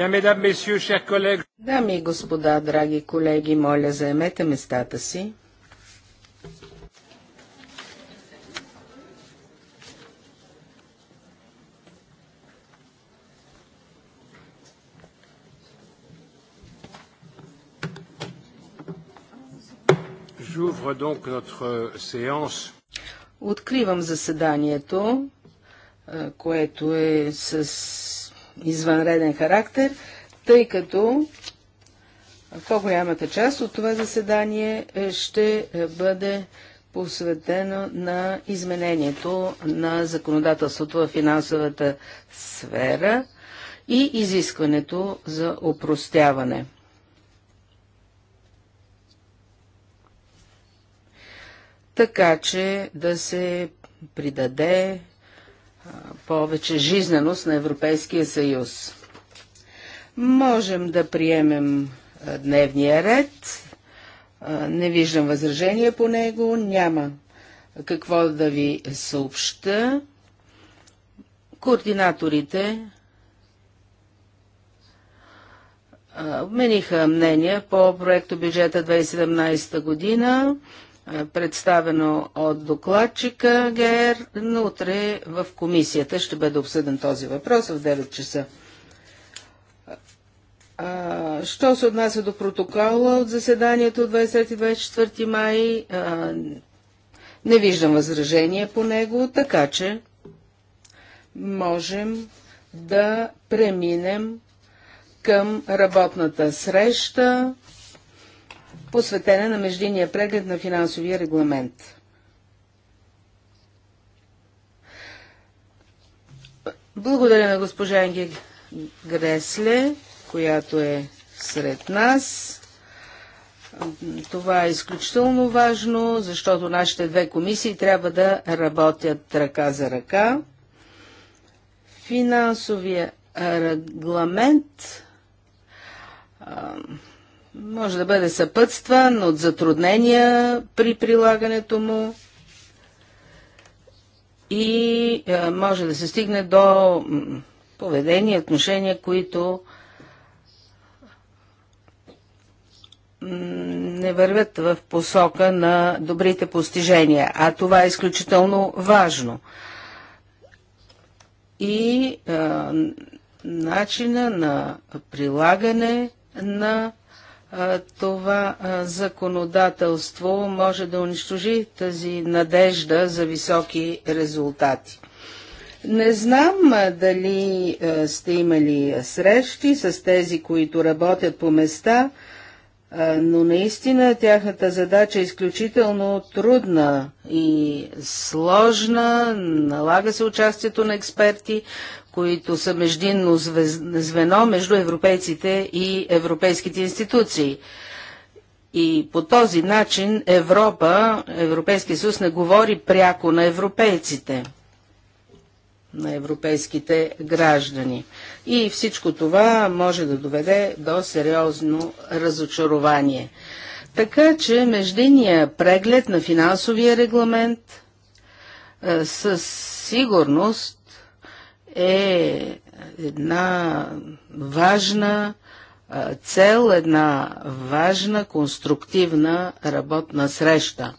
Дами и господа, драги колеги, моля заемете местата си. Euh, Откривам заседанието, което е с извънреден характер, тъй като по-голямата част от това заседание е, ще е, бъде посветено на изменението на законодателството в финансовата сфера и изискването за опростяване. Така че да се придаде повече жизненост на Европейския съюз. Можем да приемем дневния ред. Не виждам възражение по него. Няма какво да ви съобща. Координаторите обмениха мнения по проекто бюджета 2017 година. Е, представено от докладчика ГР, но утре в комисията ще бъде обсъден този въпрос в 9 часа. що се отнася до протокола от заседанието от 20-24 май, не виждам възражение по него, така че можем да преминем към работната среща посветена на междиния преглед на финансовия регламент. Благодаря на госпожа Енги Гресле, която е сред нас. Това е изключително важно, защото нашите две комисии трябва да работят ръка за ръка. Финансовия регламент може да бъде съпътстван от затруднения при прилагането му и е, може да се стигне до поведение, отношения, които не вървят в посока на добрите постижения, а това е изключително важно. И е, начина на прилагане на това законодателство може да унищожи тази надежда за високи резултати. Не знам дали сте имали срещи с тези, които работят по места, но наистина тяхната задача е изключително трудна и сложна, налага се участието на експерти, които са междинно звено между европейците и европейските институции. И по този начин Европа, Европейския съюз не говори пряко на европейците, на европейските граждани. И всичко това може да доведе до сериозно разочарование. Така че междинния преглед на финансовия регламент със сигурност е една важна цел, една важна конструктивна работна среща,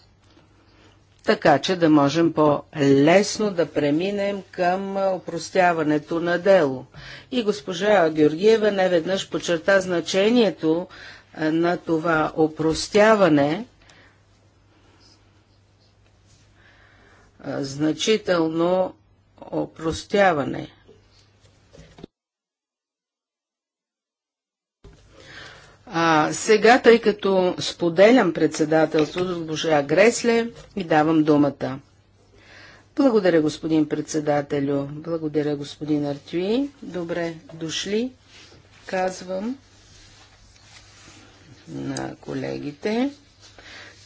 така че да можем по-лесно да преминем към опростяването на дело. И госпожа Георгиева не веднъж подчерта значението на това опростяване, значително опростяване. А, сега, тъй като споделям председателството с Божа Гресле, и давам думата. Благодаря, господин председателю. Благодаря, господин Артюи. Добре дошли, казвам на колегите.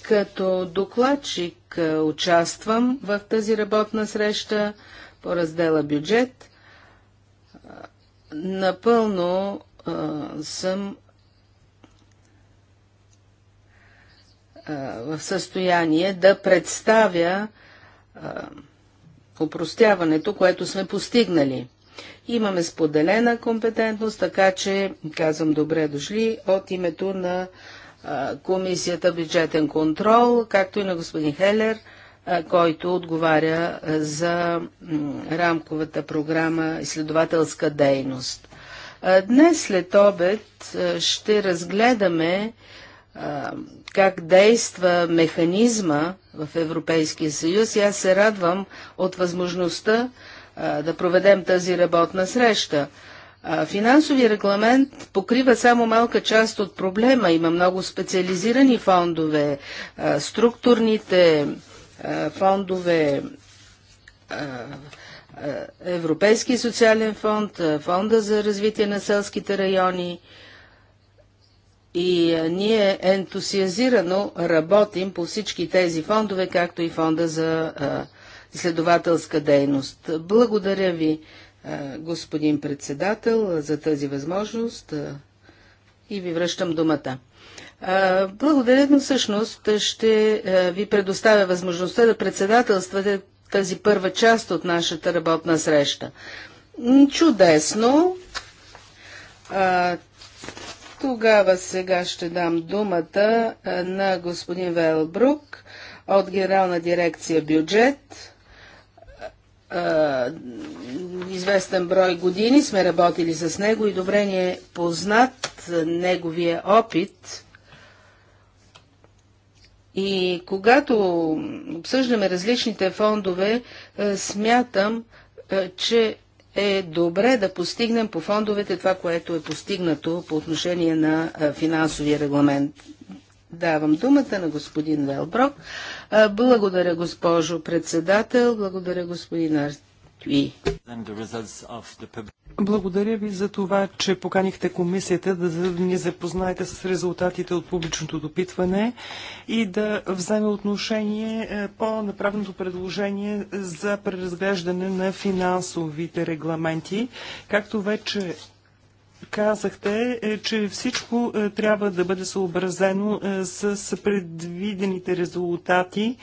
Като докладчик участвам в тази работна среща по раздела бюджет. Напълно съм в състояние да представя упростяването, което сме постигнали. Имаме споделена компетентност, така че казвам добре дошли от името на Комисията бюджетен контрол, както и на господин Хелер – който отговаря за рамковата програма изследователска дейност. Днес след обед ще разгледаме как действа механизма в Европейския съюз и аз се радвам от възможността да проведем тази работна среща. Финансовия регламент покрива само малка част от проблема. Има много специализирани фондове, структурните фондове Европейски социален фонд, фонда за развитие на селските райони. И ние ентусиазирано работим по всички тези фондове, както и фонда за изследователска дейност. Благодаря ви, господин председател, за тази възможност и ви връщам думата. Благодаря, но всъщност ще ви предоставя възможността да председателствате тази първа част от нашата работна среща. Чудесно! Тогава сега ще дам думата на господин Велбрук от Генерална дирекция бюджет. Известен брой години сме работили с него и добре ни е познат неговия опит и когато обсъждаме различните фондове, е, смятам, е, че е добре да постигнем по фондовете това, което е постигнато по отношение на е, финансовия регламент. Давам думата на господин Велброк. Благодаря, госпожо председател. Благодаря, господин Арт благодаря ви за това, че поканихте комисията да ни запознаете с резултатите от публичното допитване и да вземе отношение е, по направеното предложение за преразглеждане на финансовите регламенти. Както вече казахте, е, че всичко е, трябва да бъде съобразено с предвидените резултати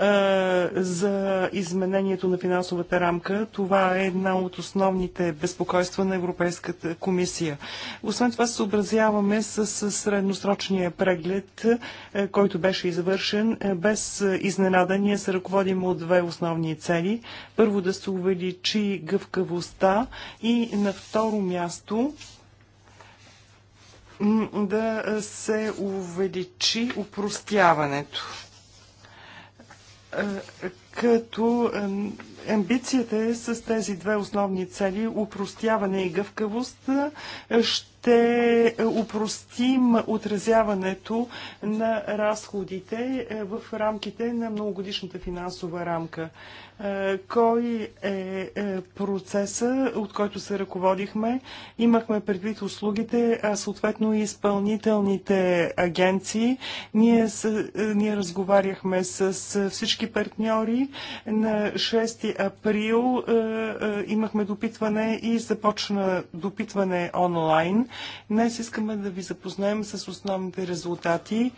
е, за изменението на финансовата рамка. Това е една от основните безпокойства на Европейската комисия. Освен това, съобразяваме с средносрочния преглед, е, който беше извършен. Е, без изненада ние се ръководим от две основни цели. Първо да се увеличи гъвкавостта и на второ място да се увеличи упростяването като амбицията е с тези две основни цели упростяване и гъвкавост ще упростим отразяването на разходите е, в рамките на многогодишната финансова рамка. Е, кой е, е процеса, от който се ръководихме. Имахме предвид услугите, а съответно и изпълнителните агенции. Ние, с, е, ние разговаряхме с всички партньори. На 6 април имахме допитване и започна допитване онлайн. Днес искаме да ви запознаем с основните резултати.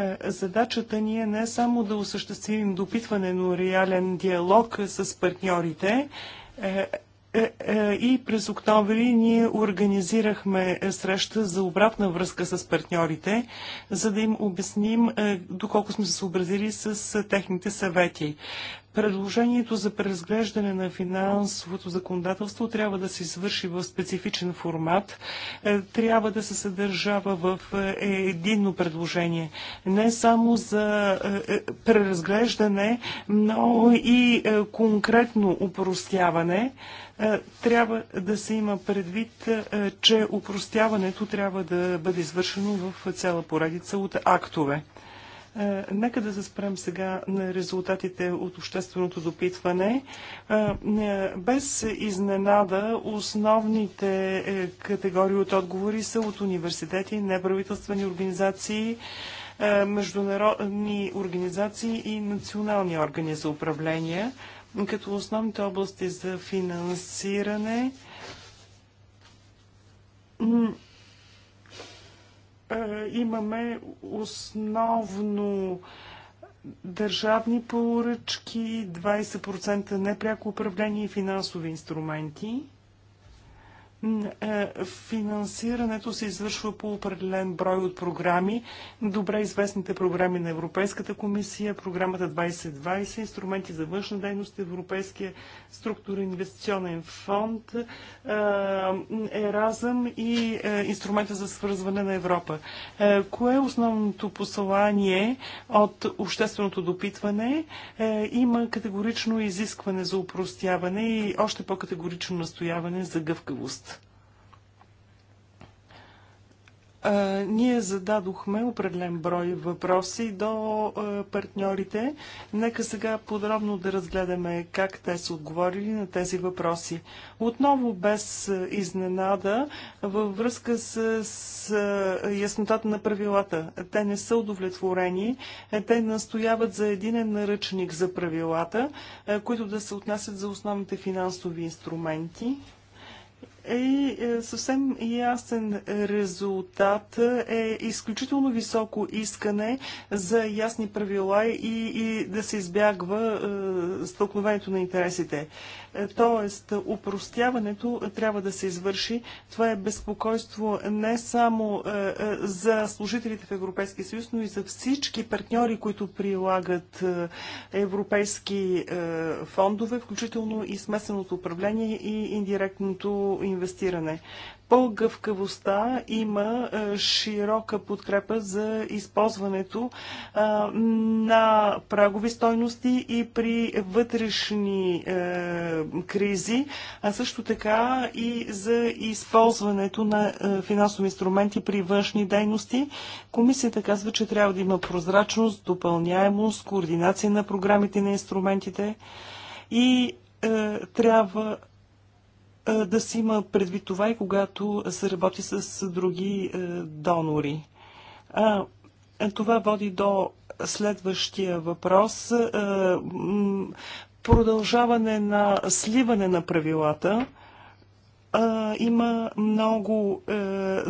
Е, задачата ни е не само да осъществим допитване, но реален диалог с партньорите. Е, е, и през октомври ние организирахме среща за обратна връзка с партньорите, за да им обясним доколко сме се съобразили с техните съвети. Предложението за преразглеждане на финансовото законодателство трябва да се извърши в специфичен формат, е, трябва да се съдържава в е, единно предложение. Не само за е, преразглеждане, но и конкретно упростяване. Трябва да се има предвид, че упростяването трябва да бъде извършено в цяла поредица от актове. Е, нека да се спрем сега на резултатите от общественото допитване. Е, е, без изненада основните категории от отговори са от университети, неправителствени организации, международни организации и национални органи за управление, като основните области за финансиране е, имаме основно държавни поръчки, 20% непряко управление и финансови инструменти. Е, финансирането се извършва по определен брой от програми, добре известните програми на Европейската комисия, програмата 2020, инструменти за външна дейност, Европейския структурен инвестиционен фонд, е, Еразъм и е, инструмента за свързване на Европа. Кое е основното послание от общественото допитване? Има категорично изискване за упростяване и още по-категорично настояване за гъвкавост. ние зададохме определен брой въпроси до партньорите. Нека сега подробно да разгледаме как те са отговорили на тези въпроси. Отново без изненада във връзка с, с яснотата на правилата. Те не са удовлетворени. Е, те настояват за един наръчник за правилата, които да се отнасят за основните финансови инструменти е, е съвсем ясен резултат, е, е изключително високо искане за ясни правила и, и да се избягва е, стълкновението на интересите. Е, тоест, упростяването трябва да се извърши. Това е безпокойство не само е, за служителите в Европейския съюз, но и за всички партньори, които прилагат е, европейски е, фондове, включително и смесеното управление и индиректното инвестиране. По гъвкавостта има е, широка подкрепа за използването е, на прагови стойности и при вътрешни е, кризи, а също така и за използването на финансови инструменти при външни дейности. Комисията казва, че трябва да има прозрачност, допълняемост, координация на програмите на инструментите и трябва да се има предвид това и когато се работи с други донори. А, това води до следващия въпрос. Продължаване на сливане на правилата а, има много а, е,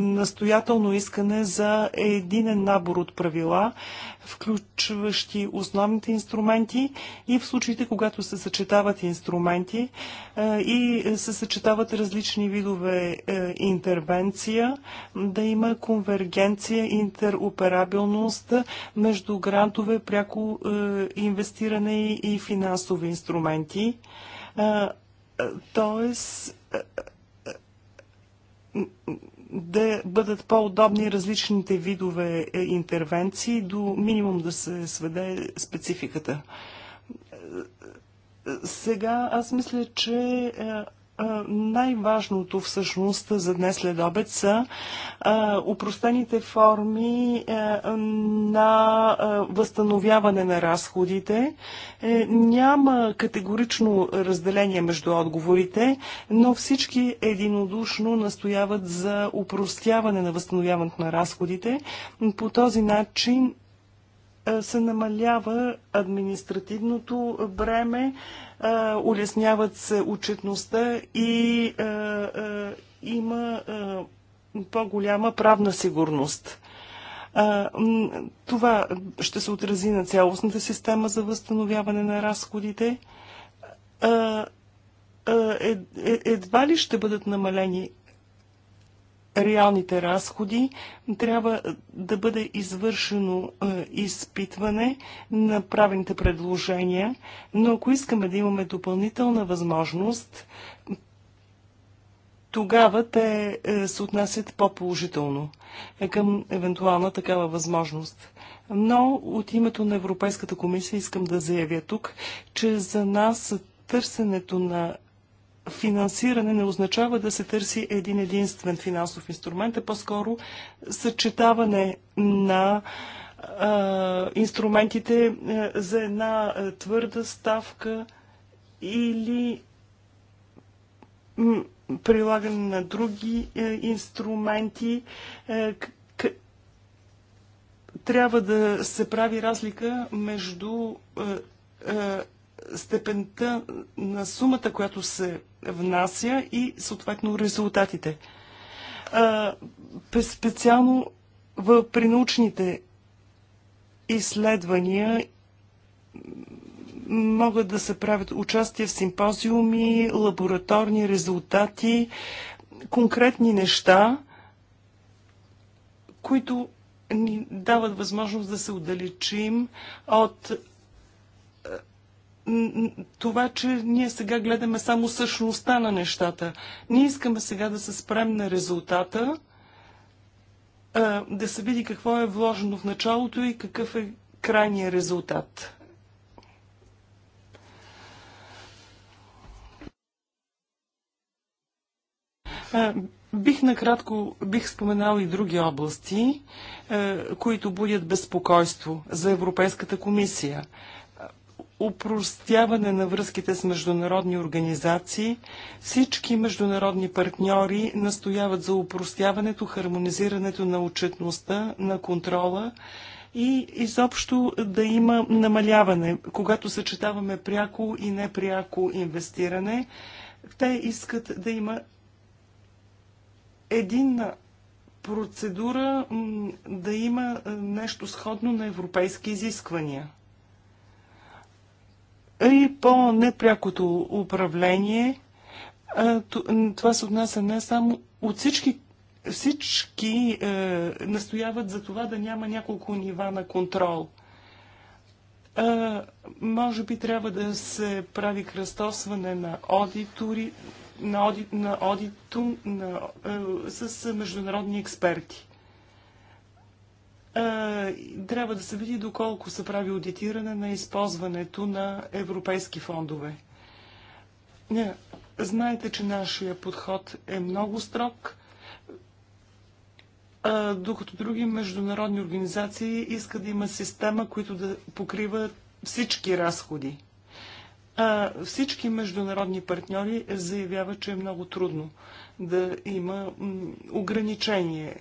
настоятелно искане за единен набор от правила, включващи основните инструменти и в случаите, когато се съчетават инструменти а, е, и се съчетават различни видове а, е, интервенция, да има конвергенция, интероперабилност между грантове, пряко а, инвестиране и финансови инструменти. Е, Тоест, да бъдат по-удобни различните видове е, интервенции, до минимум да се сведе спецификата. Е, е, сега аз мисля, че най-важното всъщност за днес след обед са упростените форми на възстановяване на разходите. Е, няма категорично разделение между отговорите, но всички единодушно настояват за упростяване на възстановяването на разходите. По този начин се намалява административното бреме, улесняват се отчетността и има по-голяма правна сигурност. Това ще се отрази на цялостната система за възстановяване на разходите е, е, едва ли ще бъдат намалени реалните разходи, трябва да бъде извършено е, изпитване на правените предложения, но ако искаме да имаме допълнителна възможност, тогава те е, се отнасят по-положително е, към евентуална такава възможност. Но от името на Европейската комисия искам да заявя тук, че за нас търсенето на финансиране не означава да се търси един единствен финансов инструмент, а по-скоро съчетаване на а, инструментите за една твърда ставка или прилагане на други е, инструменти. Е, трябва да се прави разлика между е, степента на сумата, която се внася и съответно резултатите. А, специално в, при научните изследвания могат да се правят участие в симпозиуми, лабораторни резултати, конкретни неща, които ни дават възможност да се отдалечим от това, че ние сега гледаме само същността на нещата. Ние искаме сега да се спрем на резултата, да се види какво е вложено в началото и какъв е крайния резултат. Бих накратко бих споменал и други области, които будят безпокойство за Европейската комисия упростяване на връзките с международни организации. Всички международни партньори настояват за упростяването, хармонизирането на отчетността, на контрола и изобщо да има намаляване, когато съчетаваме пряко и непряко инвестиране. Те искат да има единна процедура, да има нещо сходно на европейски изисквания. И по непрякото управление, това се отнася не само от всички всички е, настояват за това да няма няколко нива на контрол. А, може би трябва да се прави кръстосване на аудитори, на, оди, на оди, на, е, с международни експерти трябва да се види доколко се прави аудитиране на използването на европейски фондове. Не, знаете, че нашия подход е много строг, докато други международни организации искат да има система, която да покрива всички разходи. Всички международни партньори заявяват, че е много трудно да има ограничение.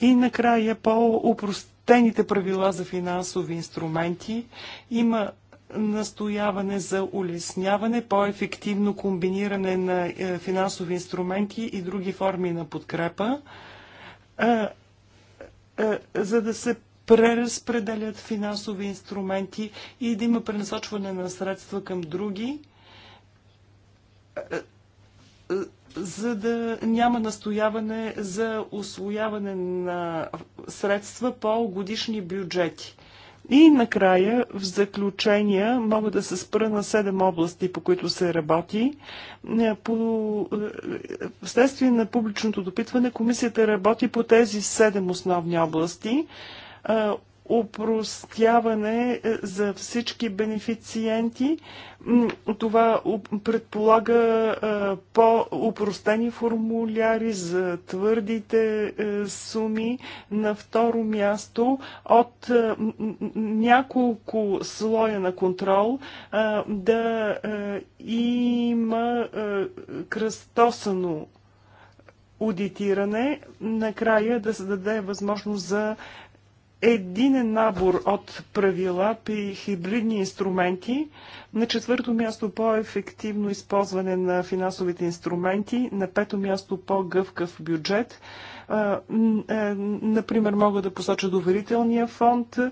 И накрая по-упростените правила за финансови инструменти има настояване за улесняване, по-ефективно комбиниране на е, финансови инструменти и други форми на подкрепа, е, е, за да се преразпределят финансови инструменти и да има пренасочване на средства към други за да няма настояване за освояване на средства по годишни бюджети. И накрая, в заключение, мога да се спра на седем области, по които се работи. По... Е, вследствие на публичното допитване, комисията работи по тези седем основни области е, упростяване е, за всички бенефициенти. Това предполага е, по-упростени формуляри за твърдите е, суми. На второ място от няколко слоя на контрол да има кръстосано аудитиране, накрая да се даде възможност за един набор от правила при хибридни инструменти. На четвърто място по-ефективно използване на финансовите инструменти. На пето място по-гъвкав бюджет. Е, например, мога да посоча доверителния фонд. Е,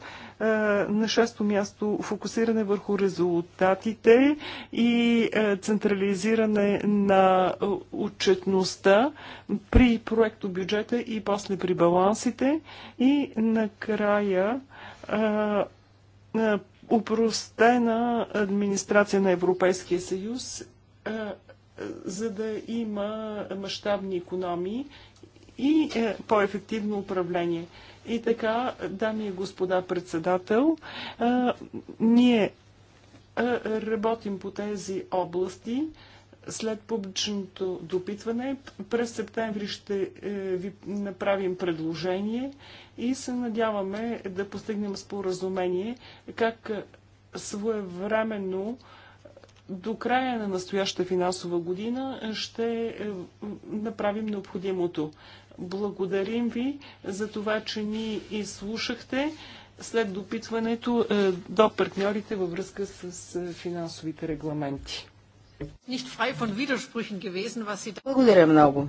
на шесто място фокусиране върху резултатите и е, централизиране на отчетността при проекто бюджета и после при балансите. И накрая упростена администрация на Европейския съюз, за да има мащабни економии и е, по-ефективно управление. И така, дами и господа председател, е, ние е, работим по тези области след публичното допитване. През септември ще ви направим предложение и се надяваме да постигнем споразумение как своевременно до края на настоящата финансова година ще направим необходимото. Благодарим ви за това, че ни изслушахте след допитването е, до партньорите във връзка с е, финансовите регламенти. Благодаря много.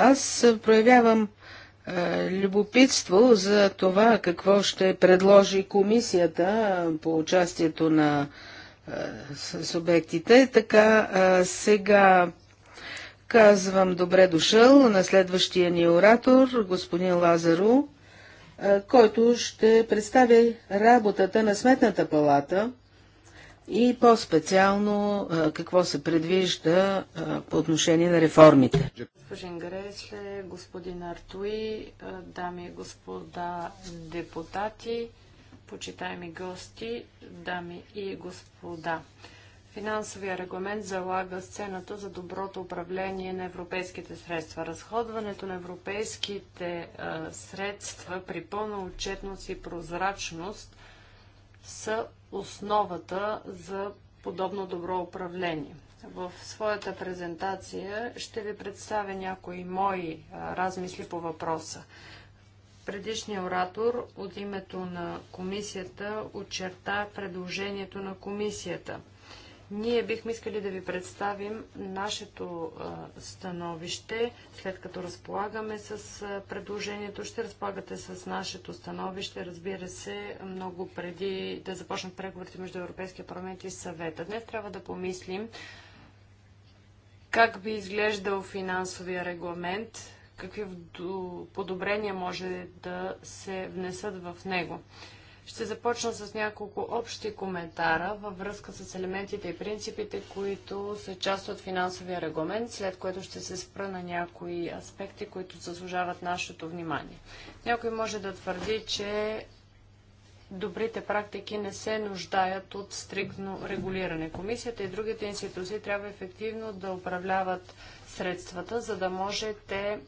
Аз проявявам е, любопитство за това какво ще предложи комисията по участието на е, субектите. Така е, сега казвам добре дошъл на следващия ни оратор, господин Лазаро, който ще представи работата на Сметната палата и по-специално какво се предвижда по отношение на реформите. Господин Гресле, господин Артуи, дами и господа депутати, почитаеми гости, дами и господа. Финансовия регламент залага сцената за доброто управление на европейските средства. Разходването на европейските средства при пълна отчетност и прозрачност са основата за подобно добро управление. В своята презентация ще ви представя някои мои размисли по въпроса. Предишният оратор от името на комисията очерта предложението на комисията – ние бихме искали да ви представим нашето становище, след като разполагаме с предложението. Ще разполагате с нашето становище, разбира се, много преди да започнат преговорите между Европейския парламент и съвета. Днес трябва да помислим как би изглеждал финансовия регламент, какви подобрения може да се внесат в него. Ще започна с няколко общи коментара във връзка с елементите и принципите, които са част от финансовия регламент, след което ще се спра на някои аспекти, които заслужават нашето внимание. Някой може да твърди, че добрите практики не се нуждаят от стриктно регулиране. Комисията и другите институции трябва ефективно да управляват средствата, за да може те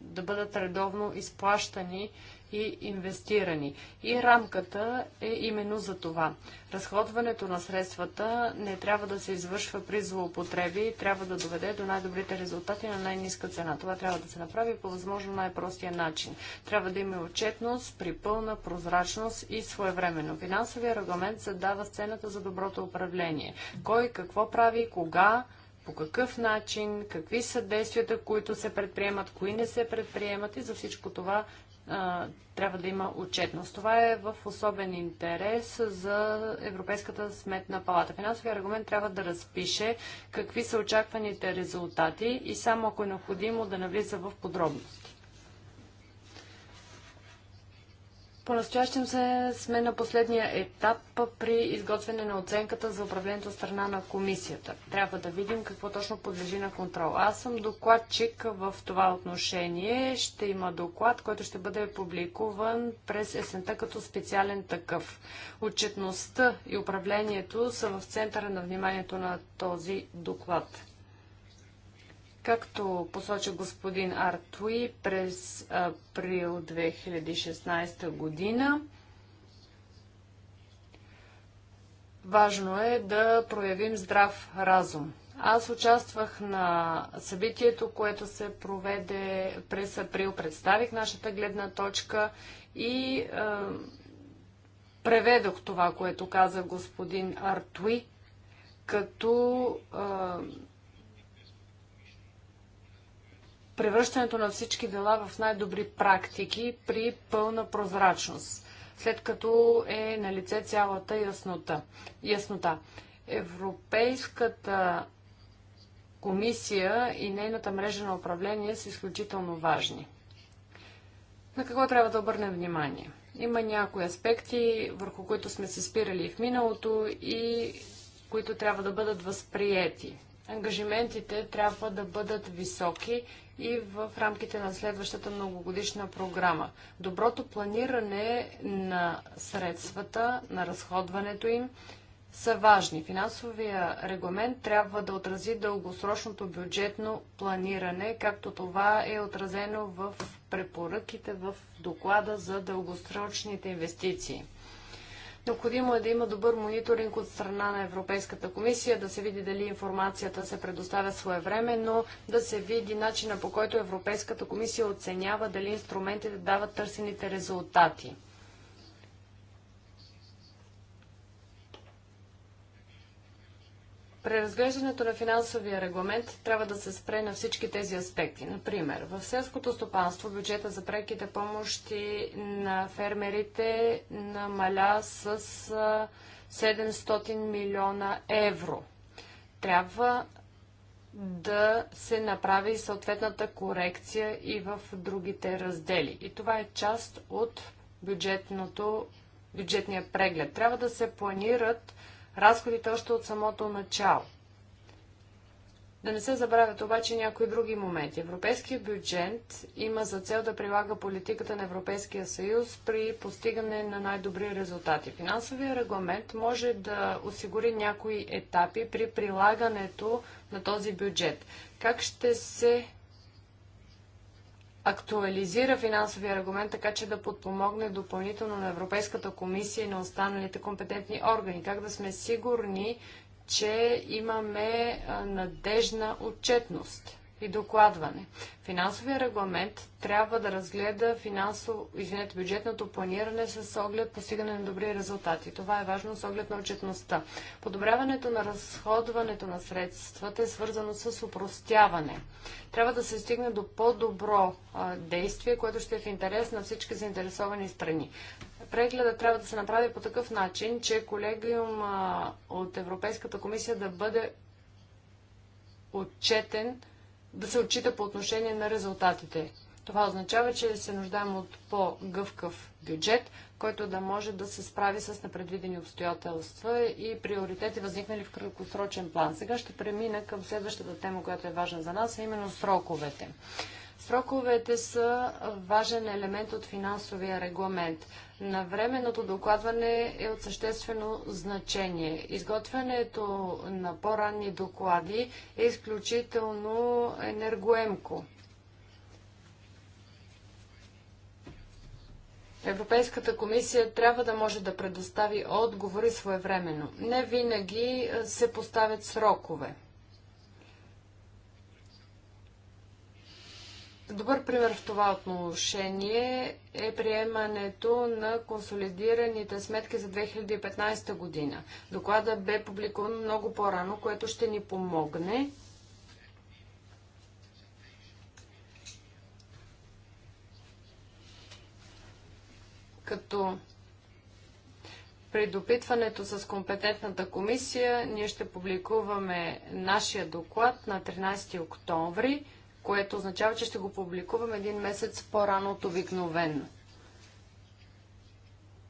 да бъдат редовно изплащани и инвестирани. И рамката е именно за това. Разходването на средствата не трябва да се извършва при злоупотреби, трябва да доведе до най-добрите резултати на най-низка цена. Това трябва да се направи по възможно най-простия начин. Трябва да има отчетност при пълна прозрачност и своевременно. Финансовия регламент задава сцената за доброто управление. Кой какво прави, кога, по какъв начин, какви са действията, които се предприемат, кои не се предприемат и за всичко това трябва да има отчетност. Това е в особен интерес за Европейската сметна палата. Финансовия аргумент трябва да разпише какви са очакваните резултати и само ако е необходимо да навлиза в подробности. Понастоящем се сме на последния етап при изготвяне на оценката за управлението страна на комисията. Трябва да видим какво точно подлежи на контрол. Аз съм докладчик в това отношение. Ще има доклад, който ще бъде публикуван през есента като специален такъв. Отчетността и управлението са в центъра на вниманието на този доклад. Както посочи господин Артуи през април 2016 година, важно е да проявим здрав разум. Аз участвах на събитието, което се проведе през април, представих нашата гледна точка и е, преведох това, което каза господин Артуи, като е, превръщането на всички дела в най-добри практики при пълна прозрачност, след като е на лице цялата яснота. яснота. Европейската комисия и нейната мрежа на управление са изключително важни. На какво трябва да обърнем внимание? Има някои аспекти, върху които сме се спирали в миналото и които трябва да бъдат възприети. Ангажиментите трябва да бъдат високи и в рамките на следващата многогодишна програма. Доброто планиране на средствата, на разходването им са важни. Финансовия регламент трябва да отрази дългосрочното бюджетно планиране, както това е отразено в препоръките в доклада за дългосрочните инвестиции. Необходимо е да има добър мониторинг от страна на Европейската комисия, да се види дали информацията се предоставя своевременно, да се види начина по който Европейската комисия оценява дали инструментите дават търсените резултати. Преразглеждането на финансовия регламент трябва да се спре на всички тези аспекти. Например, в селското стопанство бюджета за преките помощи на фермерите намаля с 700 милиона евро. Трябва да се направи съответната корекция и в другите раздели. И това е част от бюджетното, бюджетния преглед. Трябва да се планират разходите още от самото начало. Да не се забравят обаче някои други моменти. Европейският бюджет има за цел да прилага политиката на Европейския съюз при постигане на най-добри резултати. Финансовия регламент може да осигури някои етапи при прилагането на този бюджет. Как ще се актуализира финансовия регламент, така че да подпомогне допълнително на Европейската комисия и на останалите компетентни органи. Как да сме сигурни, че имаме надежна отчетност? и докладване. Финансовия регламент трябва да разгледа финансово, извинете, бюджетното планиране с оглед постигане на добри резултати. Това е важно с оглед на отчетността. Подобряването на разходването на средствата е свързано с упростяване. Трябва да се стигне до по-добро действие, което ще е в интерес на всички заинтересовани страни. Прегледа трябва да се направи по такъв начин, че колегиум от Европейската комисия да бъде отчетен да се отчита по отношение на резултатите. Това означава, че се нуждаем от по-гъвкав бюджет, който да може да се справи с непредвидени обстоятелства и приоритети, възникнали в краткосрочен план. Сега ще премина към следващата тема, която е важна за нас, а именно сроковете. Сроковете са важен елемент от финансовия регламент. На временното докладване е от съществено значение. Изготвянето на по-ранни доклади е изключително енергоемко. Европейската комисия трябва да може да предостави отговори своевременно. Не винаги се поставят срокове. Добър пример в това отношение е приемането на консолидираните сметки за 2015 година. Доклада бе публикуван много по-рано, което ще ни помогне като предопитването с компетентната комисия ние ще публикуваме нашия доклад на 13 октомври което означава, че ще го публикуваме един месец по-рано от обикновено.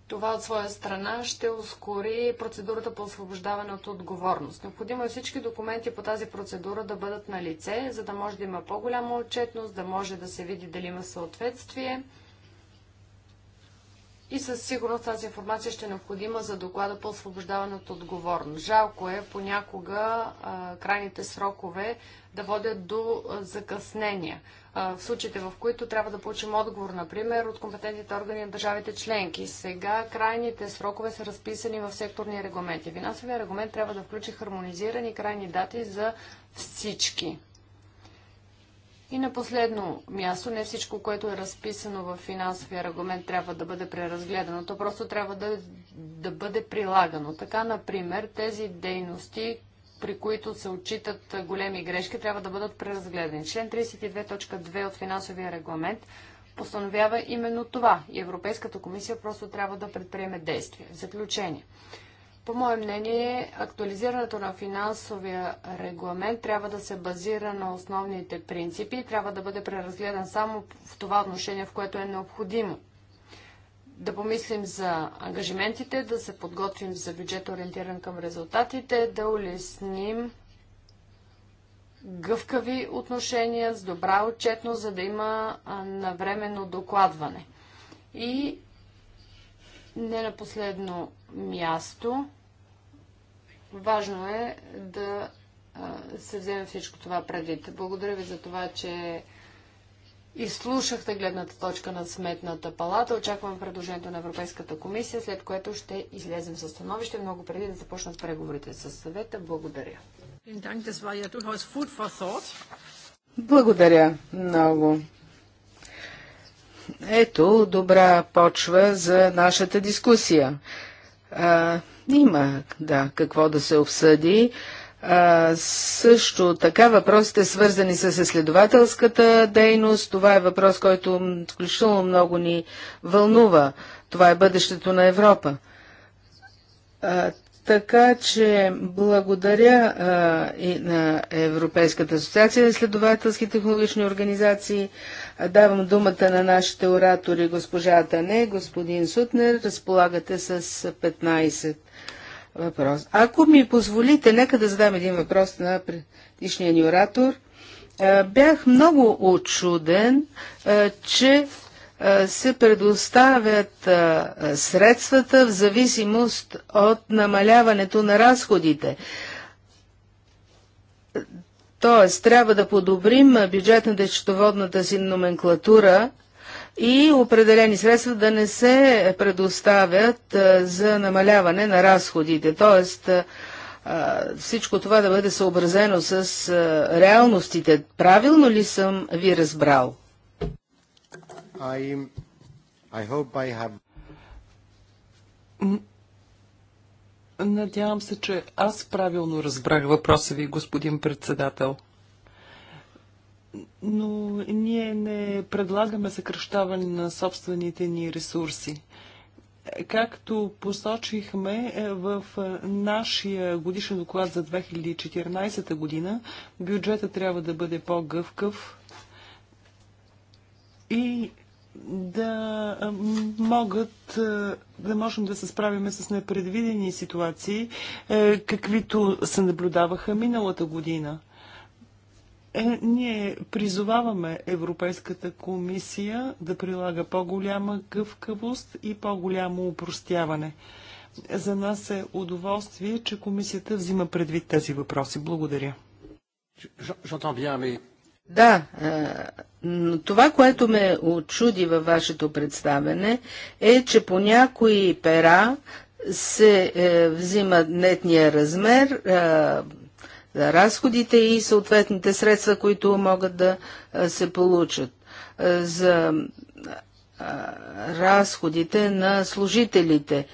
Това от своя страна ще ускори процедурата по освобождаване от отговорност. Необходимо е всички документи по тази процедура да бъдат на лице, за да може да има по-голяма отчетност, да може да се види дали има съответствие и със сигурност тази информация ще е необходима за доклада по освобождаване от отговорност. Жалко е понякога а, крайните срокове да водят до а, закъснения. А, в случаите, в които трябва да получим отговор, например, от компетентните органи на държавите членки. Сега крайните срокове са разписани в секторни регламенти. Финансовия регламент трябва да включи хармонизирани крайни дати за всички. И на последно място, не всичко, което е разписано в финансовия регламент, трябва да бъде преразгледано. То просто трябва да, да бъде прилагано. Така, например, тези дейности, при които се отчитат големи грешки, трябва да бъдат преразгледани. Член 32.2 от финансовия регламент постановява именно това. И Европейската комисия просто трябва да предприеме действия. Заключение. По мое мнение, актуализирането на финансовия регламент трябва да се базира на основните принципи и трябва да бъде преразгледан само в това отношение, в което е необходимо. Да помислим за ангажиментите, да се подготвим за бюджет ориентиран към резултатите, да улесним гъвкави отношения с добра отчетност, за да има навременно докладване. И не на последно място, Важно е да се вземе всичко това предвид. Благодаря ви за това, че изслушахте гледната точка на Сметната палата. Очаквам предложението на Европейската комисия, след което ще излезем със становище много преди да започнат преговорите с съвета. Благодаря. Благодаря много. Ето добра почва за нашата дискусия. Има, да, какво да се обсъди. А, също така въпросите свързани с изследователската дейност, това е въпрос, който включително много ни вълнува. Това е бъдещето на Европа. А, така че благодаря а, и на Европейската асоциация на изследователски технологични организации. Давам думата на нашите оратори, госпожа не, господин Сутнер. Разполагате с 15 въпрос. Ако ми позволите, нека да задам един въпрос на предишния ни оратор. Бях много очуден, че се предоставят средствата в зависимост от намаляването на разходите. Тоест, трябва да подобрим бюджетната и счетоводната си номенклатура, и определени средства да не се предоставят за намаляване на разходите. Тоест, всичко това да бъде съобразено с реалностите. Правилно ли съм ви разбрал? I, I hope I have... Надявам се, че аз правилно разбрах въпроса ви, господин председател но ние не предлагаме съкръщаване на собствените ни ресурси. Както посочихме е, в е, нашия годишен доклад за 2014 година, бюджета трябва да бъде по гъвкъв и да е, могат да можем да се справим с непредвидени ситуации, каквито се наблюдаваха миналата година. Е, ние призоваваме Европейската комисия да прилага по-голяма гъвкавост и по-голямо упростяване. За нас е удоволствие, че комисията взима предвид тези въпроси. Благодаря. Да, е, но това, което ме очуди във вашето представене, е, че по някои пера се е, взима нетния размер, е, разходите и съответните средства, които могат да се получат. За разходите на служителите.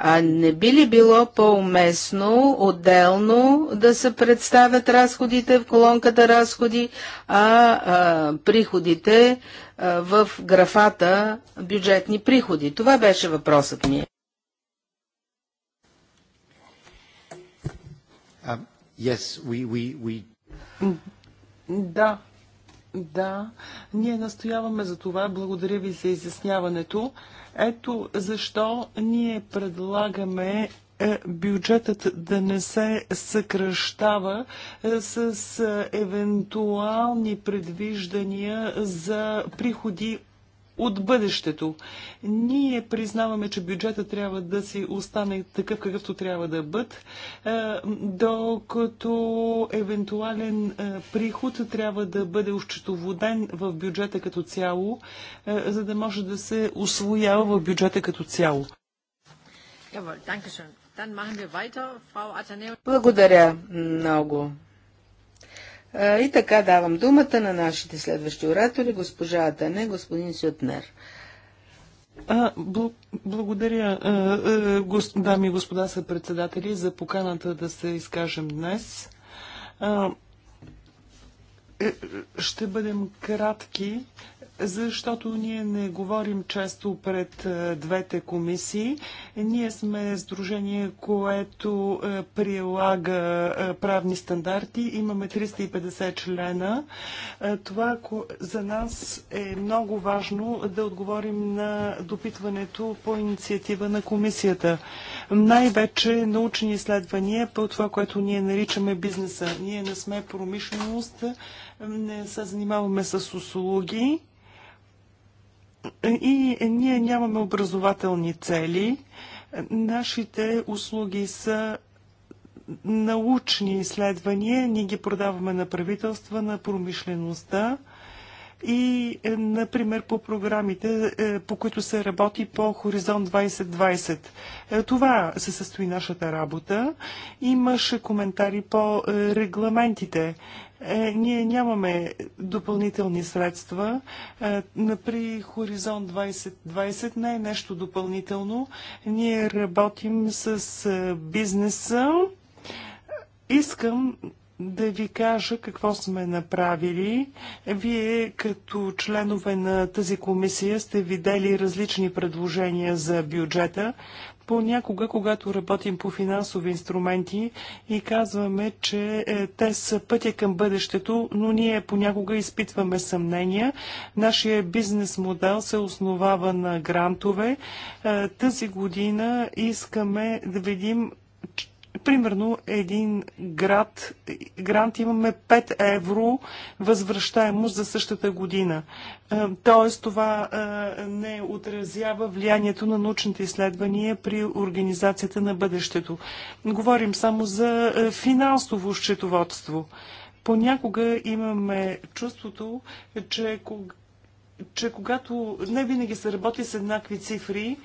А не би ли било по-уместно отделно да се представят разходите в колонката разходи, а, а приходите а, в графата бюджетни приходи? Това беше въпросът ми. Yes, we, we, we... Да, да, ние настояваме за това. Благодаря ви за изясняването. Ето защо ние предлагаме е, бюджетът да не се съкръщава е, с е, евентуални предвиждания за приходи от бъдещето. Ние признаваме, че бюджета трябва да си остане такъв, какъвто трябва да бъде, докато евентуален е, приход трябва да бъде ощетоводен в бюджета като цяло, е, за да може да се освоява в бюджета като цяло. Благодаря много. И така давам думата на нашите следващи оратори, госпожа Атане, господин Сютнер. А, бл- благодаря, а, гос- дами и господа са председатели, за поканата да се изкажем днес. А, е, е, ще бъдем кратки, защото ние не говорим често пред е, двете комисии. Ние сме сдружение, което е, прилага е, правни стандарти. Имаме 350 члена. Това за нас е много важно да отговорим на допитването по инициатива на комисията. Най-вече научни изследвания по това, което ние наричаме бизнеса. Ние не сме промишленост, не се занимаваме с услуги и ние нямаме образователни цели. Нашите услуги са научни изследвания. Ние ги продаваме на правителства, на промишлеността и, е, например, по програмите, е, по които се работи по Хоризонт 2020. Е, това се състои нашата работа. Имаше коментари по регламентите. Е, ние нямаме допълнителни средства. Е, при Хоризонт 2020 20 не е нещо допълнително. Ние работим с е, бизнеса. Искам да ви кажа какво сме направили. Вие като членове на тази комисия сте видели различни предложения за бюджета. Понякога, когато работим по финансови инструменти и казваме, че е, те са пътя към бъдещето, но ние понякога изпитваме съмнения. Нашия бизнес модел се основава на грантове. Е, тази година искаме да видим Примерно един град, грант имаме 5 евро възвръщаемост за същата година. Е, тоест това е, не отразява влиянието на научните изследвания при организацията на бъдещето. Говорим само за е, финансово счетоводство. Понякога имаме чувството, че че когато не винаги се работи с еднакви цифри,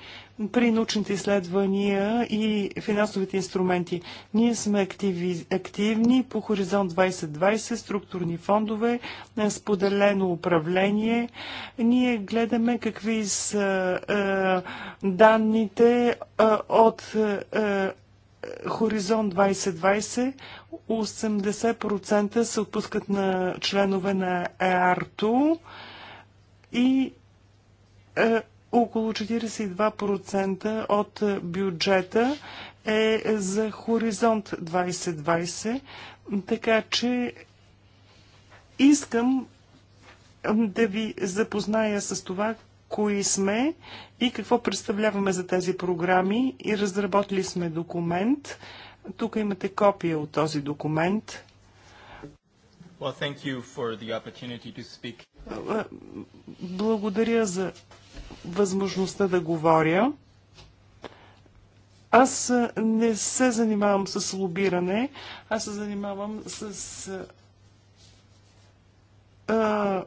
при научните изследвания и финансовите инструменти. Ние сме активи, активни по Хоризонт 2020, структурни фондове, е, споделено управление. Ние гледаме какви са е, данните е, от е, е Хоризонт 2020 80% се отпускат на членове на ЕАРТО и е, около 42% от бюджета е за Хоризонт 2020, така че искам да ви запозная с това, кои сме и какво представляваме за тези програми и разработили сме документ. Тук имате копия от този документ. Well, Благодаря за възможността да говоря. Аз не се занимавам с лобиране, аз се занимавам с а,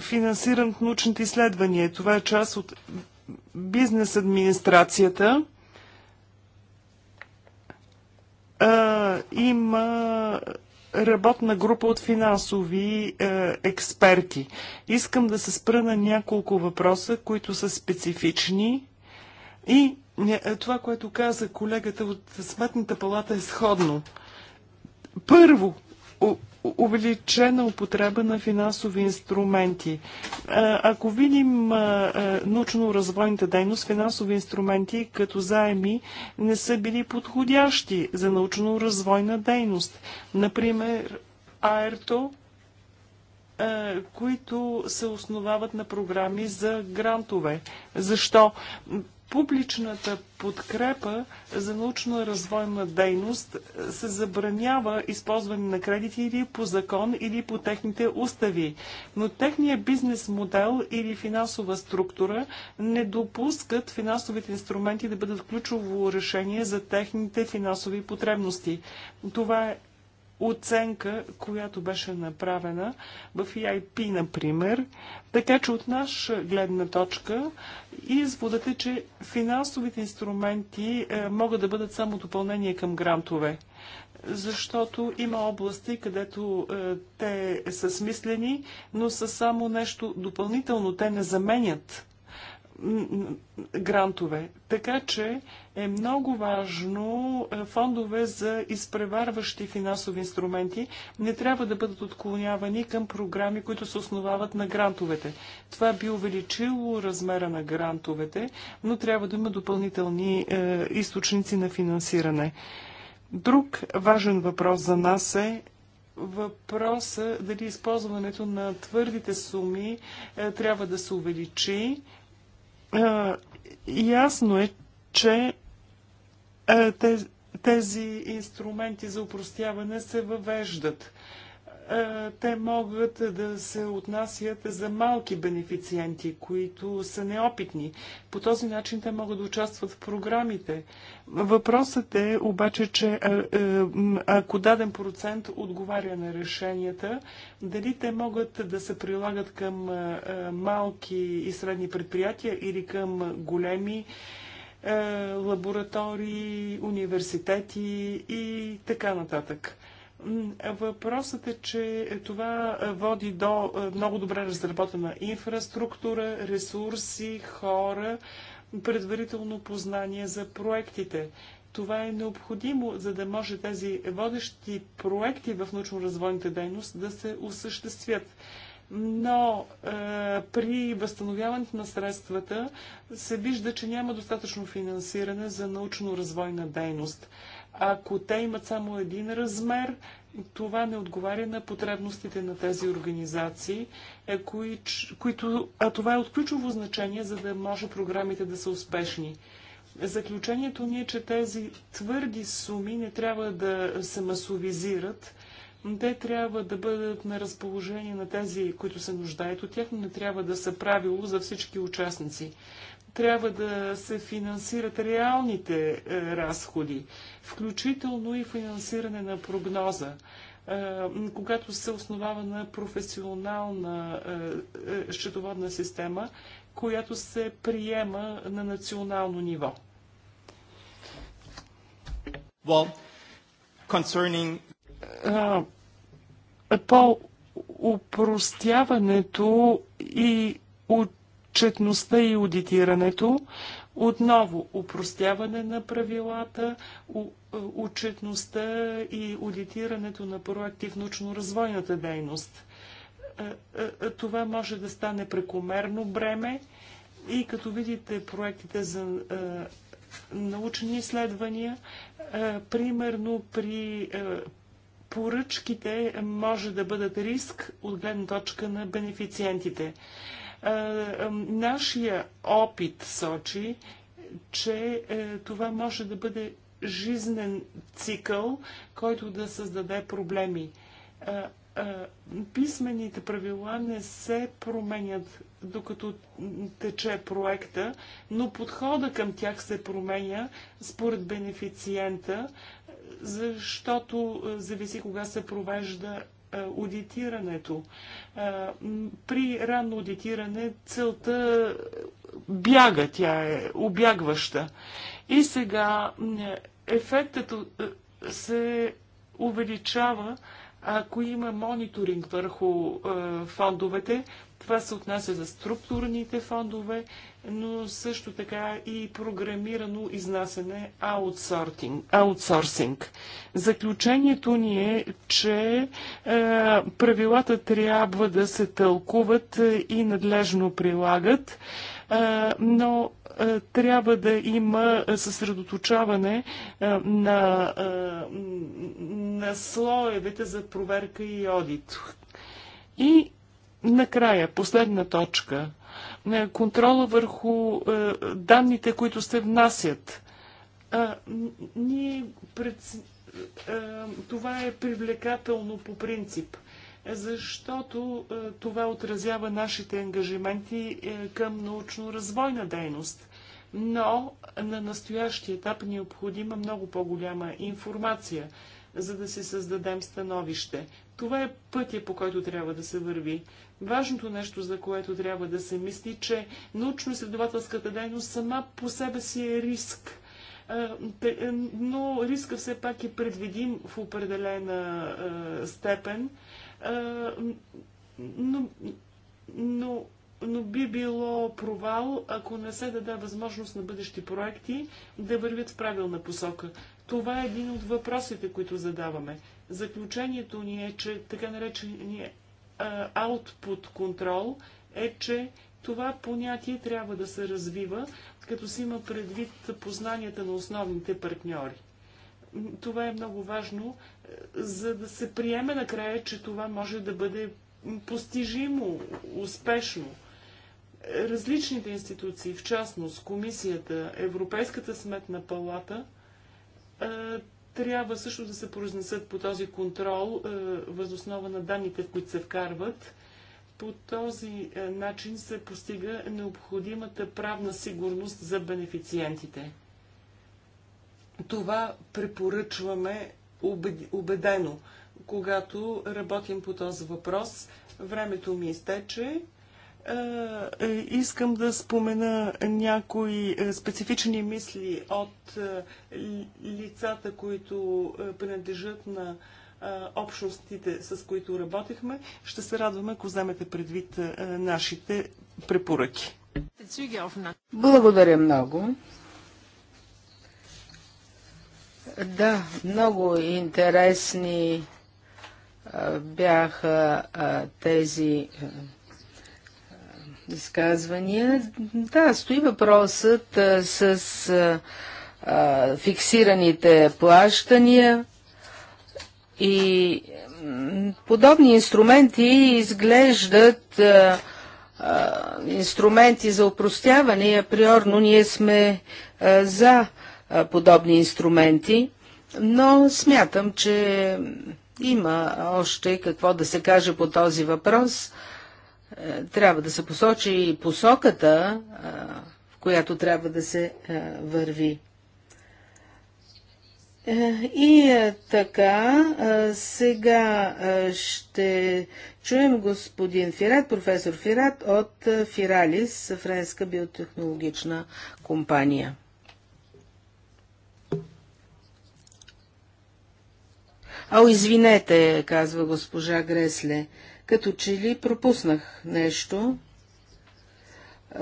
финансиран от научните изследвания. Това е част от бизнес администрацията. А, има работна група от финансови е, експерти. Искам да се спра на няколко въпроса, които са специфични и е, е това, което каза колегата от Сметната палата е сходно. Първо, увеличена употреба на финансови инструменти. Е, ако видим е, е, научно-развойната дейност, финансови инструменти като заеми не са били подходящи за научно-развойна дейност. Например, АЕРТО, които се основават на програми за грантове. Защо? публичната подкрепа за научно-развойна дейност се забранява използване на кредити или по закон, или по техните устави. Но техният бизнес модел или финансова структура не допускат финансовите инструменти да бъдат ключово решение за техните финансови потребности. Това е оценка, която беше направена в EIP, например. Така че от наша гледна точка изводът е, че финансовите инструменти е, могат да бъдат само допълнение към грантове. Защото има области, където е, те са смислени, но са само нещо допълнително. Те не заменят грантове. Така че е много важно е, фондове за изпреварващи финансови инструменти не трябва да бъдат отклонявани към програми, които се основават на грантовете. Това би увеличило размера на грантовете, но трябва да има допълнителни е, източници на финансиране. Друг важен въпрос за нас е въпроса дали използването на твърдите суми е, трябва да се увеличи ясно е, че е, тези инструменти за упростяване се въвеждат. Е, те могат да се отнасят за малки бенефициенти, които са неопитни. По този начин те могат да участват в програмите. Въпросът е обаче, че е, е, ако даден процент отговаря на решенията, дали те могат да се прилагат към малки и средни предприятия или към големи лаборатории, университети и така нататък. Въпросът е, че това води до е, много добре разработена инфраструктура, ресурси, хора, предварително познание за проектите. Това е необходимо, за да може тези водещи проекти в научно-развойната дейност да се осъществят. Но е, при възстановяването на средствата се вижда, че няма достатъчно финансиране за научно-развойна дейност. Ако те имат само един размер, това не отговаря на потребностите на тези организации, е кои, които, а това е от ключово значение, за да може програмите да са успешни. Заключението ни е, че тези твърди суми не трябва да се масовизират. Те трябва да бъдат на разположение на тези, които се нуждаят от тях, но не трябва да са правило за всички участници трябва да се финансират реалните е, разходи, включително и финансиране на прогноза е, когато се основава на професионална е, счетоводна система, която се приема на национално ниво. Well, concerning... по упростяването и от четността и аудитирането, отново упростяване на правилата, е, отчетността и аудитирането на проекти в научно-развойната дейност. Е, е, това може да стане прекомерно бреме и като видите проектите за научни изследвания, примерно при поръчките може да бъдат риск от гледна точка на бенефициентите. Нашия опит сочи, че е, това може да бъде жизнен цикъл, който да създаде проблеми. Писмените правила не се променят докато тече проекта, но подхода към тях се променя според бенефициента, защото е, зависи кога се провежда е, аудитирането. Е, при ранно аудитиране целта бяга, тя е обягваща. И сега е, ефектът се увеличава, ако има мониторинг върху фондовете. Това се отнася за структурните фондове, но също така и програмирано изнасене аутсорсинг. Заключението ни е, че е, правилата трябва да се тълкуват и надлежно прилагат, е, но е, трябва да има съсредоточаване е, на, е, на слоевете за проверка и одит. И накрая, последна точка – контрола върху е, данните, които се внасят. Ние пред... Е, това е привлекателно по принцип, защото е, това отразява нашите ангажименти към научно-развойна дейност. Но на настоящия етап необходима много по-голяма информация – за да си създадем становище. Това е пътя, по който трябва да се върви. Важното нещо, за което трябва да се мисли, че научно-изследователската дейност сама по себе си е риск е, но риска все пак е предвидим в определена степен, но, но, но би било провал, ако не се даде възможност на бъдещи проекти да вървят в правилна посока. Това е един от въпросите, които задаваме. Заключението ни е, че така наречения output контрол е, че това понятие трябва да се развива, като си има предвид познанията на основните партньори. Това е много важно, е, за да се приеме накрая, че това може да бъде постижимо, успешно. Различните институции, в частност Комисията, Европейската сметна палата – е, трябва също да се произнесат по този контрол е, възоснова на данните, в които се вкарват. По този е, начин се постига необходимата правна сигурност за бенефициентите. Това препоръчваме убедено, когато работим по този въпрос. Времето ми изтече. Е, искам да спомена някои е, специфични мисли от е, лицата, които принадлежат на общностите, с които работихме. Ще се радваме, ако вземете предвид нашите препоръки. Благодаря много. Да, много интересни бяха тези изказвания. Да, стои въпросът а, с а, фиксираните плащания и подобни инструменти изглеждат а, а, инструменти за упростяване и априорно ние сме а, за а, подобни инструменти, но смятам, че има още какво да се каже по този въпрос. Е, трябва да се посочи и посоката, е, в която трябва да се е, върви. И така, сега ще чуем господин Фират, професор Фират от Фиралис, френска биотехнологична компания. А, извинете, казва госпожа Гресле. Като че ли пропуснах нещо.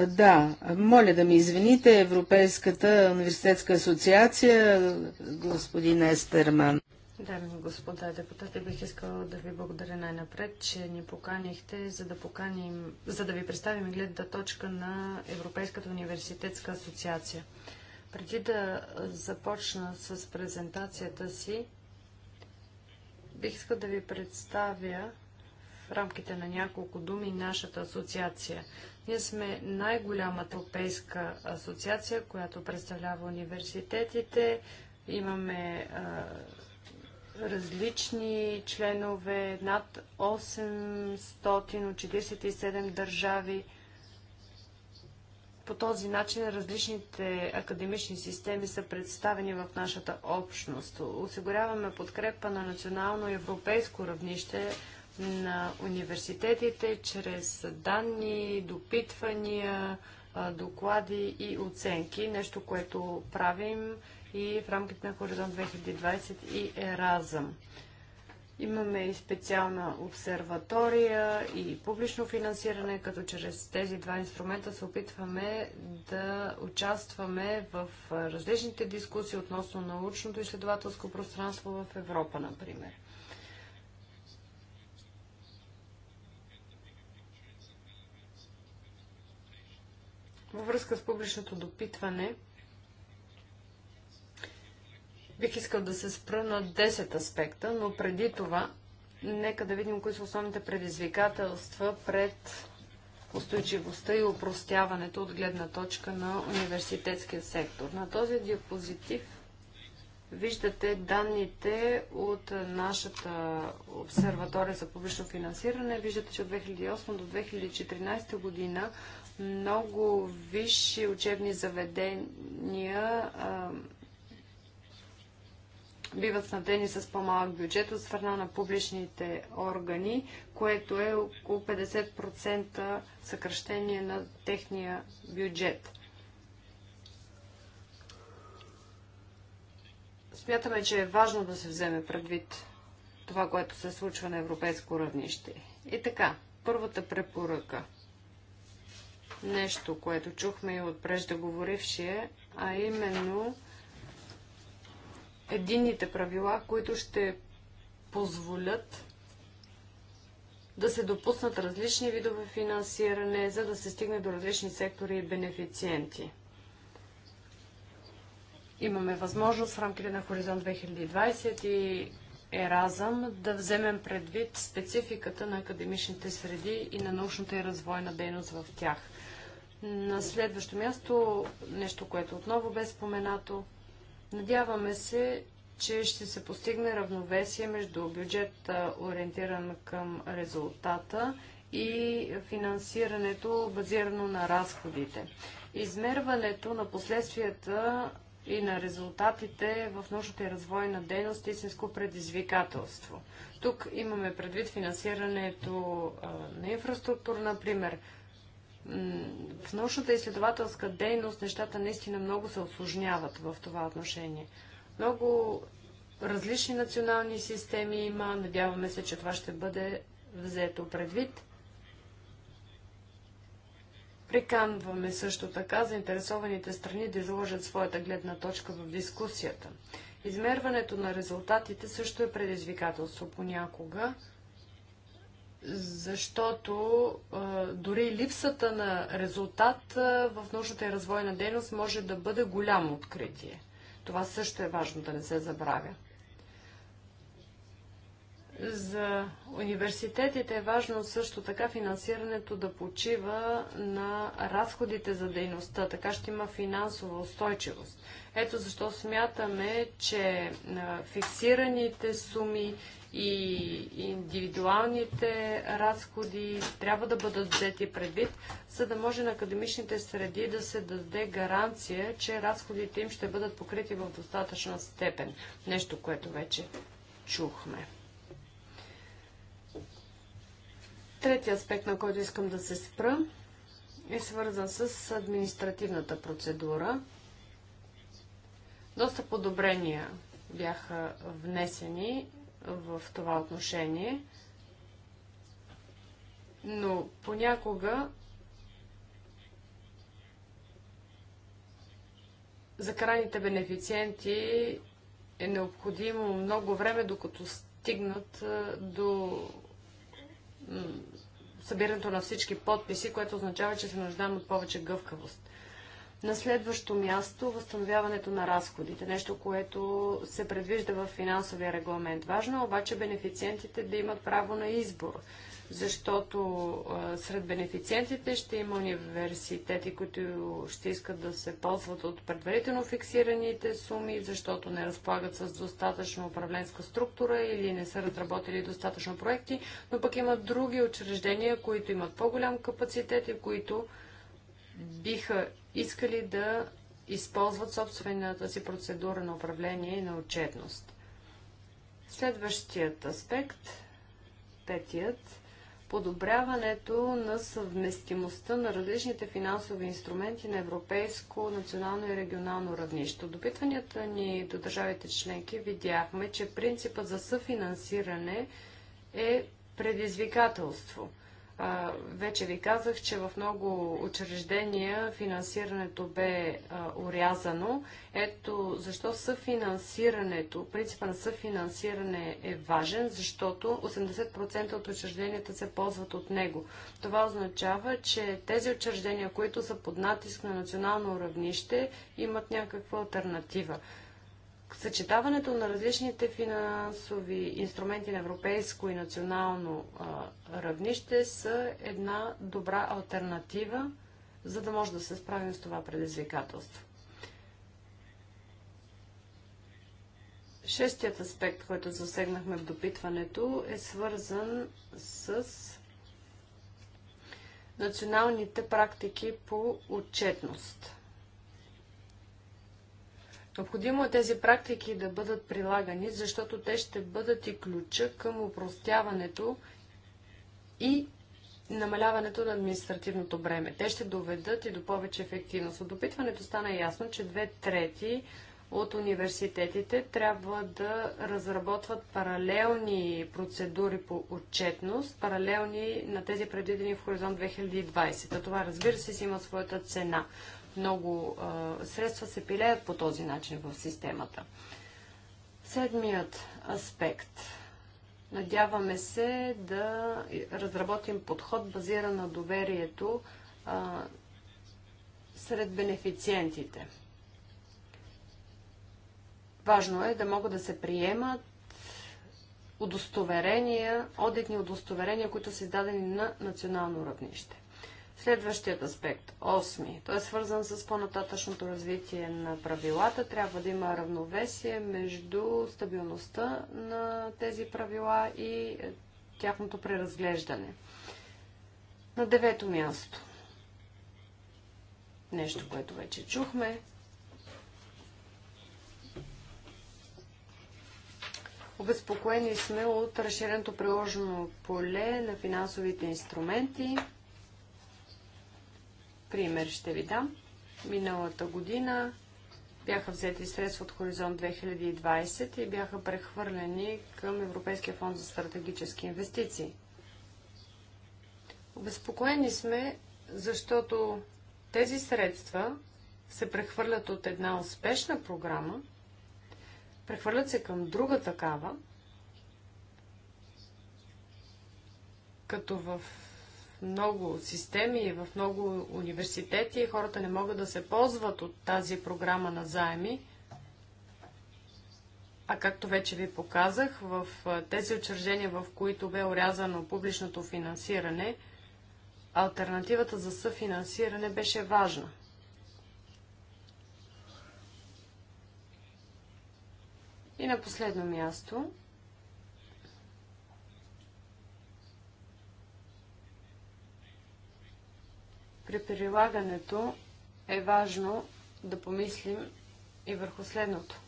Да, моля да ми извините, Европейската университетска асоциация, господин Естерман. Дами и господа депутати, бих искала да ви благодаря най-напред, че ни поканихте, за да, поканим, за да ви представим гледна точка на Европейската университетска асоциация. Преди да започна с презентацията си, бих искала да ви представя в рамките на няколко думи нашата асоциация. Ние сме най-голямата европейска асоциация, която представлява университетите. Имаме а, различни членове, над 847 държави. По този начин различните академични системи са представени в нашата общност. Осигуряваме подкрепа на национално и европейско равнище на университетите чрез данни, допитвания, доклади и оценки. Нещо, което правим и в рамките на Хоризонт 2020 и Еразъм. Имаме и специална обсерватория и публично финансиране, като чрез тези два инструмента се опитваме да участваме в различните дискусии относно научното изследователско пространство в Европа, например. Във връзка с публичното допитване, бих искал да се спра на 10 аспекта, но преди това, нека да видим кои са основните предизвикателства пред устойчивостта и упростяването от гледна точка на университетския сектор. На този диапозитив виждате данните от нашата обсерватория за публично финансиране. Виждате, че от 2008 до 2014 година много висши учебни заведения а, биват снабдени с по-малък бюджет от страна на публичните органи, което е около 50% съкръщение на техния бюджет. Смятаме, че е важно да се вземе предвид това, което се случва на европейско равнище. И така, първата препоръка нещо, което чухме и от преждеговорившия, а именно единните правила, които ще позволят да се допуснат различни видове финансиране, за да се стигне до различни сектори и бенефициенти. Имаме възможност в рамките на Хоризонт 2020 и Еразъм да вземем предвид спецификата на академичните среди и на научната и развойна дейност в тях. На следващо място, нещо, което отново бе споменато, надяваме се, че ще се постигне равновесие между бюджета, ориентиран към резултата и финансирането, базирано на разходите. Измерването на последствията и на резултатите в научната и развойна дейност е истинско предизвикателство. Тук имаме предвид финансирането на инфраструктура, например в научната изследователска дейност нещата наистина много се осложняват в това отношение. Много различни национални системи има. Надяваме се, че това ще бъде взето предвид. Приканваме също така заинтересованите страни да изложат своята гледна точка в дискусията. Измерването на резултатите също е предизвикателство понякога защото а, дори липсата на резултат а, в научната и развойна дейност може да бъде голямо откритие. Това също е важно да не се забравя. За университетите е важно също така финансирането да почива на разходите за дейността. Така ще има финансова устойчивост. Ето защо смятаме, че фиксираните суми и индивидуалните разходи трябва да бъдат взети предвид, за да може на академичните среди да се даде гаранция, че разходите им ще бъдат покрити в достатъчна степен. Нещо, което вече чухме. Третия аспект, на който искам да се спра, е свързан с административната процедура. Доста подобрения бяха внесени в това отношение. Но понякога за крайните бенефициенти е необходимо много време, докато стигнат до събирането на всички подписи, което означава, че се нуждаем от повече гъвкавост. На следващо място възстановяването на разходите, нещо, което се предвижда в финансовия регламент. Важно е обаче бенефициентите да имат право на избор, защото сред бенефициентите ще има университети, които ще искат да се ползват от предварително фиксираните суми, защото не разполагат с достатъчно управленска структура или не са разработили достатъчно проекти, но пък имат други учреждения, които имат по-голям капацитет и които биха искали да използват собствената си процедура на управление и на отчетност. Следващият аспект, петият, подобряването на съвместимостта на различните финансови инструменти на европейско, национално и регионално равнище. Допитванията ни до държавите членки видяхме, че принципът за съфинансиране е предизвикателство – вече ви казах, че в много учреждения финансирането бе урязано. Ето защо съфинансирането, принципа на съфинансиране е важен, защото 80% от учрежденията се ползват от него. Това означава, че тези учреждения, които са под натиск на национално равнище, имат някаква альтернатива. Съчетаването на различните финансови инструменти на европейско и национално а, равнище са една добра альтернатива, за да може да се справим с това предизвикателство. Шестият аспект, който засегнахме в допитването, е свързан с националните практики по отчетност. Необходимо е тези практики да бъдат прилагани, защото те ще бъдат и ключа към упростяването и намаляването на административното бреме. Те ще доведат и до повече ефективност. От допитването стана ясно, че две трети от университетите трябва да разработват паралелни процедури по отчетност, паралелни на тези предвидени в Хоризонт 2020. А това, разбира се, си има своята цена. Много а, средства се пилеят по този начин в системата. Седмият аспект. Надяваме се да разработим подход базиран на доверието а, сред бенефициентите. Важно е да могат да се приемат удостоверения, одитни удостоверения, които са издадени на национално равнище. Следващият аспект, осми, той е свързан с по-нататъчното развитие на правилата. Трябва да има равновесие между стабилността на тези правила и е, тяхното преразглеждане. На девето място. Нещо, което вече чухме. Обезпокоени сме от разширеното приложено поле на финансовите инструменти – пример ще ви дам. Миналата година бяха взети средства от Хоризонт 2020 и бяха прехвърлени към Европейския фонд за стратегически инвестиции. Обезпокоени сме, защото тези средства се прехвърлят от една успешна програма, прехвърлят се към друга такава, като в много системи и в много университети хората не могат да се ползват от тази програма на заеми. А както вече ви показах, в тези учреждения, в които бе урязано публичното финансиране, альтернативата за съфинансиране беше важна. И на последно място, При прилагането е важно да помислим и върху следното.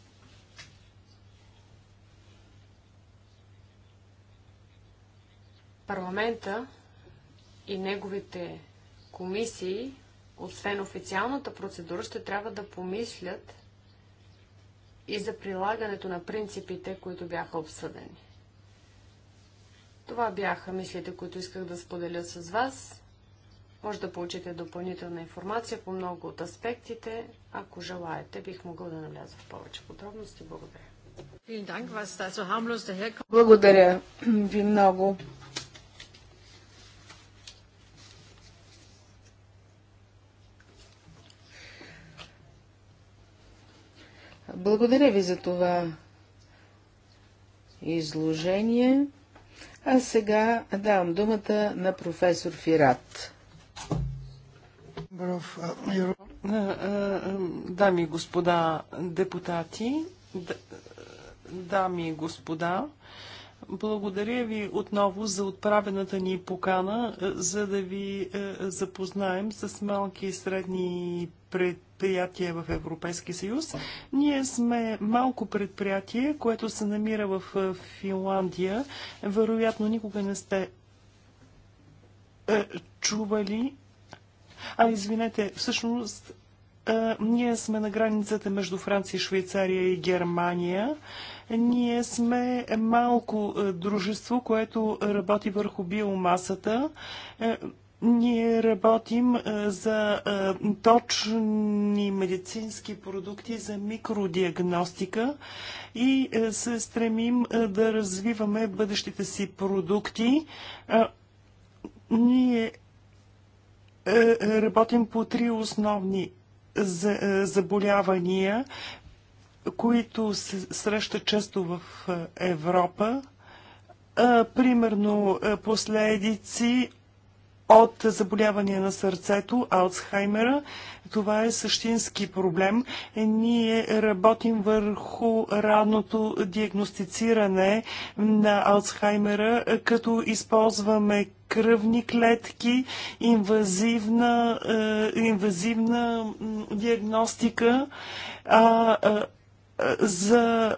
Парламента и неговите комисии, освен официалната процедура, ще трябва да помислят и за прилагането на принципите, които бяха обсъдени. Това бяха мислите, които исках да споделя с вас. Може да получите допълнителна информация по много от аспектите. Ако желаете, бих могъл да навляза в повече подробности. Благодаря. Благодаря ви много. Благодаря ви за това изложение. А сега давам думата на професор Фират. Дами и господа депутати, дами и господа, благодаря ви отново за отправената ни покана, за да ви запознаем с малки и средни предприятия в Европейски съюз. Ние сме малко предприятие, което се намира в Финландия. Вероятно никога не сте чували а, извинете, всъщност ние сме на границата между Франция, Швейцария и Германия. Ние сме малко дружество, което работи върху биомасата. Ние работим за точни медицински продукти за микродиагностика и се стремим да развиваме бъдещите си продукти. Ние е, е, работим по три основни е, заболявания, които се срещат често в Европа. Примерно последици от заболявания на сърцето, Алцхаймера. Това е същински проблем. Ние работим върху ранното диагностициране на Алцхаймера, като използваме кръвни клетки, инвазивна, е, инвазивна диагностика. А, а, за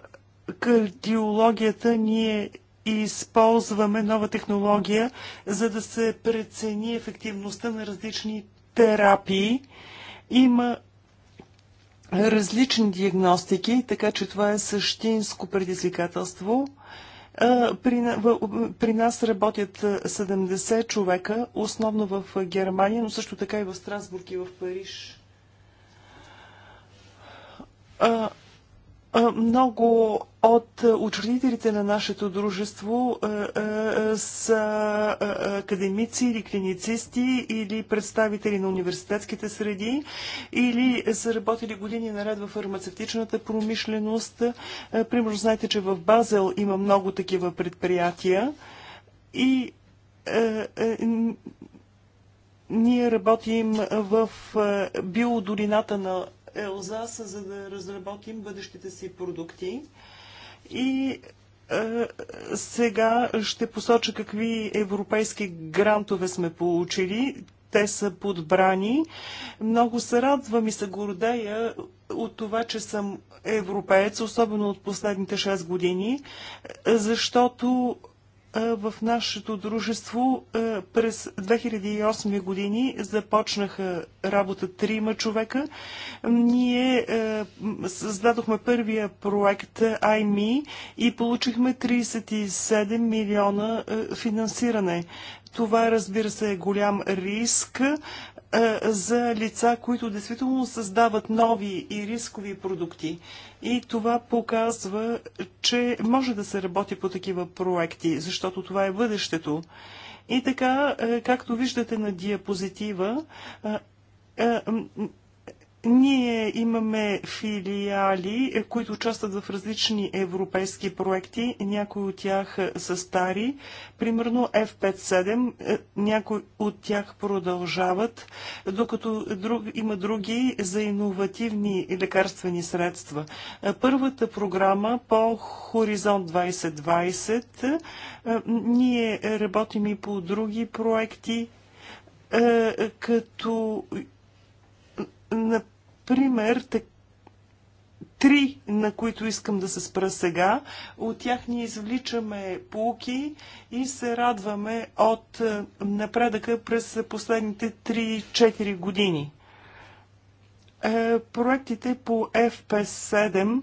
кардиологията ние използваме нова технология, за да се прецени ефективността на различни терапии. Има различни диагностики, така че това е същинско предизвикателство. При, при нас работят 70 човека, основно в Германия, но също така и в Страсбург и в Париж много от учредителите на нашето дружество са академици или клиницисти или представители на университетските среди или са работили години наред в фармацевтичната промишленост. Примерно знаете, че в Базел има много такива предприятия и ние работим в биодолината на Елзаса, за да разработим бъдещите си продукти. И е, сега ще посоча какви европейски грантове сме получили. Те са подбрани. Много се радвам и се гордея от това, че съм европеец, особено от последните 6 години, защото в нашето дружество през 2008 години започнаха работа трима човека. Ние създадохме първия проект IME и получихме 37 милиона финансиране. Това, разбира се, е голям риск, е, за лица, които действително създават нови и рискови продукти. И това показва, че може да се работи по такива проекти, защото това е бъдещето. И така, е, както виждате на диапозитива, е, ние имаме филиали, е, които участват в различни европейски проекти. Някои от тях е, са стари, примерно F57, е, някои от тях продължават, докато друг, има други за иновативни лекарствени средства. Първата програма по Хоризонт 2020, ние работим и по други проекти, като Например, три, на които искам да се спра сега. От тях ни извличаме полуки и се радваме от е, напредъка през последните 3-4 години. Е, проектите по FP7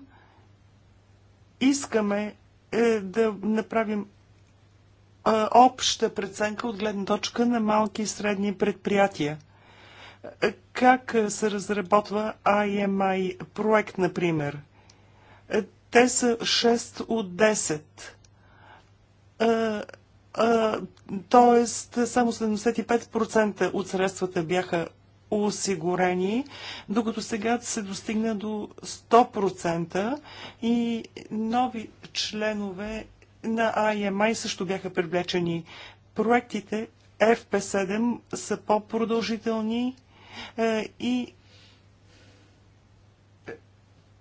искаме е, да направим обща преценка от гледна точка на малки и средни предприятия – как се разработва IMI проект, например? Е, те са 6 от 10. Е, е, тоест, само 75% от средствата бяха осигурени, докато сега се достигна до 100% и нови членове на IMI също бяха привлечени. Проектите FP7 са по-продължителни, е, и,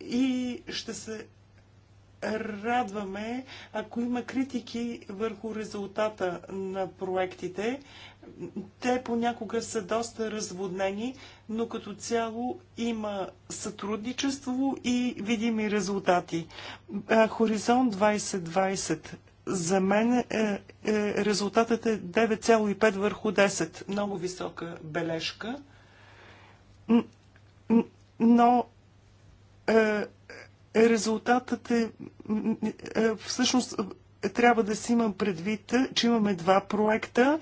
и ще се радваме, ако има критики върху резултата на проектите. Те понякога са доста разводнени, но като цяло има сътрудничество и видими резултати. Е, Хоризонт 2020 за мен е, е, резултатът е 9,5 върху 10. Много висока бележка но е, резултатът е, е всъщност е, трябва да си имам предвид, че имаме два проекта,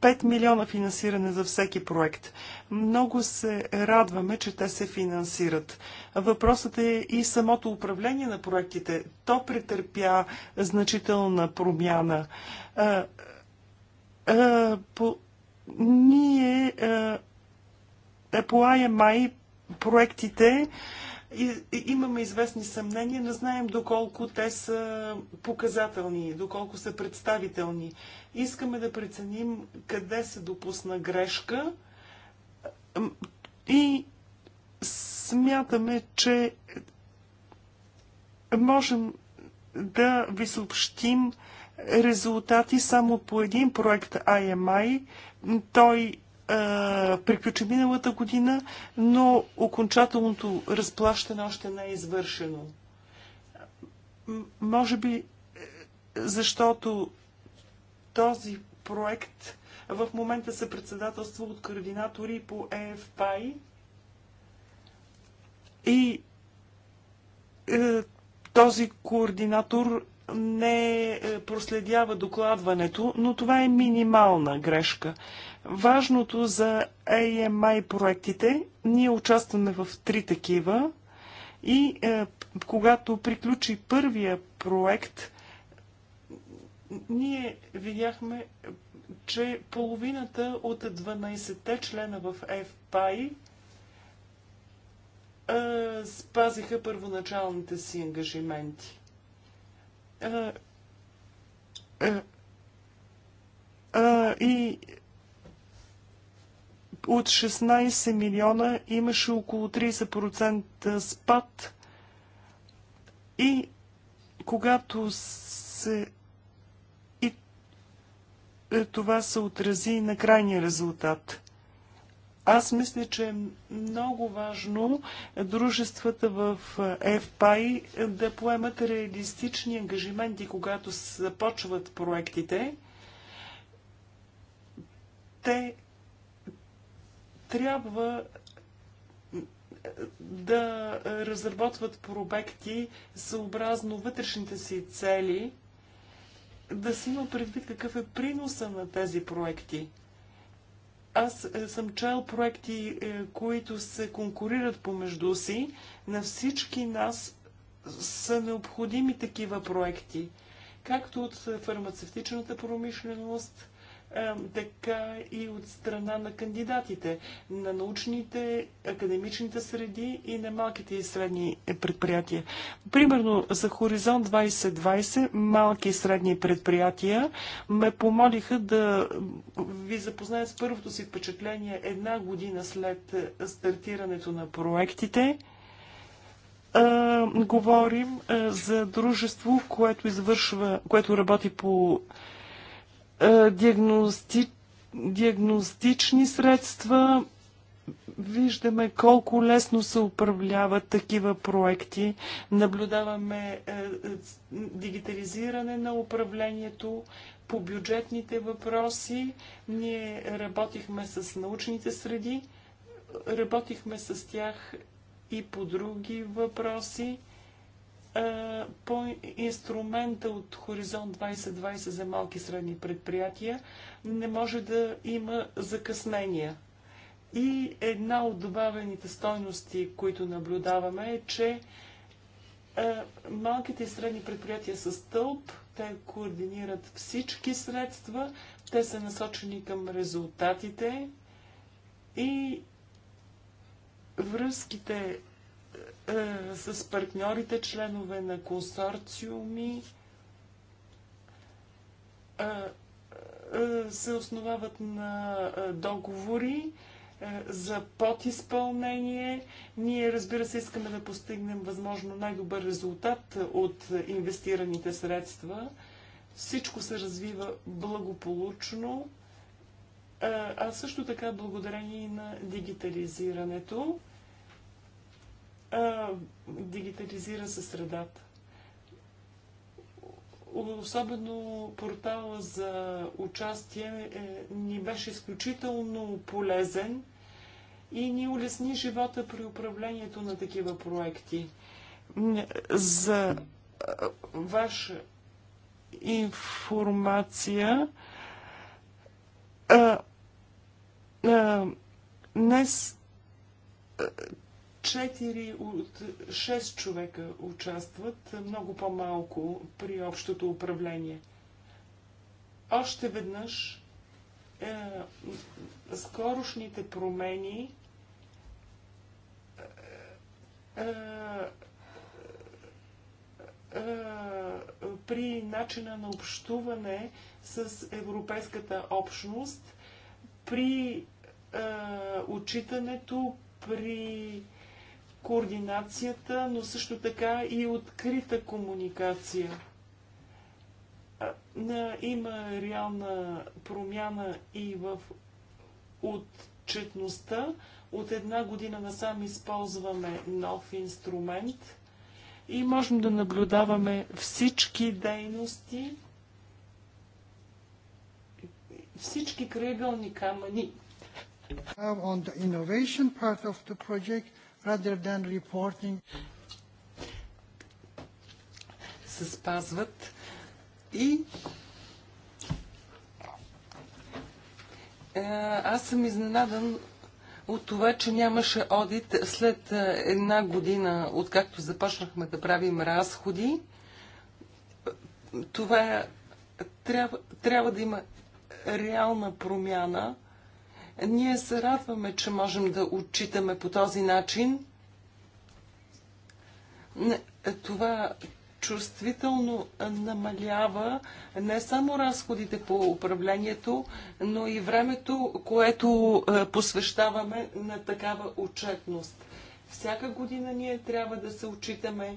5 милиона финансиране за всеки проект. Много се радваме, че те се финансират. Въпросът е и самото управление на проектите. То претърпя значителна промяна. А, е, а, е, по... Ние а, по IMI проектите имаме известни съмнения, не знаем доколко те са показателни, доколко са представителни. Искаме да преценим къде се допусна грешка и смятаме, че можем да ви съобщим резултати само по един проект IMI. Той приключи миналата година, но окончателното разплащане още не е извършено. Може би е, защото този проект в момента се председателства от координатори по ЕФПАИ и е, този координатор не е, проследява докладването, но това е минимална грешка. Важното за AMI проектите, ние участваме в три такива и е, когато приключи първия проект, ние видяхме, че половината от 12-те члена в FPI е, спазиха първоначалните си ангажименти а, и от 16 милиона имаше около 30% спад и когато се и е, това се отрази на крайния резултат. Аз мисля, че е много важно дружествата в FPI да поемат реалистични ангажименти, когато започват проектите. Те трябва да разработват проекти съобразно вътрешните си цели, да си има предвид какъв е приноса на тези проекти. Аз е, съм чел проекти, е, които се конкурират помежду си. На всички нас са необходими такива проекти, както от фармацевтичната промишленост, така и от страна на кандидатите, на научните, академичните среди и на малките и средни предприятия. Примерно за Хоризонт 2020 малки и средни предприятия ме помолиха да ви запозная с първото си впечатление една година след стартирането на проектите говорим за дружество, което извършва, което работи по е, диагности, диагностични средства. Виждаме колко лесно се управляват такива проекти. Наблюдаваме е, е, дигитализиране на управлението по бюджетните въпроси. Ние работихме с научните среди, работихме с тях и по други въпроси по инструмента от Хоризонт 2020 за малки и средни предприятия не може да има закъснения. И една от добавените стойности, които наблюдаваме е, че малките и средни предприятия са стълб, те координират всички средства, те са насочени към резултатите и връзките е, с партньорите, членове на консорциуми, е, е, се основават на договори за подизпълнение. Ние, разбира се, искаме да постигнем възможно най-добър резултат от инвестираните средства. Всичко се развива благополучно, а също така благодарение на дигитализирането а, дигитализира се средата. Особено портала за участие е, ни беше изключително полезен и ни улесни живота при управлението на такива проекти. За ваша информация, а, а, днес Четири от шест човека участват, много по-малко при общото управление. Още веднъж е, скорошните промени е, е, е при начина на общуване с Европейската общност, при е, отчитането, при е, координацията, но също така и открита комуникация. Има реална промяна и в отчетността. От една година насам използваме нов инструмент и можем да наблюдаваме всички дейности, всички крайъгълни камъни. On the innovation part of the project, rather than reporting. Се спазват и е, аз съм изненадан от това, че нямаше одит след е, една година, откакто започнахме да правим разходи. Това трябва, трябва да има реална промяна ние се радваме, че можем да отчитаме по този начин това чувствително намалява не само разходите по управлението, но и времето, което е, посвещаваме на такава отчетност. Всяка година ние трябва да се отчитаме. Е,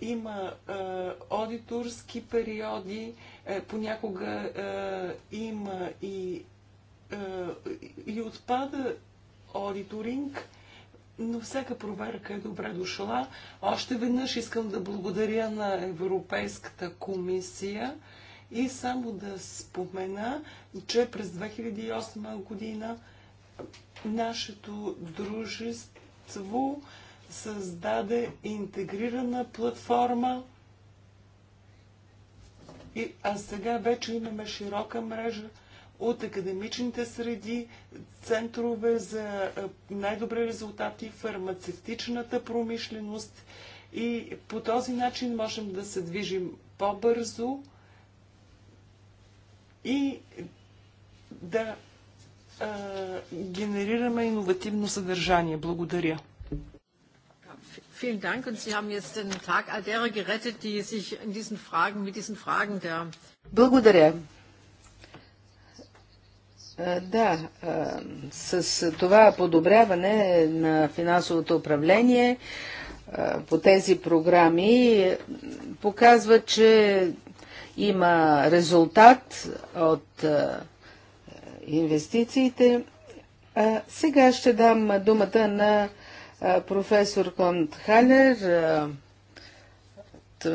има е, аудиторски периоди, понякога има и и отпада аудиторинг, но всяка проверка е добре дошла. Още веднъж искам да благодаря на Европейската комисия и само да спомена, че през 2008 година нашето дружество създаде интегрирана платформа, и, а сега вече имаме широка мрежа от академичните среди, центрове за най-добри резултати, фармацевтичната промишленост и по този начин можем да се движим по-бързо и да а, генерираме иновативно съдържание. Благодаря. Vielen Dank. Und Sie haben jetzt den Tag all derer gerettet, die sich in diesen Fragen, mit diesen Fragen der Благодаря. Да, с това подобряване на финансовото управление по тези програми показва, че има резултат от инвестициите. Сега ще дам думата на професор Конт Халер от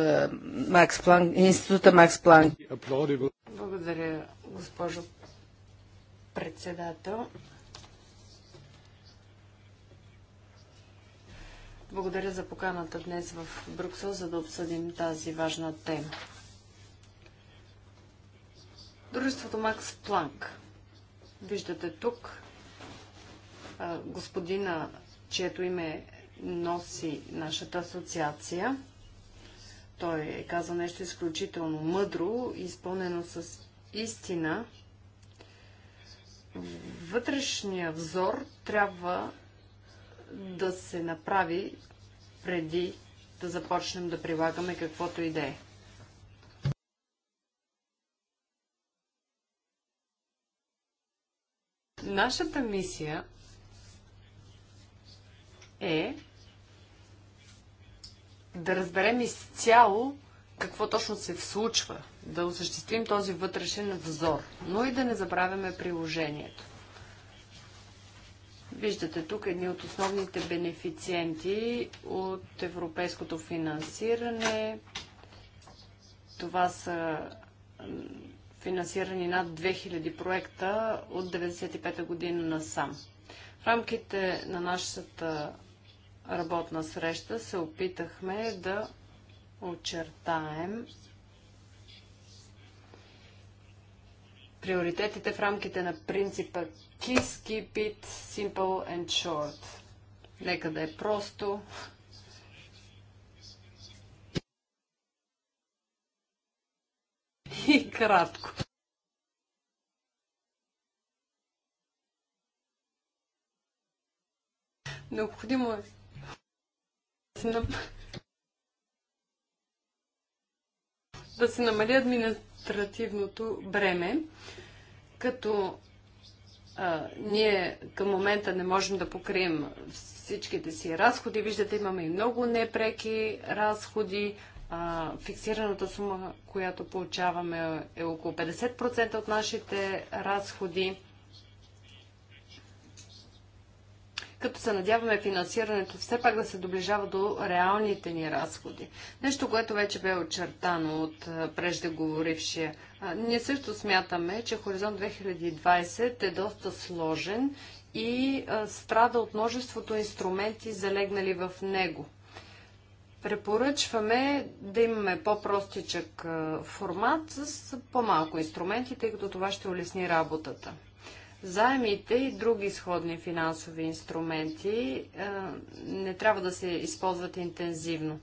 Макс Планк, Института Макс Планк. Благодаря, госпожо председател. Благодаря за поканата днес в Брюксел, за да обсъдим тази важна тема. Дружеството Макс Планк. Виждате тук господина, чието име носи нашата асоциация. Той е казал нещо изключително мъдро, изпълнено с истина вътрешния взор трябва да се направи преди да започнем да прилагаме каквото и да е. Нашата мисия е да разберем изцяло какво точно се случва, да осъществим този вътрешен взор, но и да не забравяме приложението. Виждате тук едни от основните бенефициенти от европейското финансиране. Това са финансирани над 2000 проекта от 1995 година насам. В рамките на нашата работна среща се опитахме да очертаем приоритетите в рамките на принципа KISS, Keep It, Simple and Short. Нека да е просто, и кратко. Необходимо е да се намали административното бреме, като а, ние към момента не можем да покрием всичките си разходи. Виждате, имаме и много непреки разходи. А, фиксираната сума, която получаваме е около 50% от нашите разходи. като се надяваме финансирането все пак да се доближава до реалните ни разходи. Нещо, което вече бе очертано от преждеговорившия. Ние също смятаме, че Хоризонт 2020 е доста сложен и страда от множеството инструменти, залегнали в него. Препоръчваме да имаме по-простичък формат с по-малко инструменти, тъй като това ще улесни работата. Заемите и други сходни финансови инструменти е, не трябва да се използват интензивно.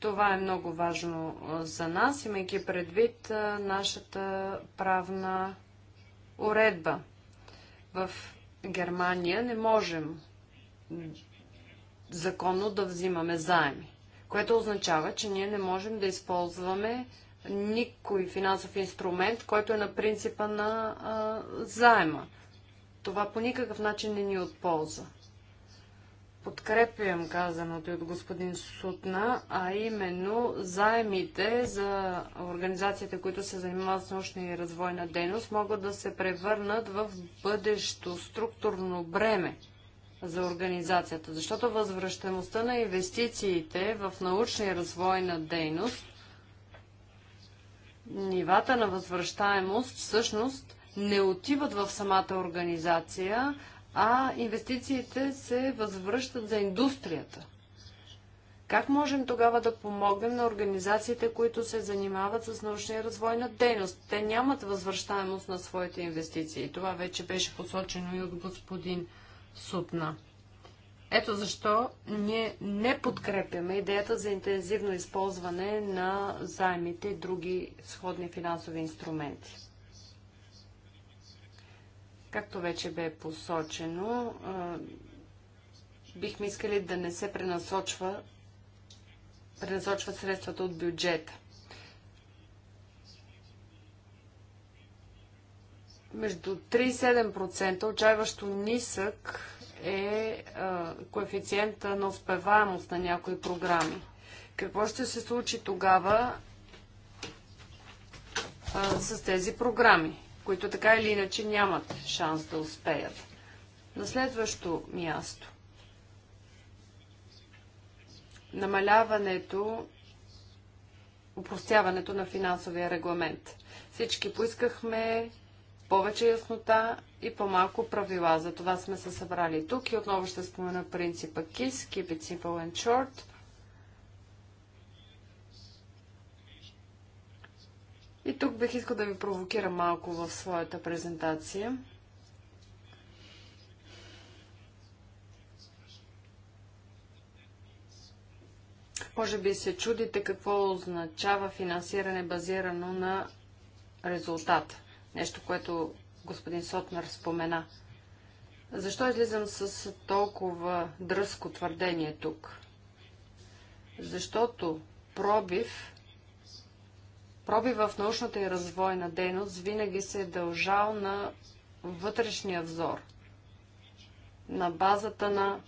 Това е много важно е, за нас, имайки предвид е, нашата правна уредба. В Германия не можем законно да взимаме заеми, което означава, че ние не можем да използваме никой финансов инструмент, който е на принципа на а, заема. Това по никакъв начин не ни е от полза. Подкрепям казаното и от господин Сутна, а именно заемите за организациите, които се занимават с научна и развойна дейност, могат да се превърнат в бъдещо структурно бреме за организацията, защото възвръщаемостта на инвестициите в научна и развойна дейност, нивата на възвръщаемост всъщност не отиват в самата организация, а инвестициите се възвръщат за индустрията. Как можем тогава да помогнем на организациите, които се занимават с научна и развойна дейност? Те нямат възвръщаемост на своите инвестиции. Това вече беше посочено и от господин Сутна. Ето защо ние не подкрепяме идеята за интензивно използване на заемите и други сходни финансови инструменти. Както вече бе посочено, бихме искали да не се пренасочва, пренасочва средствата от бюджета. Между 3 и 7% отчаиващо нисък е коефициента на успеваемост на някои програми. Какво ще се случи тогава с тези програми? които така или иначе нямат шанс да успеят. На следващо място. Намаляването, упростяването на финансовия регламент. Всички поискахме повече яснота и по-малко правила. За това сме се събрали тук и отново ще спомена принципа KISS, Keep it simple and short – И тук бих искал да ви провокира малко в своята презентация. Може би се чудите какво означава финансиране базирано на резултат. Нещо, което господин Сотнар спомена. Защо излизам с толкова дръско твърдение тук? Защото пробив Проби в научната и развойна дейност винаги се е дължал на вътрешния взор, на базата на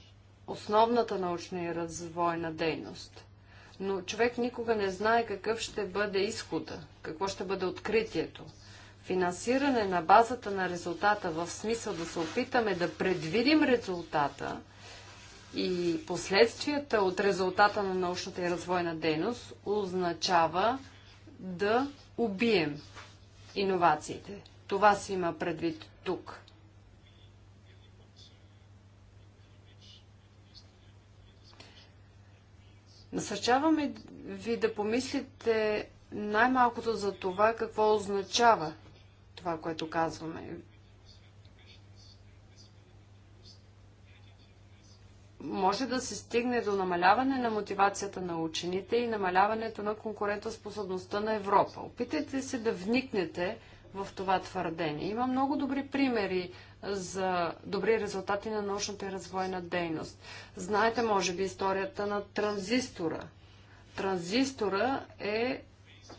основната научна и развойна дейност. Но човек никога не знае какъв ще бъде изхода, какво ще бъде откритието. Финансиране на базата на резултата, в смисъл да се опитаме да предвидим резултата и последствията от резултата на научната и развойна дейност, означава да убием иновациите. Това се има предвид тук. Насърчаваме ви да помислите най-малкото за това какво означава това, което казваме. може да се стигне до намаляване на мотивацията на учените и намаляването на конкурентоспособността на Европа. Опитайте се да вникнете в това твърдение. Има много добри примери за добри резултати на научната и развойна дейност. Знаете, може би, историята на транзистора. Транзистора е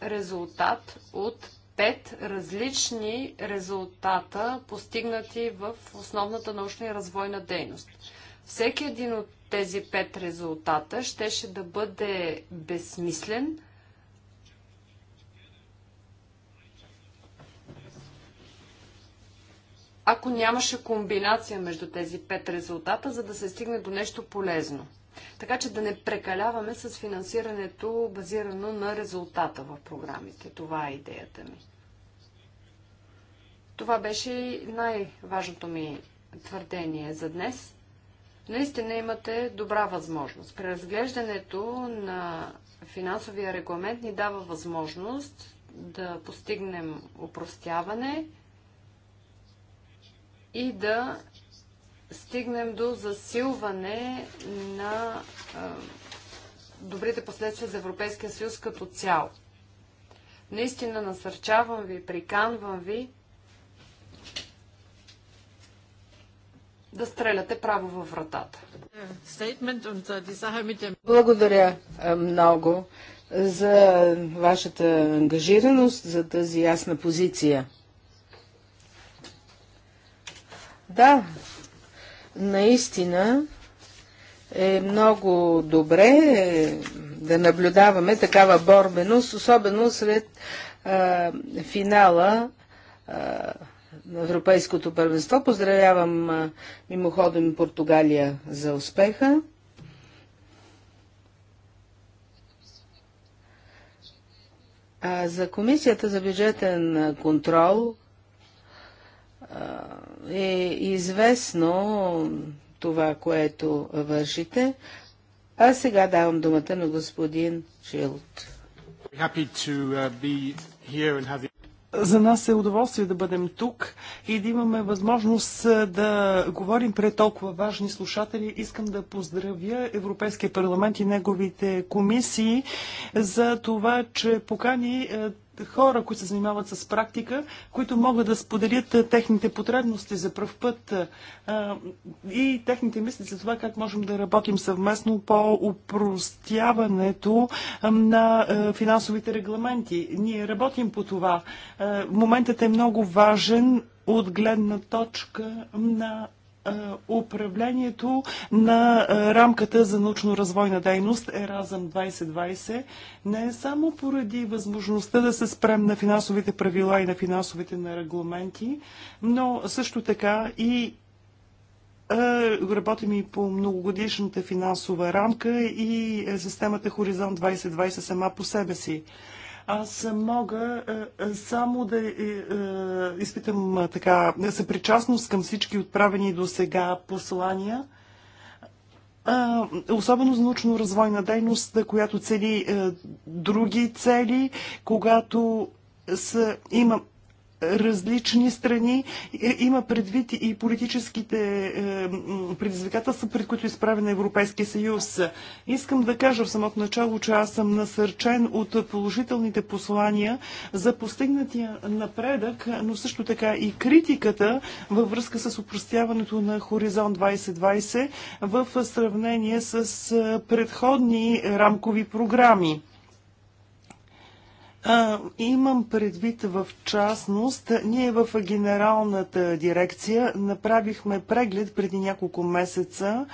резултат от пет различни резултата, постигнати в основната научна и развойна дейност. Всеки един от тези пет резултата щеше да бъде безсмислен, ако нямаше комбинация между тези пет резултата, за да се стигне до нещо полезно. Така че да не прекаляваме с финансирането, базирано на резултата в програмите. Това е идеята ми. Това беше най-важното ми твърдение за днес. Наистина имате добра възможност. Преразглеждането на финансовия регламент ни дава възможност да постигнем упростяване и да стигнем до засилване на добрите последствия за Европейския съюз като цяло. Наистина насърчавам ви, приканвам ви да стреляте право във вратата. Äh, Благодаря е, много за вашата ангажираност, за тази ясна позиция. Да, наистина е много добре е, да наблюдаваме такава борбеност, особено след а, е, финала а, Европейското първенство. Поздравявам мимоходом Португалия за успеха. А за Комисията за бюджетен контрол е известно това, което вършите. А сега давам думата на господин Шилд. Happy to uh, be here and have за нас е удоволствие да бъдем тук и да имаме възможност да говорим пред толкова важни слушатели. Искам да поздравя Европейския парламент и неговите комисии за това, че покани хора, които се занимават с практика, които могат да споделят техните потребности за пръв път и техните мисли за това как можем да работим съвместно по упростяването на финансовите регламенти. Ние работим по това. Моментът е много важен от гледна точка на управлението на рамката за научно-развойна дейност Еразъм 2020 не е само поради възможността да се спрем на финансовите правила и на финансовите на регламенти, но също така и работим и по многогодишната финансова рамка и системата Хоризонт 2020 сама по себе си. Аз мога е, е, само да е, изпитам така съпричастност към всички отправени до сега послания особено за научно-развойна дейност, която цели други цели, когато са, има различни страни. Има предвид и политическите е, предизвикателства, пред които е изправен на Европейския съюз. Искам да кажа в самото начало, че аз съм насърчен от положителните послания за постигнатия напредък, но също така и критиката във връзка с упростяването на Хоризонт 2020 в сравнение с е, предходни рамкови програми. А, имам предвид в частност, ние в генералната дирекция направихме преглед преди няколко месеца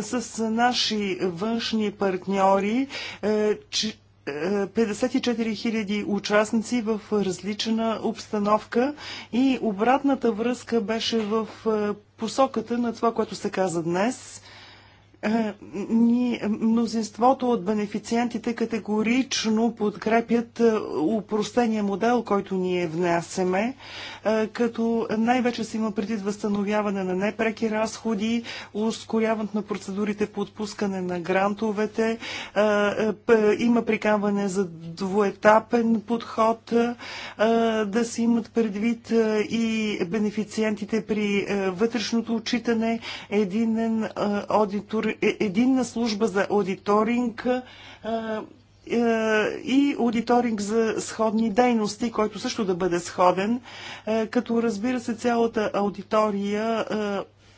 с наши външни партньори, е, че 54 е, 000 участници в различна обстановка и обратната връзка беше в е, посоката на това, което се каза днес. Е, мнозинството от бенефициентите категорично подкрепят е, упростения модел, който ние внасяме, е, като най-вече се има предвид възстановяване на непреки разходи, ускоряването на процедурите по отпускане на грантовете, има приканване за двуетапен подход, да се имат предвид и бенефициентите при вътрешното отчитане, единен аудитор е единна служба за аудиторинг е, и аудиторинг за сходни дейности, който също да бъде сходен, е, като разбира се цялата аудитория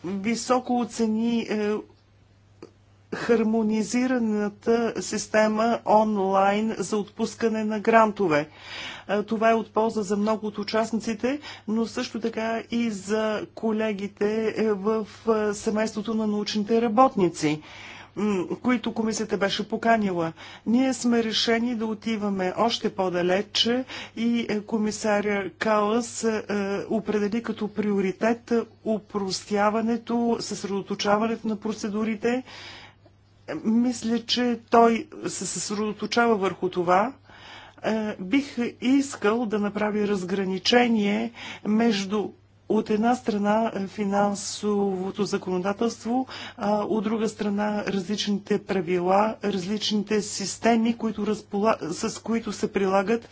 високо оцени хармонизираната система онлайн за отпускане на грантове. Това е от полза за много от участниците, но също така и за колегите е, в семейството на научните работници които комисията беше поканила. Ние сме решени да отиваме още по-далече и е, комисаря Калас е, определи като приоритет упростяването, съсредоточаването на процедурите, мисля, че той се съсредоточава върху това. Е, бих искал да направи разграничение между от една страна е, финансовото законодателство, а от друга страна различните правила, различните системи, които разпола... с които се прилагат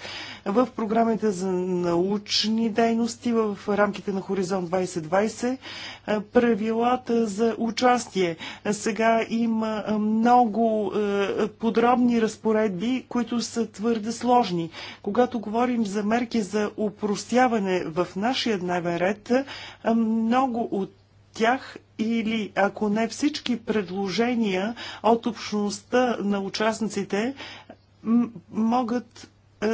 в програмите за научни дейности в рамките на Хоризонт 2020, е, правилата за участие. Сега има много е, подробни разпоредби, които са твърде сложни. Когато говорим за мерки за упростяване в нашия дневен ред, много от тях или ако не всички предложения от общността на участниците могат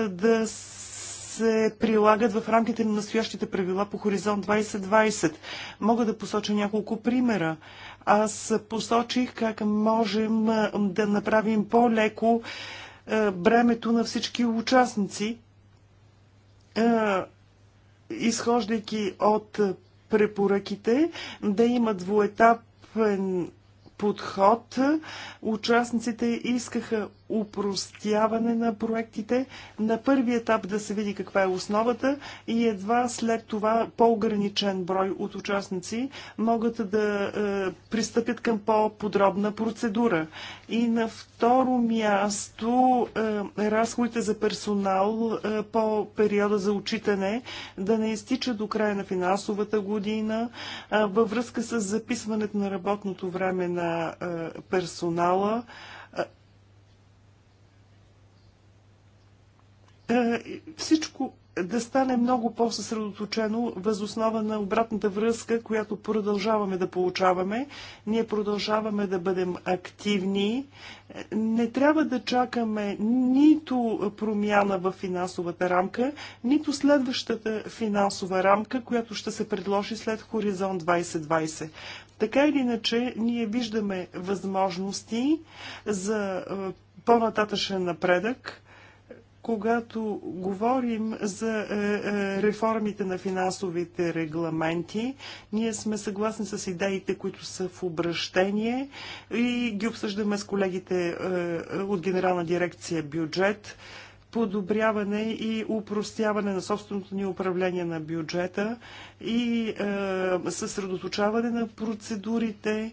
да се прилагат в рамките на настоящите правила по Хоризонт 2020. Мога да посоча няколко примера. Аз посочих как можем да направим по-леко бремето на всички участници изхождайки от препоръките, да има двуетапен подход. Участниците искаха упростяване на проектите. На първи етап да се види каква е основата и едва след това по-ограничен брой от участници могат да е, пристъпят към по-подробна процедура. И на второ място е, разходите за персонал е, по периода за учитане да не изтича до края на финансовата година е, във връзка с записването на работното време на е, персонала. Е, Е, всичко да стане много по-съсредоточено възоснова на обратната връзка, която продължаваме да получаваме. Ние продължаваме да бъдем активни. Е, не трябва да чакаме нито промяна в финансовата рамка, нито следващата финансова рамка, която ще се предложи след Хоризонт 2020. Така или иначе, ние виждаме възможности за е, по-нататъчен напредък когато говорим за е, е, реформите на финансовите регламенти, ние сме съгласни с идеите, които са в обращение и ги обсъждаме с колегите е, от Генерална дирекция бюджет подобряване и упростяване на собственото ни управление на бюджета и е, съсредоточаване на процедурите,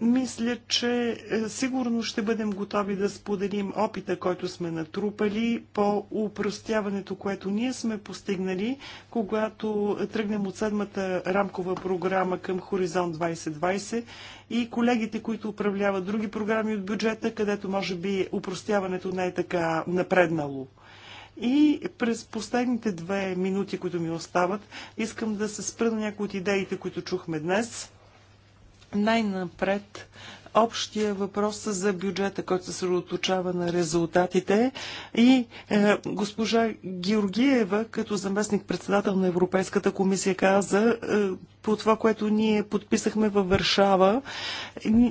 мисля, че е, сигурно ще бъдем готови да споделим опита, който сме натрупали по упростяването, което ние сме постигнали, когато тръгнем от седмата рамкова програма към Хоризонт 2020 и колегите, които управляват други програми от бюджета, където може би упростяването не е така напреднало. И през последните две минути, които ми остават, искам да се спра на някои от идеите, които чухме днес най-напред общия въпрос за бюджета, който се съсредоточава на резултатите. И е, госпожа Георгиева, като заместник председател на Европейската комисия, каза, е, по това, което ние подписахме във Варшава.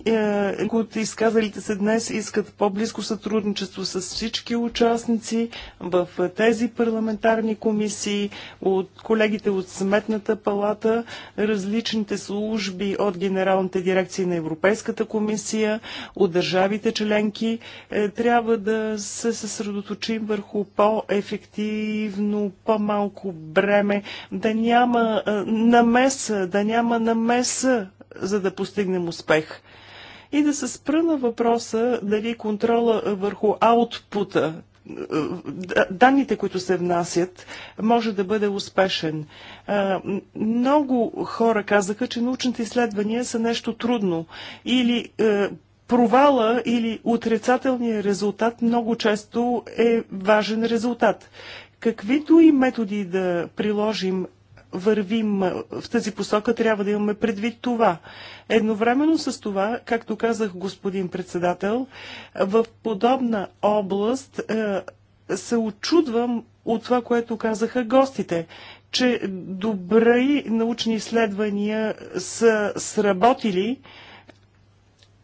Е, от изказалите се днес искат по-близко сътрудничество с всички участници в тези парламентарни комисии, от колегите от Сметната палата, различните служби от Генералните дирекции на Европейската комисия, от държавите членки. Е, трябва да се съсредоточим върху по-ефективно, по-малко бреме, да няма е, намеса да няма намеса, за да постигнем успех. И да се спра на въпроса дали контрола върху аутпута, е, данните, които се внасят, може да бъде успешен. Е, много хора казаха, че научните изследвания са нещо трудно или е, провала или отрицателният резултат много често е важен резултат. Каквито и методи да приложим вървим в тази посока, трябва да имаме предвид това. Едновременно с това, както казах господин председател, в подобна област се очудвам от това, което казаха гостите, че добри научни изследвания са сработили,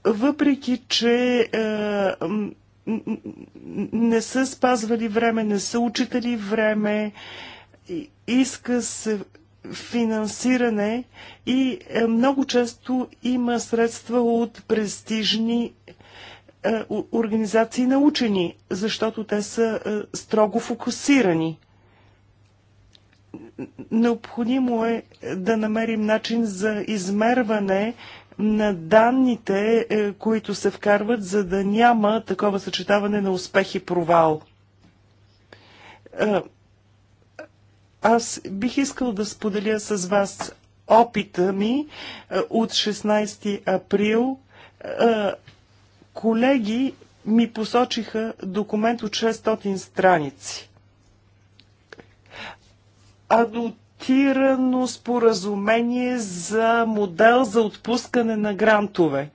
въпреки че не са спазвали време, не са учители време, иска се финансиране и е, много често има средства от престижни е, организации на учени, защото те са е, строго фокусирани. Необходимо е да намерим начин за измерване на данните, които се вкарват, за да няма такова съчетаване на успех и провал аз бих искал да споделя с вас опита ми е, от 16 април. Е, колеги ми посочиха документ от 600 страници. Адотирано споразумение за модел за отпускане на грантове.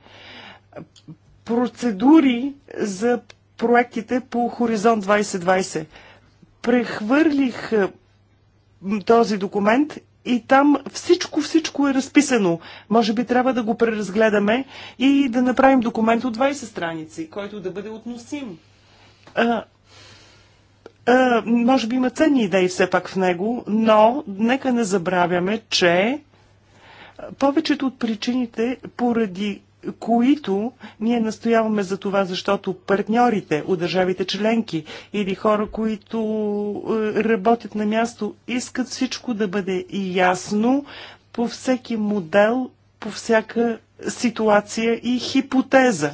Процедури за проектите по Хоризонт 2020. Прехвърлих е, този документ и там всичко, всичко е разписано. Може би трябва да го преразгледаме и да направим документ от 20 страници, който да бъде относим. А, а, може би има ценни идеи все пак в него, но нека не забравяме, че повечето от причините, поради които ние настояваме за това, защото партньорите от държавите членки или хора, които е, работят на място, искат всичко да бъде ясно по всеки модел, по всяка ситуация и хипотеза.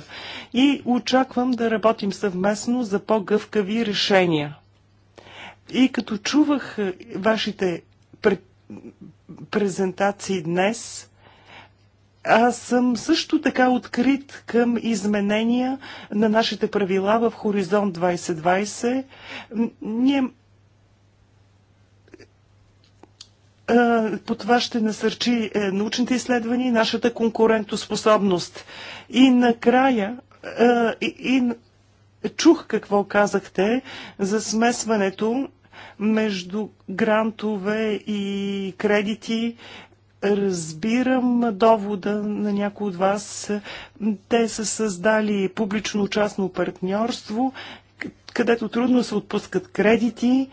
И очаквам да работим съвместно за по-гъвкави решения. И като чувах е, вашите презентации днес, аз съм също така открит към изменения на нашите правила в Хоризонт 2020. Ние по това ще насърчи е, научните изследвания и нашата конкурентоспособност. И накрая, и, и чух какво казахте за смесването между грантове и кредити, Разбирам довода на някои от вас. Те са създали публично-частно партньорство, където трудно се отпускат кредити,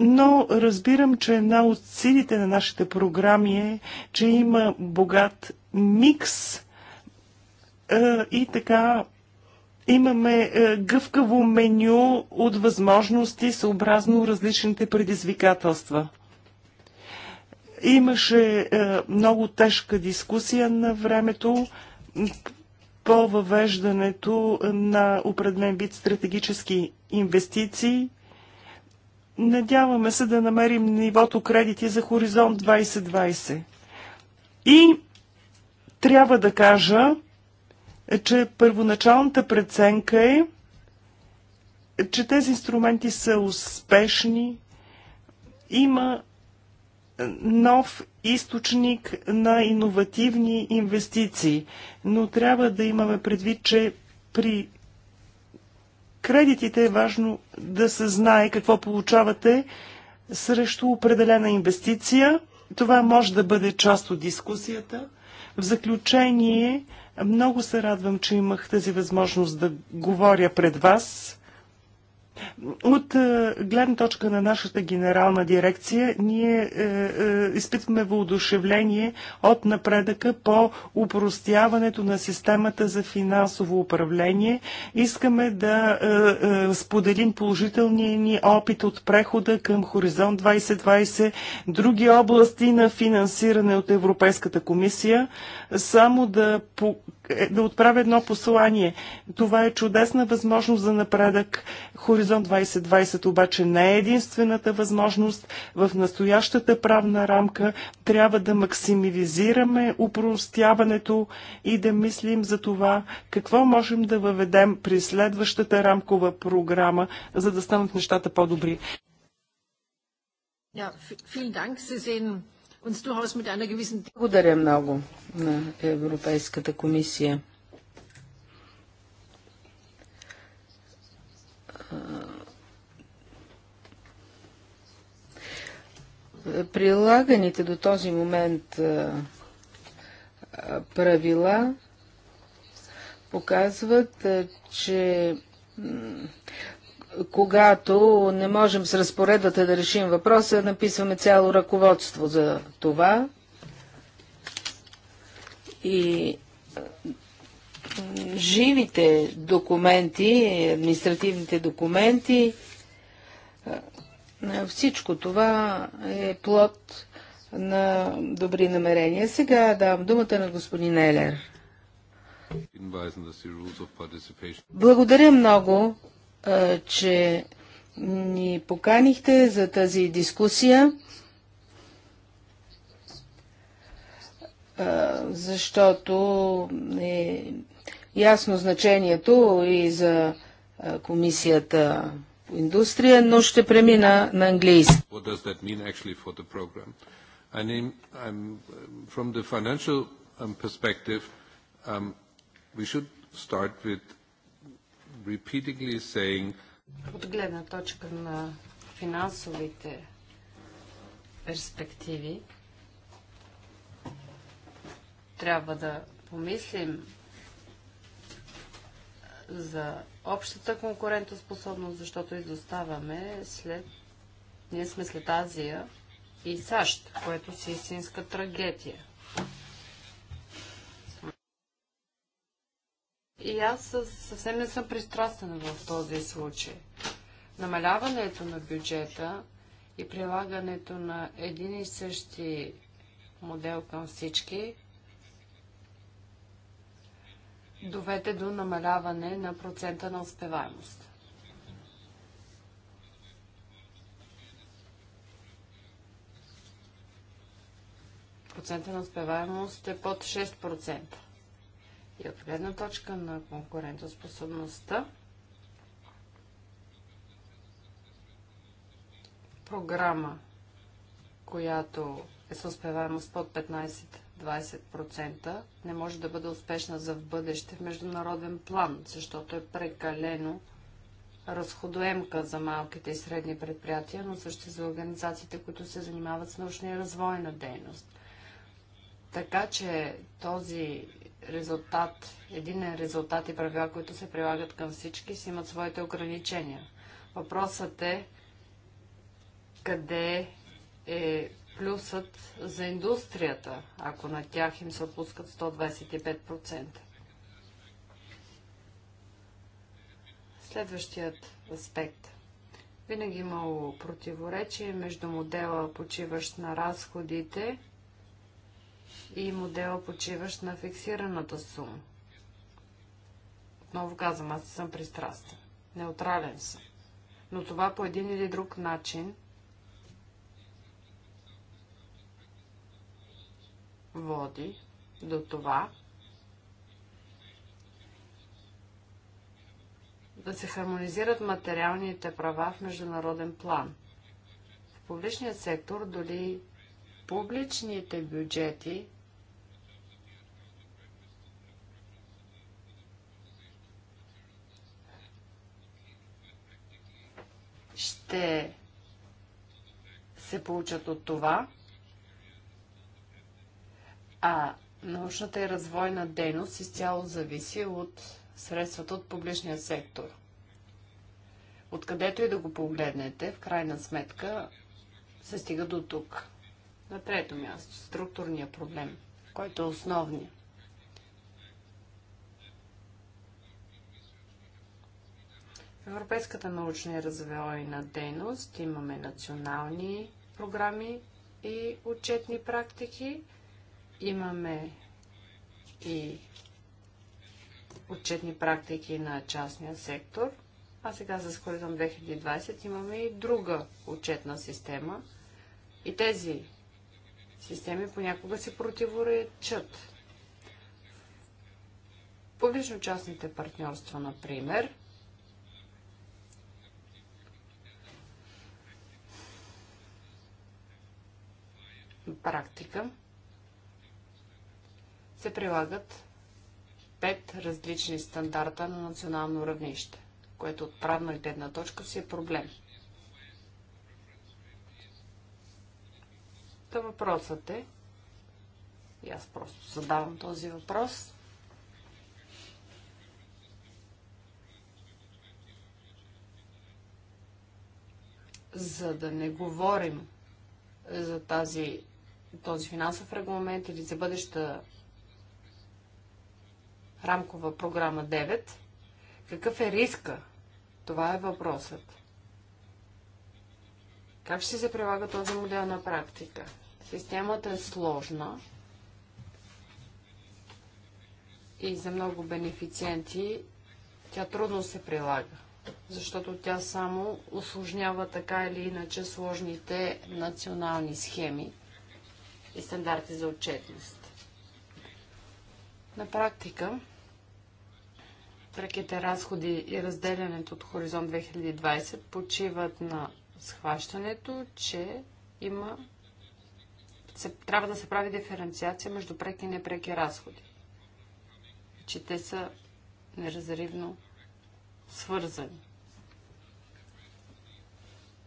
но разбирам, че една от силите на нашите програми е, че има богат микс и така имаме гъвкаво меню от възможности съобразно различните предизвикателства. Имаше е, много тежка дискусия на времето по въвеждането на определен вид стратегически инвестиции. Надяваме се да намерим нивото кредити за Хоризонт 2020. И трябва да кажа, че първоначалната преценка е, че тези инструменти са успешни. Има нов източник на иновативни инвестиции. Но трябва да имаме предвид, че при кредитите е важно да се знае какво получавате срещу определена инвестиция. Това може да бъде част от дискусията. В заключение, много се радвам, че имах тази възможност да говоря пред вас. От е, гледна точка на нашата генерална дирекция, ние е, е, изпитваме въодушевление от напредъка по упростяването на системата за финансово управление. Искаме да е, е споделим положителния ни опит от прехода към Хоризонт 2020, други области на финансиране от Европейската комисия. Само да е да отправя едно послание. Това е чудесна възможност за напредък. Хоризонт 2020 обаче не е единствената възможност. В настоящата правна рамка трябва да максимализираме упростяването и да мислим за това какво можем да въведем при следващата рамкова програма, за да станат нещата по-добри. Ja, vielen Dank. Sie sehen благодаря много на Европейската комисия. Прилаганите до този момент правила показват, че когато не можем с разпоредата да решим въпроса, написваме цяло ръководство за това. И е, живите документи, административните документи, е, всичко това е плод на добри намерения. Сега давам думата на господин Елер. Благодаря много че ни поканихте за тази дискусия, защото е ясно значението и за комисията по индустрия, но ще премина на английски. from the financial um, perspective, um, we should start with от гледна точка на финансовите перспективи трябва да помислим за общата конкурентоспособност, защото изоставаме след... Ние сме след Азия и САЩ, което си истинска трагедия. И аз съвсем не съм пристрастена в този случай. Намаляването на бюджета и прилагането на един и същи модел към всички доведе до намаляване на процента на успеваемост. Процента на успеваемост е под 6%. И от гледна точка на конкурентоспособността, програма, която е с успеваемост под 15-20%, не може да бъде успешна за в бъдеще в международен план, защото е прекалено разходоемка за малките и средни предприятия, но също за организациите, които се занимават с научна и развойна дейност. Така че този резултат, единен резултат и правила, които се прилагат към всички, си имат своите ограничения. Въпросът е къде е плюсът за индустрията, ако на тях им се отпускат 125%. Следващият аспект. Винаги имало противоречие между модела, почиващ на разходите – и модела почиващ на фиксираната сума. Отново казвам, аз съм пристрастен. Неутрален съм. Но това по един или друг начин води до това да се хармонизират материалните права в международен план. В публичния сектор, дори публичните бюджети ще се получат от това, а научната и развойна дейност изцяло зависи от средствата от публичния сектор. Откъдето и да го погледнете, в крайна сметка се стига до тук. На трето място, структурния проблем, който е основният. Европейската научна и развойна дейност имаме национални програми и отчетни практики. Имаме и отчетни практики на частния сектор. А сега с Хоризонт 2020 имаме и друга отчетна система. И тези системи понякога си противоречат. Публично-частните партньорства, например, практика се прилагат пет различни стандарта на национално равнище, което от правна гледна точка си е проблем. Та въпросът е, и аз просто задавам този въпрос, за да не говорим за тази, този финансов регламент или за бъдеща рамкова програма 9, какъв е риска? Това е въпросът. Как ще се прилага този модел на практика? Системата е сложна и за много бенефициенти тя трудно се прилага, защото тя само осложнява така или иначе сложните национални схеми и стандарти за отчетност. На практика, преките разходи и разделянето от Хоризонт 2020 почиват на схващането, че има се, трябва да се прави диференциация между преки и непреки разходи. Че те са неразривно свързани.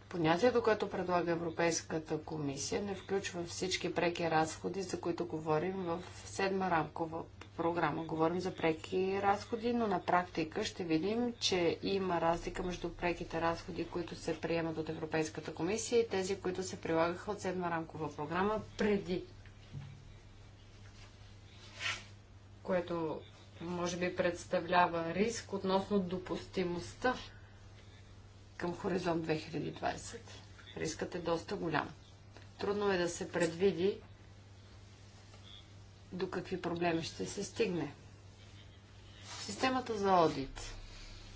Понятието, което предлага Европейската комисия, не включва всички преки разходи, за които говорим в седма рамкова програма. Говорим за преки разходи, но на практика ще видим, че има разлика между преките разходи, които се приемат от Европейската комисия и тези, които се прилагаха от седма рамкова програма преди. Което може би представлява риск относно допустимостта към хоризонт 2020. Рискът е доста голям. Трудно е да се предвиди до какви проблеми ще се стигне. Системата за одит.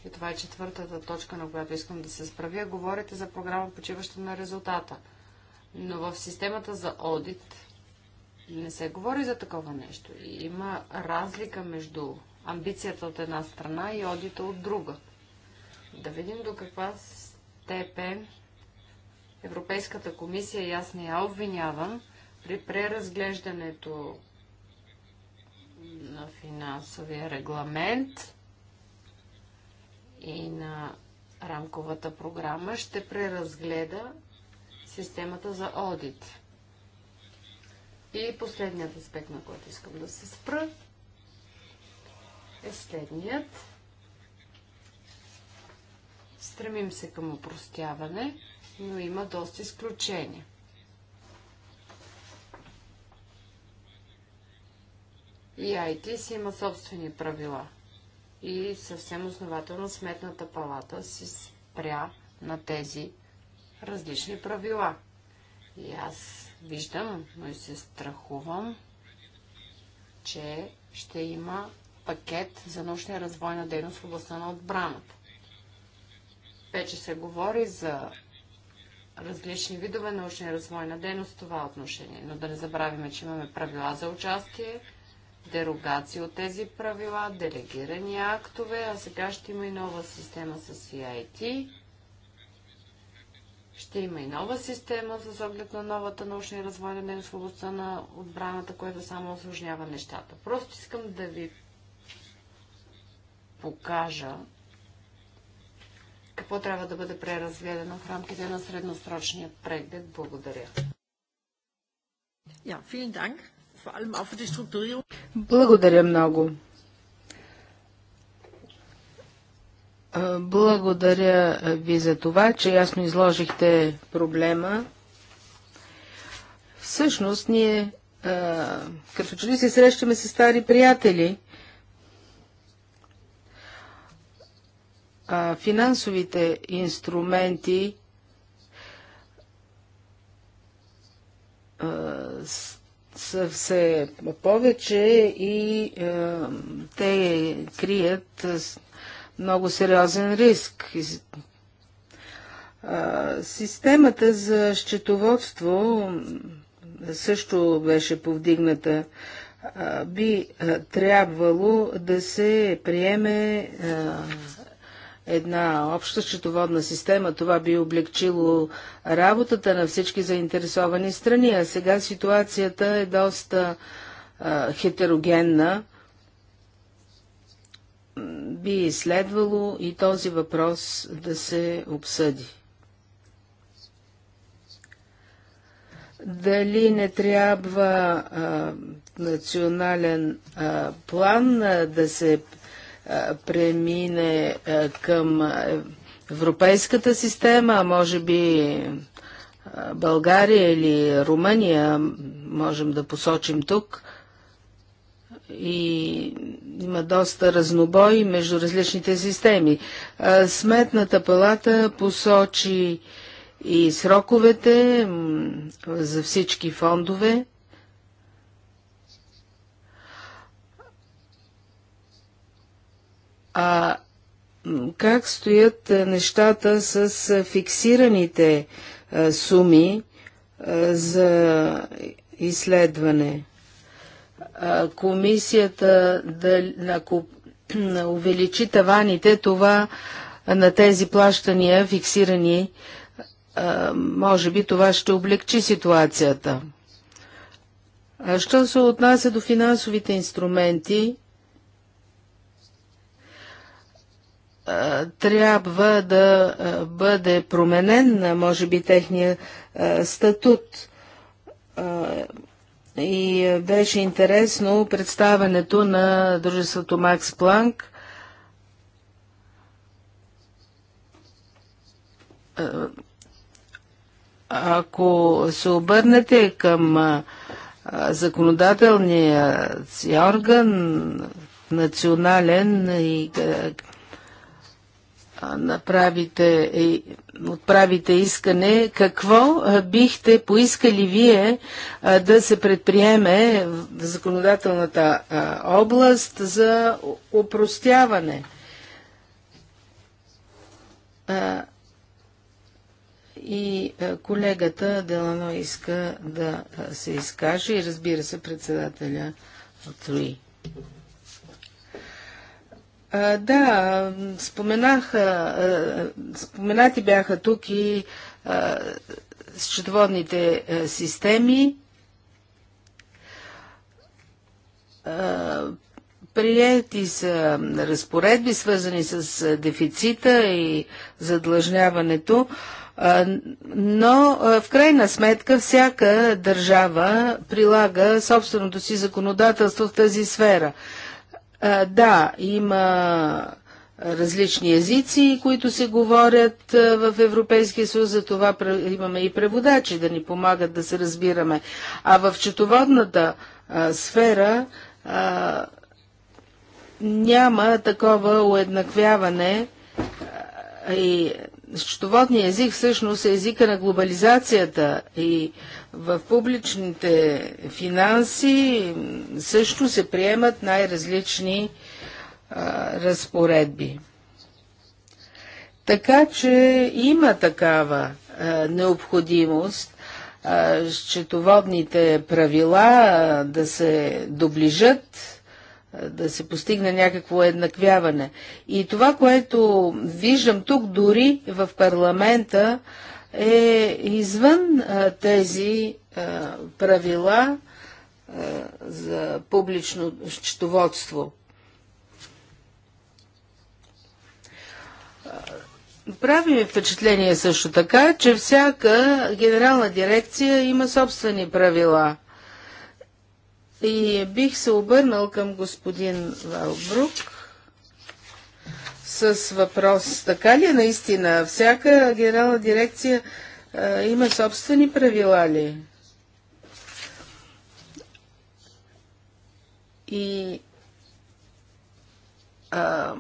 И това е четвъртата точка, на която искам да се справя. Говорите за програма почиваща на резултата. Но в системата за одит не се говори за такова нещо. И има разлика между амбицията от една страна и одита от друга. Да видим до каква степен Европейската комисия, и аз не я обвинявам, при преразглеждането на финансовия регламент и на рамковата програма ще преразгледа системата за одит. И последният аспект, на който искам да се спра, е следният. Стремим се към упростяване, но има доста изключения. и IT си има собствени правила. И съвсем основателно Сметната палата си спря на тези различни правила. И аз виждам, но и се страхувам, че ще има пакет за научния развой на дейност в областта на отбраната. Вече се говори за различни видове научния развой на дейност в това отношение, но да не забравяме, че имаме правила за участие, дерогации от тези правила, делегирани актове, а сега ще има и нова система с EIT. Ще има и нова система с оглед на новата научна и развойна дейност в областта на отбраната, което само осложнява нещата. Просто искам да ви покажа какво трябва да бъде преразгледано в рамките на средносрочния преглед. Благодаря. Ja, vielen Dank. Благодаря много. Благодаря ви за това, че ясно изложихте проблема. Всъщност ние като че ли се срещаме с стари приятели. А, финансовите инструменти а, са все повече и е, те крият е, много сериозен риск. Системата за счетоводство също беше повдигната. Би трябвало да се приеме една обща счетоводна система, това би облегчило работата на всички заинтересовани страни. А сега ситуацията е доста а, хетерогенна. Би следвало и този въпрос да се обсъди. Дали не трябва а, национален а, план а, да се премине към европейската система, а може би България или Румъния можем да посочим тук. И има доста разнобой между различните системи. Сметната палата посочи и сроковете за всички фондове. А как стоят е, нещата с е, фиксираните е, суми за изследване? Комисията да, ако увеличи таваните, това на тези плащания фиксирани, може би това ще облегчи ситуацията. А що се отнася до финансовите инструменти, трябва да бъде променен, може би, техния статут. И беше интересно представенето на дружеството Макс Планк. Ако се обърнете към законодателния си орган, национален и направите, отправите искане, какво бихте поискали вие да се предприеме в законодателната област за упростяване? И колегата Делано иска да се изкаже и разбира се председателя от Руи. А, да, споменах, а, споменати бяха тук и а, счетоводните системи. Приети са разпоредби, свързани с дефицита и задлъжняването, но в крайна сметка всяка държава прилага собственото си законодателство в тази сфера – да, има различни езици, които се говорят в Европейския съюз, за това имаме и преводачи да ни помагат да се разбираме. А в четоводната сфера няма такова уеднаквяване и счетоводният език всъщност е езика на глобализацията и в публичните финанси също се приемат най-различни разпоредби. Така че има такава а, необходимост а, счетоводните правила а, да се доближат, а, да се постигне някакво еднаквяване. И това, което виждам тук дори в парламента, а, е извън а, тези а, правила а, за публично счетоводство. Прави ми впечатление също така, че всяка генерална дирекция има собствени правила. И бих се обърнал към господин Валбрук с въпрос, така ли е наистина? Всяка генерална дирекция а, има собствени правила ли? И а,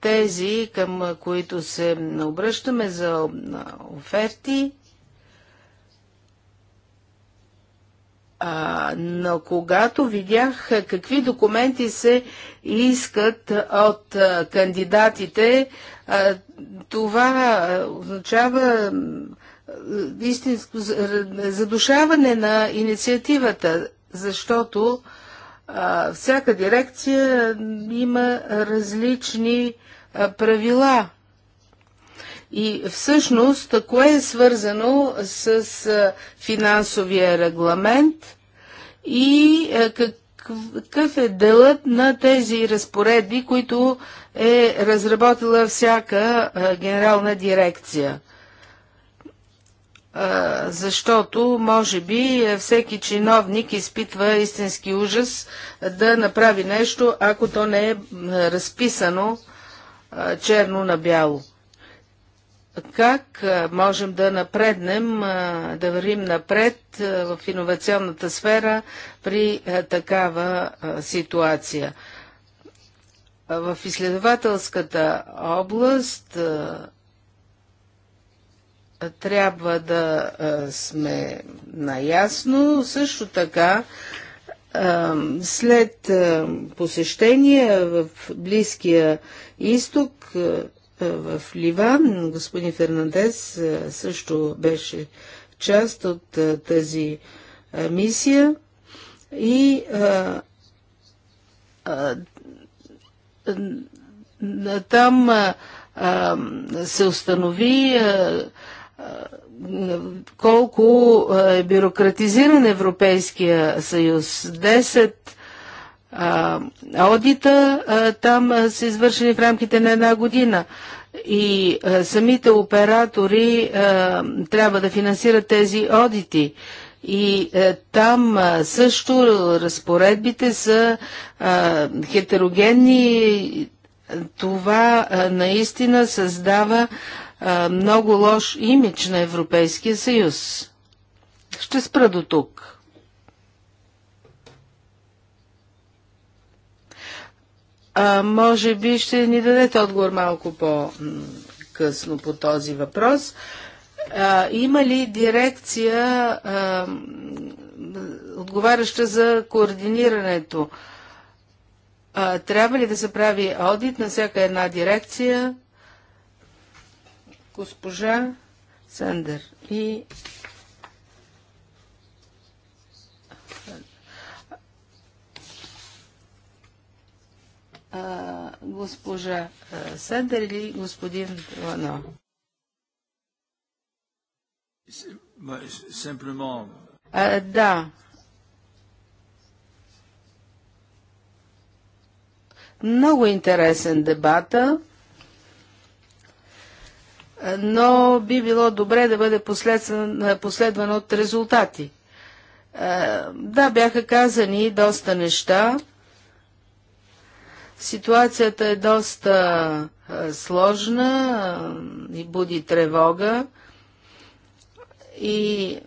тези, към които се обръщаме за оферти, А, но когато видях какви документи се искат от а, кандидатите, а, това означава истинско задушаване на инициативата, защото всяка дирекция има различни правила и всъщност, кое е свързано с финансовия регламент и какъв е делът на тези разпоредби, които е разработила всяка генерална дирекция? защото може би всеки чиновник изпитва истински ужас да направи нещо, ако то не е разписано черно на бяло как можем да напреднем, да вървим напред в иновационната сфера при такава ситуация. В изследователската област трябва да сме наясно. Също така, след посещение в Близкия изток, е, в Ливан. Господин Фернандес е, също беше част от е, тази мисия и а, а, там а, се установи колко е бюрократизиран Европейския съюз. 10 а, аудита, а, там са извършени в рамките на една година. И а, самите оператори трябва да финансират тези одити. И а, там а, също разпоредбите са а, хетерогенни. Това а, наистина създава а, много лош имидж на Европейския съюз. Ще спра до тук. А, може би ще ни дадете отговор малко по-късно по този въпрос. А, има ли дирекция, а, отговаряща за координирането? А, трябва ли да се прави одит на всяка една дирекция? Госпожа Сандър и а, госпожа Сендер или господин Лано? Simplement... А, да. Много интересен дебата, но би било добре да бъде последван, от резултати. да, бяха казани доста неща. Ситуацията е доста сложна и буди тревога и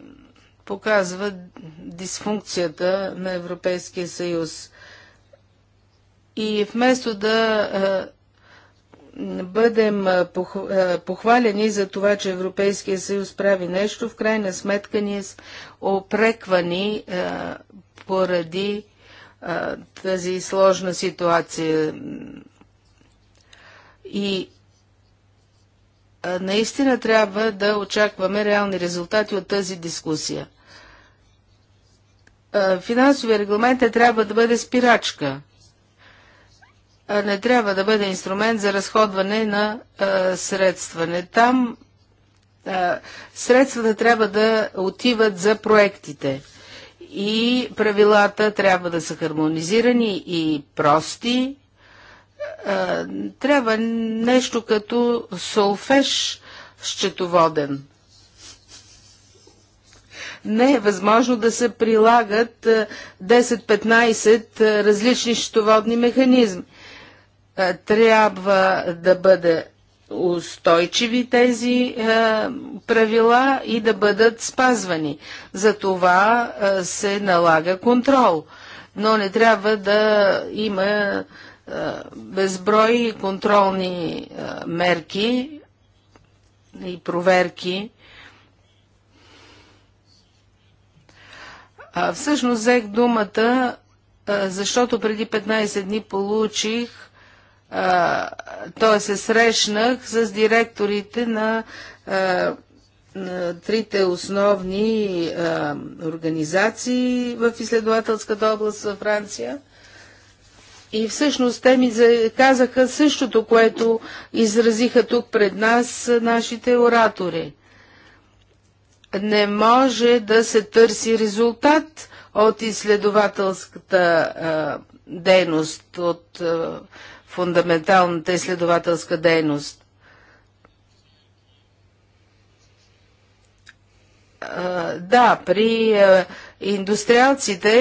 показва дисфункцията на Европейския съюз. И вместо да бъдем похвалени за това, че Европейския съюз прави нещо, в крайна сметка ние опреквани поради тази сложна ситуация. И наистина трябва да очакваме реални резултати от тази дискусия. финансовия регламент не трябва да бъде спирачка. Не трябва да бъде инструмент за разходване на средства. Не там средствата трябва да отиват за проектите и правилата трябва да са хармонизирани и прости. Е, трябва нещо като солфеж счетоводен. Не е възможно да се прилагат 10-15 е, е, различни счетоводни механизми. Трябва да бъде устойчиви тези е, правила и да бъдат спазвани. За това е, се налага контрол. Но не трябва да има е, безброй контролни е, мерки и проверки. А, всъщност взех думата, е, защото преди 15 дни получих той се срещнах с директорите на трите основни а, организации в изследователската област във Франция. И всъщност те ми казаха същото, което изразиха тук пред нас нашите оратори. Не може да се търси резултат от изследователската а, дейност, от а, фундаменталната изследователска дейност. Да, при индустриалците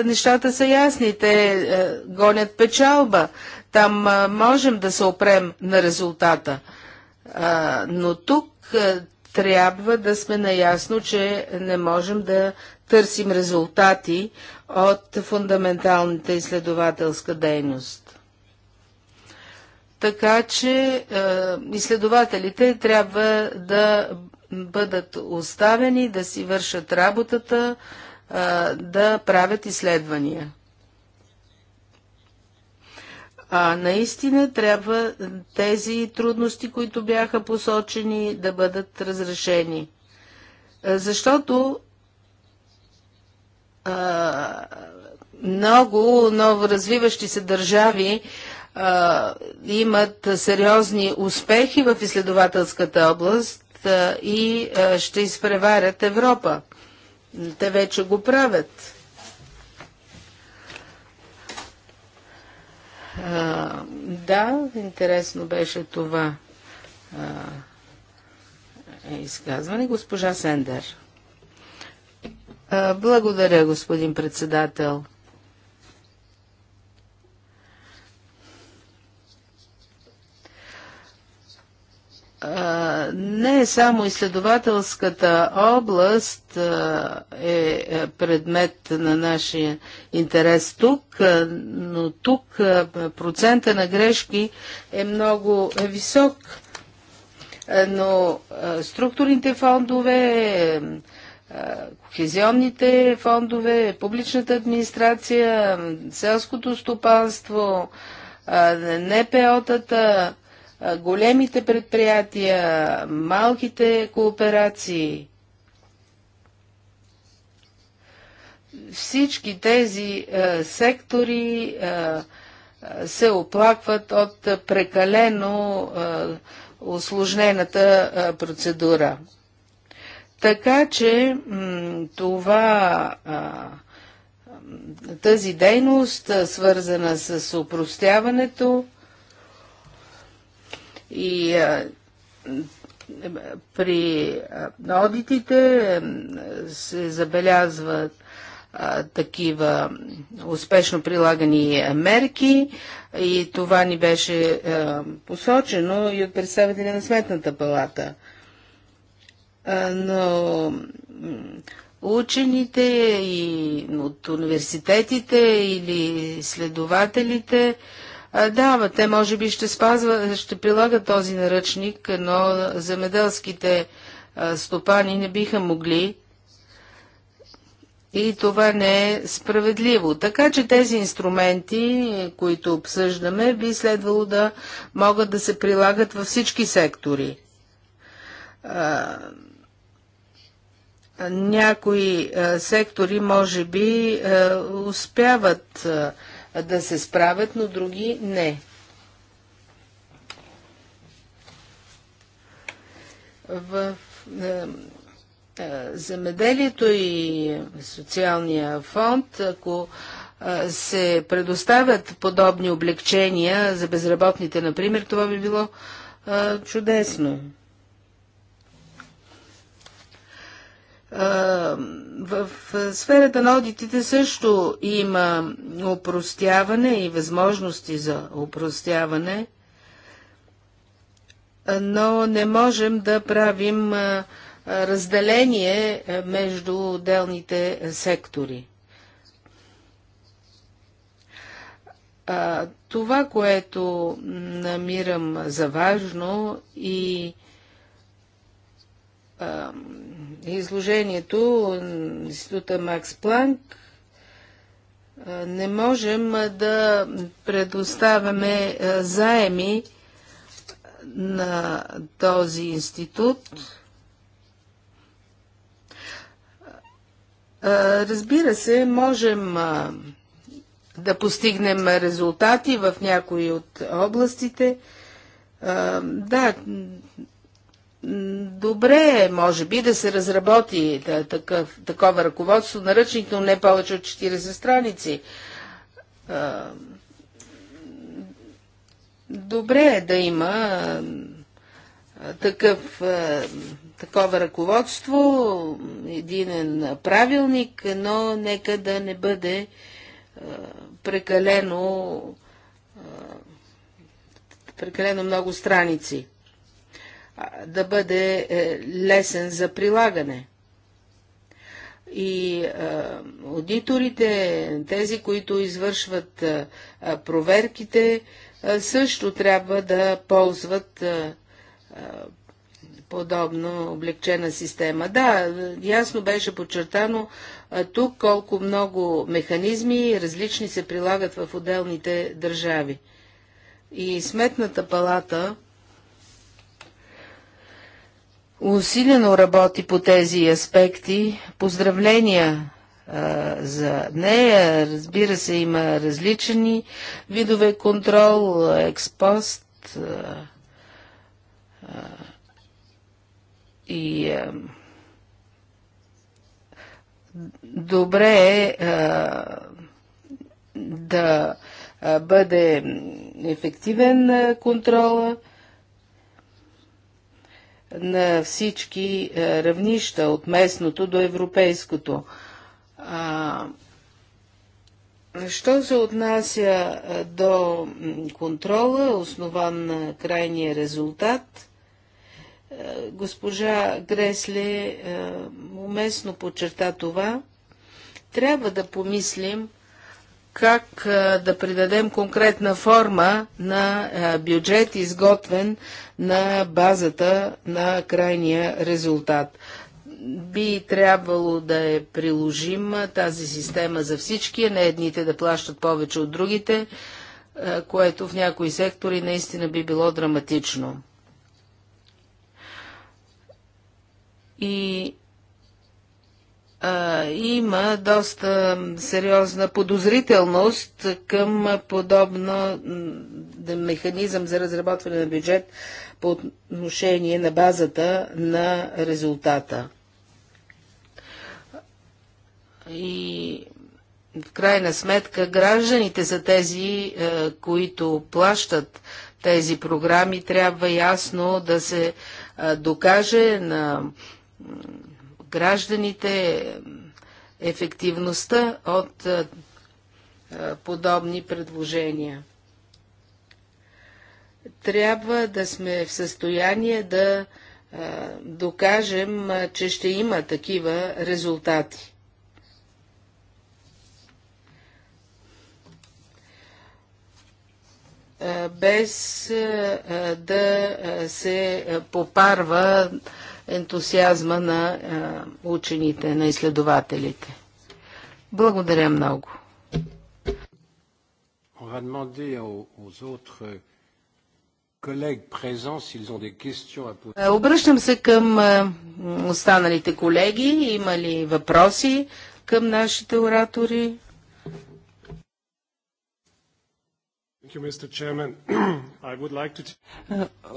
е, нещата са ясни, те е, гонят печалба. Там можем да се опрем на резултата. Но тук трябва да сме наясно, че не можем да търсим резултати от фундаменталната изследователска дейност. Така че е, изследователите трябва да бъдат оставени, да си вършат работата, е, да правят изследвания. А наистина трябва тези трудности, които бяха посочени, да бъдат разрешени. Е, защото а, е, много много развиващи се държави а, имат сериозни успехи в изследователската област а, и а, ще изпреварят Европа. Те вече го правят. А, да, интересно беше това а, е изказване. Госпожа Сендер. А, благодаря, господин председател. не само изследователската област е, е предмет на нашия интерес тук, но тук процента на грешки е много е висок. Но структурните фондове, кохезионните фондове, публичната администрация, селското стопанство, НПО-тата, големите предприятия, малките кооперации. Всички тези е, сектори е, се оплакват от прекалено е, осложнената е, процедура. Така че това, тази дейност, свързана с упростяването, и при одитите се забелязват такива успешно прилагани мерки и това ни беше посочено и от представителя на Сметната палата. Но учените и от университетите или следователите да, те може би ще спазва, ще прилагат този наръчник, но земеделските стопани не биха могли. И това не е справедливо. Така че тези инструменти, които обсъждаме, би следвало да могат да се прилагат във всички сектори. А, някои а, сектори, може би, а, успяват а, да се справят, но други не. В е, е, земеделието и социалния фонд, ако е, се предоставят подобни облегчения за безработните, например, това би било е, чудесно. В сферата на одитите също има упростяване и възможности за упростяване, но не можем да правим разделение между отделните сектори. Това, което намирам за важно и Изложението на Института Макс Планк не можем да предоставяме заеми на този институт. Разбира се, можем да постигнем резултати в някои от областите. Да, Добре, може би да се разработи да, такъв, такова ръководство, на ръчник, но не повече от 40 страници. добре е да има такъв, такова ръководство, единен правилник, но нека да не бъде прекалено прекалено много страници да бъде е, лесен за прилагане. И аудиторите, тези, които извършват проверките, също трябва да ползват подобно облегчена система. Да, ясно беше подчертано тук колко много механизми различни се прилагат в отделните държави. И Сметната палата усилено работи по тези аспекти. Поздравления а, за нея. Разбира се, има различни видове контрол, експост а, а, и добре е да бъде ефективен контрола на всички е, равнища, от местното до европейското. що се отнася е, до контрола, основан на крайния резултат, е, госпожа Гресле уместно подчерта това, трябва да помислим как да придадем конкретна форма на бюджет, изготвен на базата на крайния резултат. Би трябвало да е приложима тази система за всички, не едните да плащат повече от другите, което в някои сектори наистина би било драматично. И а, има доста сериозна подозрителност към подобно механизъм за разработване на бюджет по отношение на базата на резултата. И в крайна сметка гражданите са тези, които плащат тези програми. Трябва ясно да се докаже на гражданите, ефективността от подобни предложения. Трябва да сме в състояние да докажем, че ще има такива резултати. без да се попарва ентусиазма на учените, на изследователите. Благодаря много. Euh, е, обръщам се към е, останалите колеги. Има ли въпроси към нашите оратори? Е,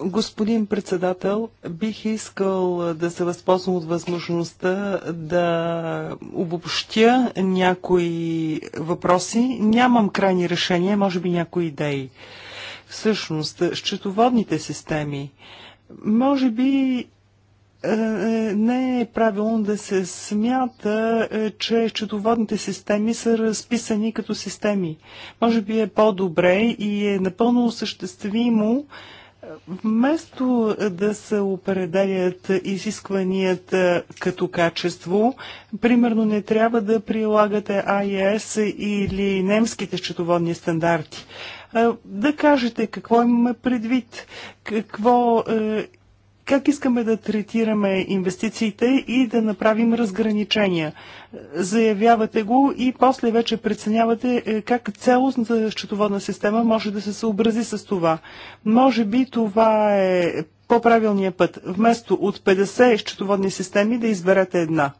господин председател, бих искал е, да се възползвам от възможността да обобщя някои въпроси. Нямам крайни решения, може би някои идеи. Всъщност, е, счетоводните системи, може би е, е, не е правилно да се смята, е, че счетоводните системи са разписани като системи. Може би е по-добре и е напълно осъществимо Вместо да се определят изискванията като качество, примерно не трябва да прилагате IS или немските счетоводни стандарти. Да кажете какво имаме предвид, какво как искаме да третираме инвестициите и да направим разграничения. Заявявате го и после вече преценявате е, как цялостната счетоводна система може да се съобрази с това. Може би това е по правилният път. Вместо от 50 счетоводни системи да изберете една.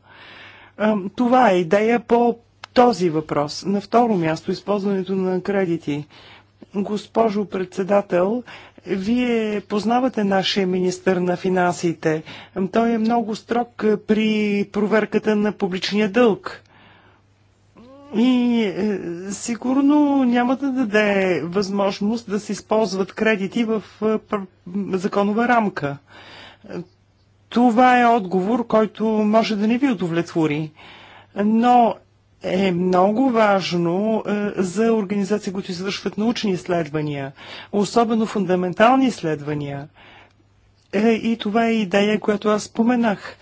Е, това е идея по този въпрос. На второ място използването на кредити. Госпожо председател, вие познавате нашия министър на финансите. Той е много строг при проверката на публичния дълг. И е, сигурно няма да даде възможност да се използват кредити в е, законова рамка. Това е отговор, който може да не ви удовлетвори. Но е много важно е, за организации, които извършват научни изследвания, особено фундаментални изследвания. Е, и това е идея, която аз споменах.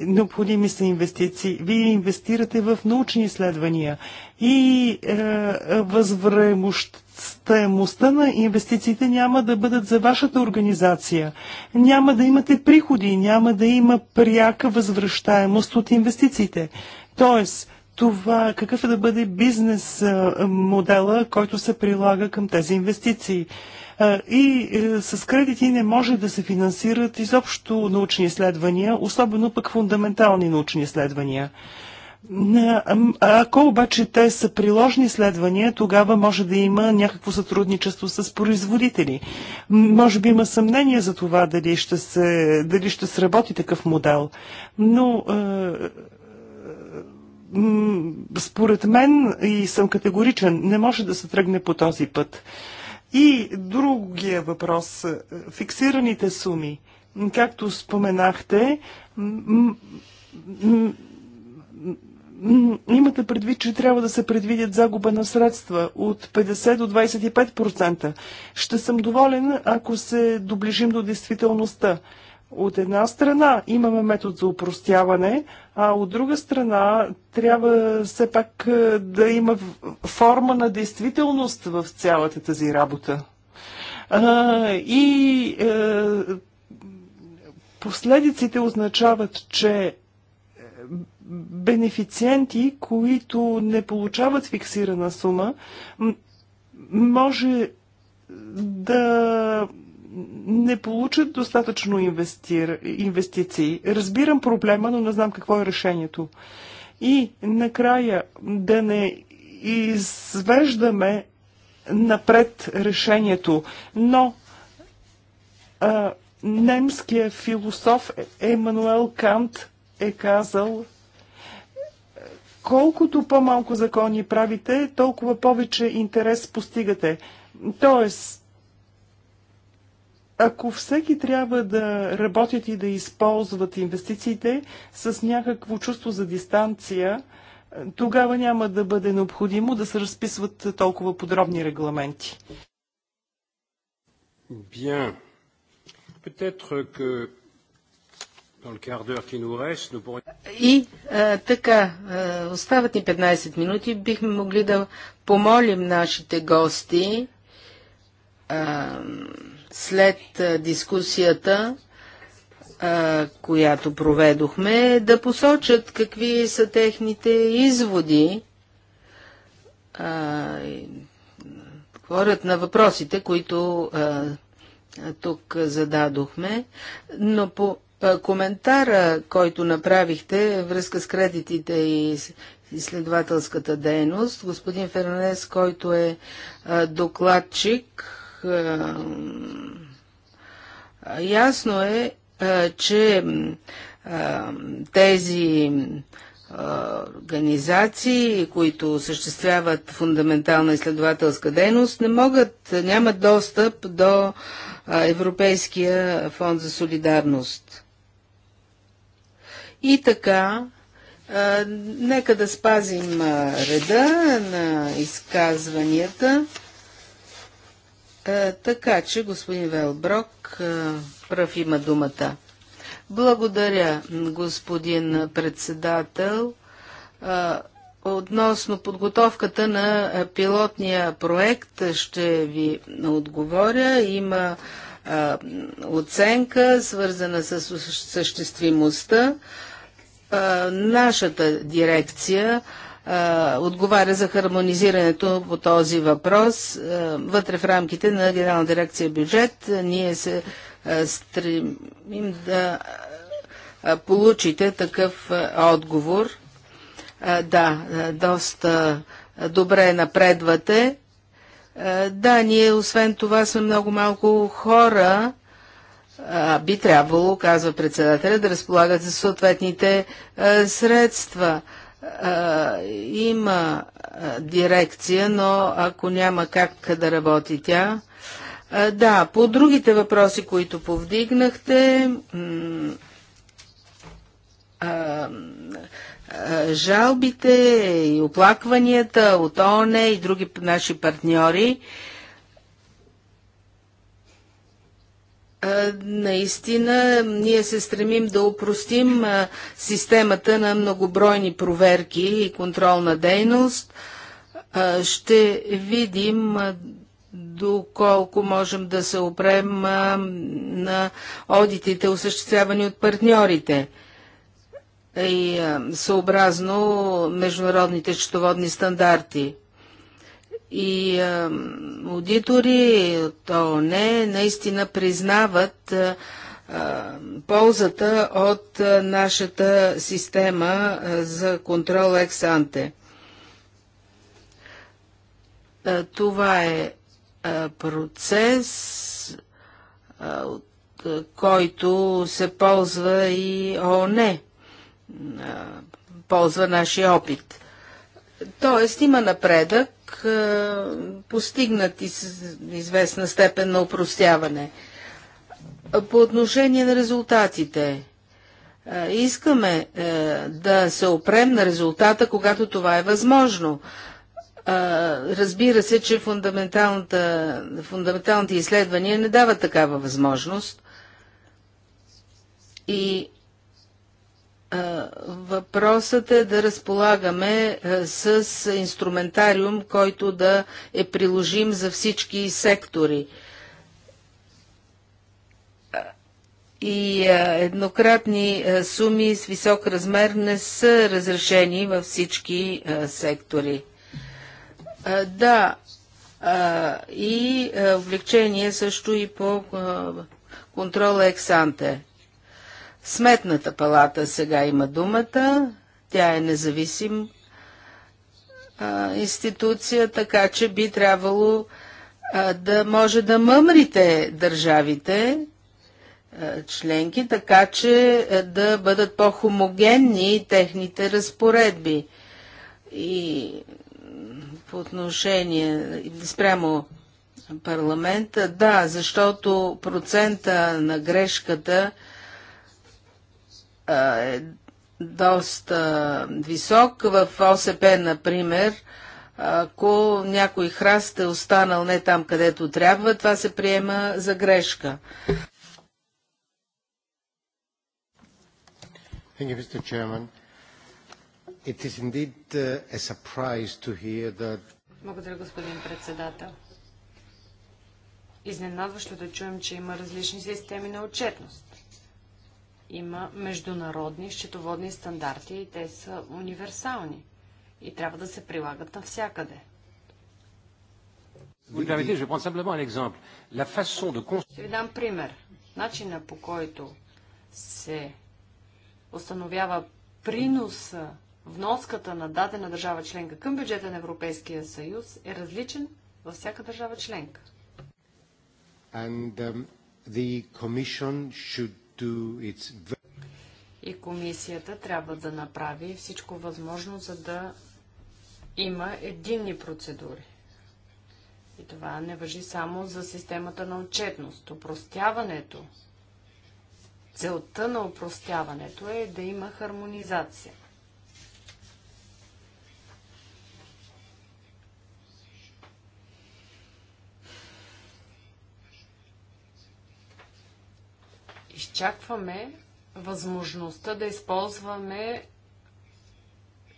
Необходими са инвестиции. Вие инвестирате в научни изследвания и е, на инвестициите няма да бъдат за вашата организация. Няма да имате приходи, няма да има пряка възвръщаемост от инвестициите. Тоест, това какъв е да бъде бизнес модела, който се прилага към тези инвестиции. И е, с кредити не може да се финансират изобщо научни изследвания, особено пък фундаментални научни изследвания. Ако обаче те са приложни изследвания, тогава може да има някакво сътрудничество с производители. Може би има съмнение за това дали ще, се, дали ще сработи такъв модел, но според мен и съм категоричен, не може да се тръгне по този път. И другия въпрос. Е, фиксираните суми. Както споменахте, имате предвид, че трябва да се предвидят загуба на средства от 50 до 25%. Ще съм доволен, ако се доближим до действителността. От една страна имаме метод за упростяване, а от друга страна трябва все пак е, да има форма на действителност в цялата тази работа. и е, последиците означават, че е, бенефициенти, които не получават фиксирана сума, може да не получат достатъчно инвестир, инвестиции. Разбирам проблема, но не знам какво е решението. И накрая да не извеждаме напред решението, но а, немския философ Емануел Кант е казал колкото по-малко закони правите, толкова повече интерес постигате. Тоест, ако всеки трябва да работят и да използват инвестициите с някакво чувство за дистанция, тогава няма да бъде необходимо да се разписват толкова подробни регламенти. Bien. Peut-être que и а, така, а, остават ни 15 минути. Бихме могли да помолим нашите гости а, е, след дискусията, която проведохме, да посочат какви са техните изводи. Говорят на въпросите, които тук зададохме, но по коментара, който направихте връзка с кредитите и изследователската дейност, господин Фернес, който е докладчик, е, ясно е, е че е, тези организации, които осъществяват фундаментална изследователска дейност, не могат, нямат достъп до Европейския фонд за солидарност. И така, нека да спазим реда на изказванията. А, е, така че, господин Велброк, е, прав има думата. Благодаря, господин председател. А, е, Относно подготовката на пилотния проект ще ви отговоря. Има а, оценка, свързана с съществимостта. А, нашата дирекция отговаря за хармонизирането по този въпрос. вътре в рамките на Генерална дирекция бюджет ние се стремим да получите такъв отговор. Да, доста добре напредвате. Да, ние освен това сме много малко хора. Би трябвало, казва председателя, да разполагат за съответните средства има дирекция, но ако няма как да работи тя. Да, по другите въпроси, които повдигнахте, жалбите и оплакванията от ОНЕ и други наши партньори, Наистина, ние се стремим да упростим системата на многобройни проверки и контролна дейност. Ще видим доколко можем да се опрем на одитите, осъществявани от партньорите и съобразно международните счетоводни стандарти и а, аудитори от ООН наистина признават а, ползата от а, нашата система за контрол ексанте. Това е процес, от който се ползва и ООН, ползва нашия опит. Тоест има напредък, постигнат из, известна степен на упростяване. По отношение на резултатите, искаме да се опрем на резултата, когато това е възможно. Разбира се, че фундаменталните изследвания не дават такава възможност. И Въпросът е да разполагаме с инструментариум, който да е приложим за всички сектори. И еднократни суми с висок размер не са разрешени във всички сектори. Да, и облегчение също и по контрола ексанте. Сметната палата сега има думата. Тя е независим а, институция, така че би трябвало а, да може да мъмрите държавите а, членки, така че а, да бъдат по-хомогенни техните разпоредби. И по отношение спрямо парламента, да, защото процента на грешката е доста висок. В ОСП, например, ако някой храст е останал не там, където трябва, това се приема за грешка. Thank you, Mr. Chairman. It is indeed uh, a surprise to hear that... Благодаря, господин председател. Изненадващо да чуем, че има различни системи на отчетност има международни счетоводни стандарти и те са универсални и трябва да се прилагат навсякъде. Ще ви дам пример. Начина по който се установява приноса, вноската на дадена държава членка към бюджета на Европейския съюз е различен във всяка държава членка. And, um, the commission should и комисията трябва да направи всичко възможно, за да има единни процедури. И това не въжи само за системата на отчетност. Упростяването, целта на упростяването е да има хармонизация. изчакваме възможността да използваме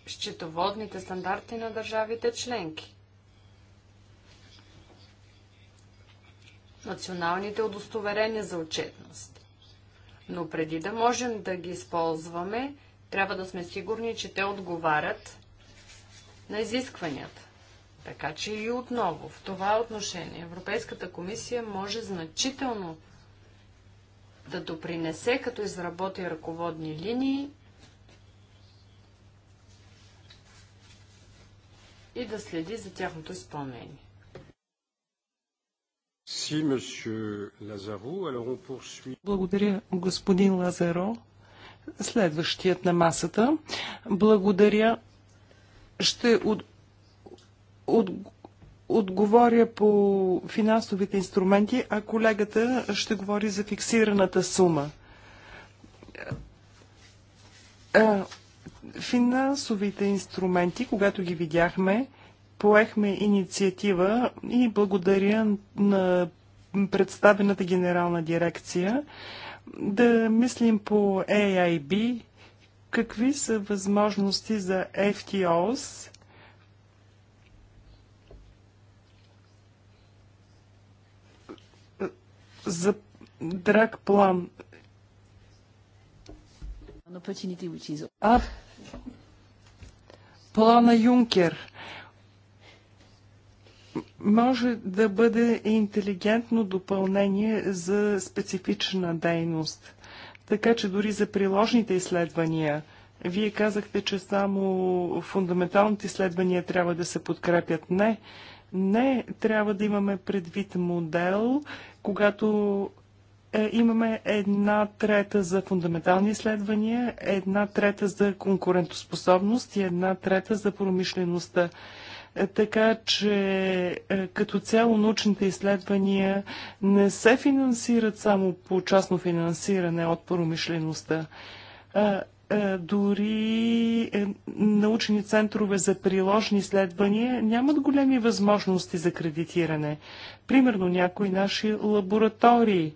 счетоводните стандарти на държавите членки. Националните удостоверения за отчетност. Но преди да можем да ги използваме, трябва да сме сигурни, че те отговарят на изискванията. Така че и отново, в това отношение, Европейската комисия може значително да допринесе, като изработи ръководни линии и да следи за тяхното изпълнение. Благодаря, господин Лазаро. Следващият на масата. Благодаря. Ще от, от, отговоря по финансовите инструменти, а колегата ще говори за фиксираната сума. Е, финансовите инструменти, когато ги видяхме, поехме инициатива и благодаря на представената генерална дирекция да мислим по AIB, какви са възможности за FTOs, за драг план. А плана Юнкер може да бъде интелигентно допълнение за специфична дейност. Така че дори за приложните изследвания, вие казахте, че само фундаменталните изследвания трябва да се подкрепят. Не, не трябва да имаме предвид модел, когато е, имаме една трета за фундаментални изследвания, една трета за конкурентоспособност и една трета за промишлеността. Е, така че е, като цяло научните изследвания не се финансират само по частно финансиране от промишлеността. Е, дори е, научни центрове за приложни изследвания нямат големи възможности за кредитиране. Примерно някои наши лаборатории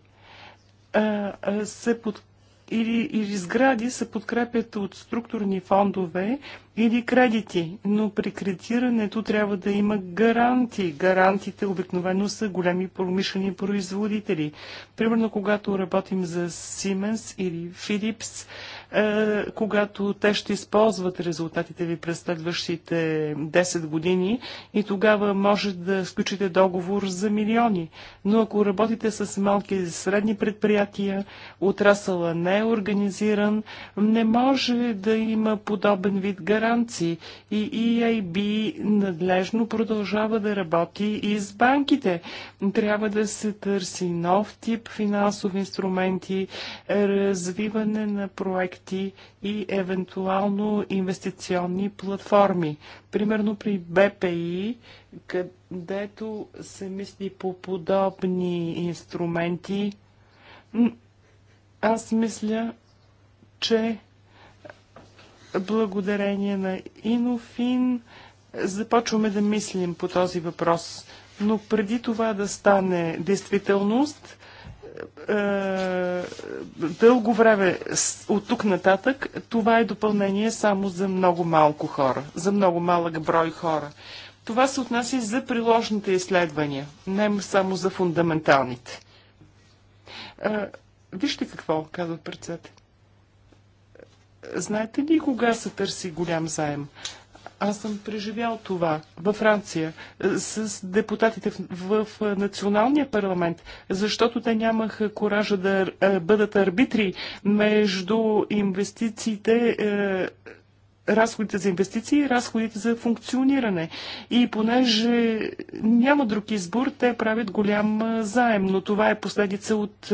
е, се под... или, или сгради се подкрепят от структурни фондове или кредити, но при кредитирането трябва да има гаранти. Гарантите обикновено са големи промишлени производители. Примерно когато работим за Siemens или Philips, е, когато те ще използват резултатите ви през следващите 10 години и тогава може да сключите договор за милиони. Но ако работите с малки и средни предприятия, отрасъла не е организиран, не може да има подобен вид гаранции и EIB надлежно продължава да работи и с банките. Трябва да се търси нов тип финансови инструменти, развиване на проекти проекти и евентуално инвестиционни платформи. Примерно при БПИ, където се мисли по подобни инструменти, аз мисля, че благодарение на Инофин започваме да мислим по този въпрос. Но преди това да стане действителност, е, дълго време от тук нататък това е допълнение само за много малко хора, за много малък брой хора. Това се отнася и за приложните изследвания, не само за фундаменталните. Е, вижте какво казват председател. Знаете ли кога се търси голям заем? Аз съм преживял това във Франция е, с депутатите в, в националния парламент, защото те нямаха коража да е, бъдат арбитри между инвестициите. Е, разходите за инвестиции и разходите за функциониране. И понеже няма друг избор, те правят голям заем, но това е последица от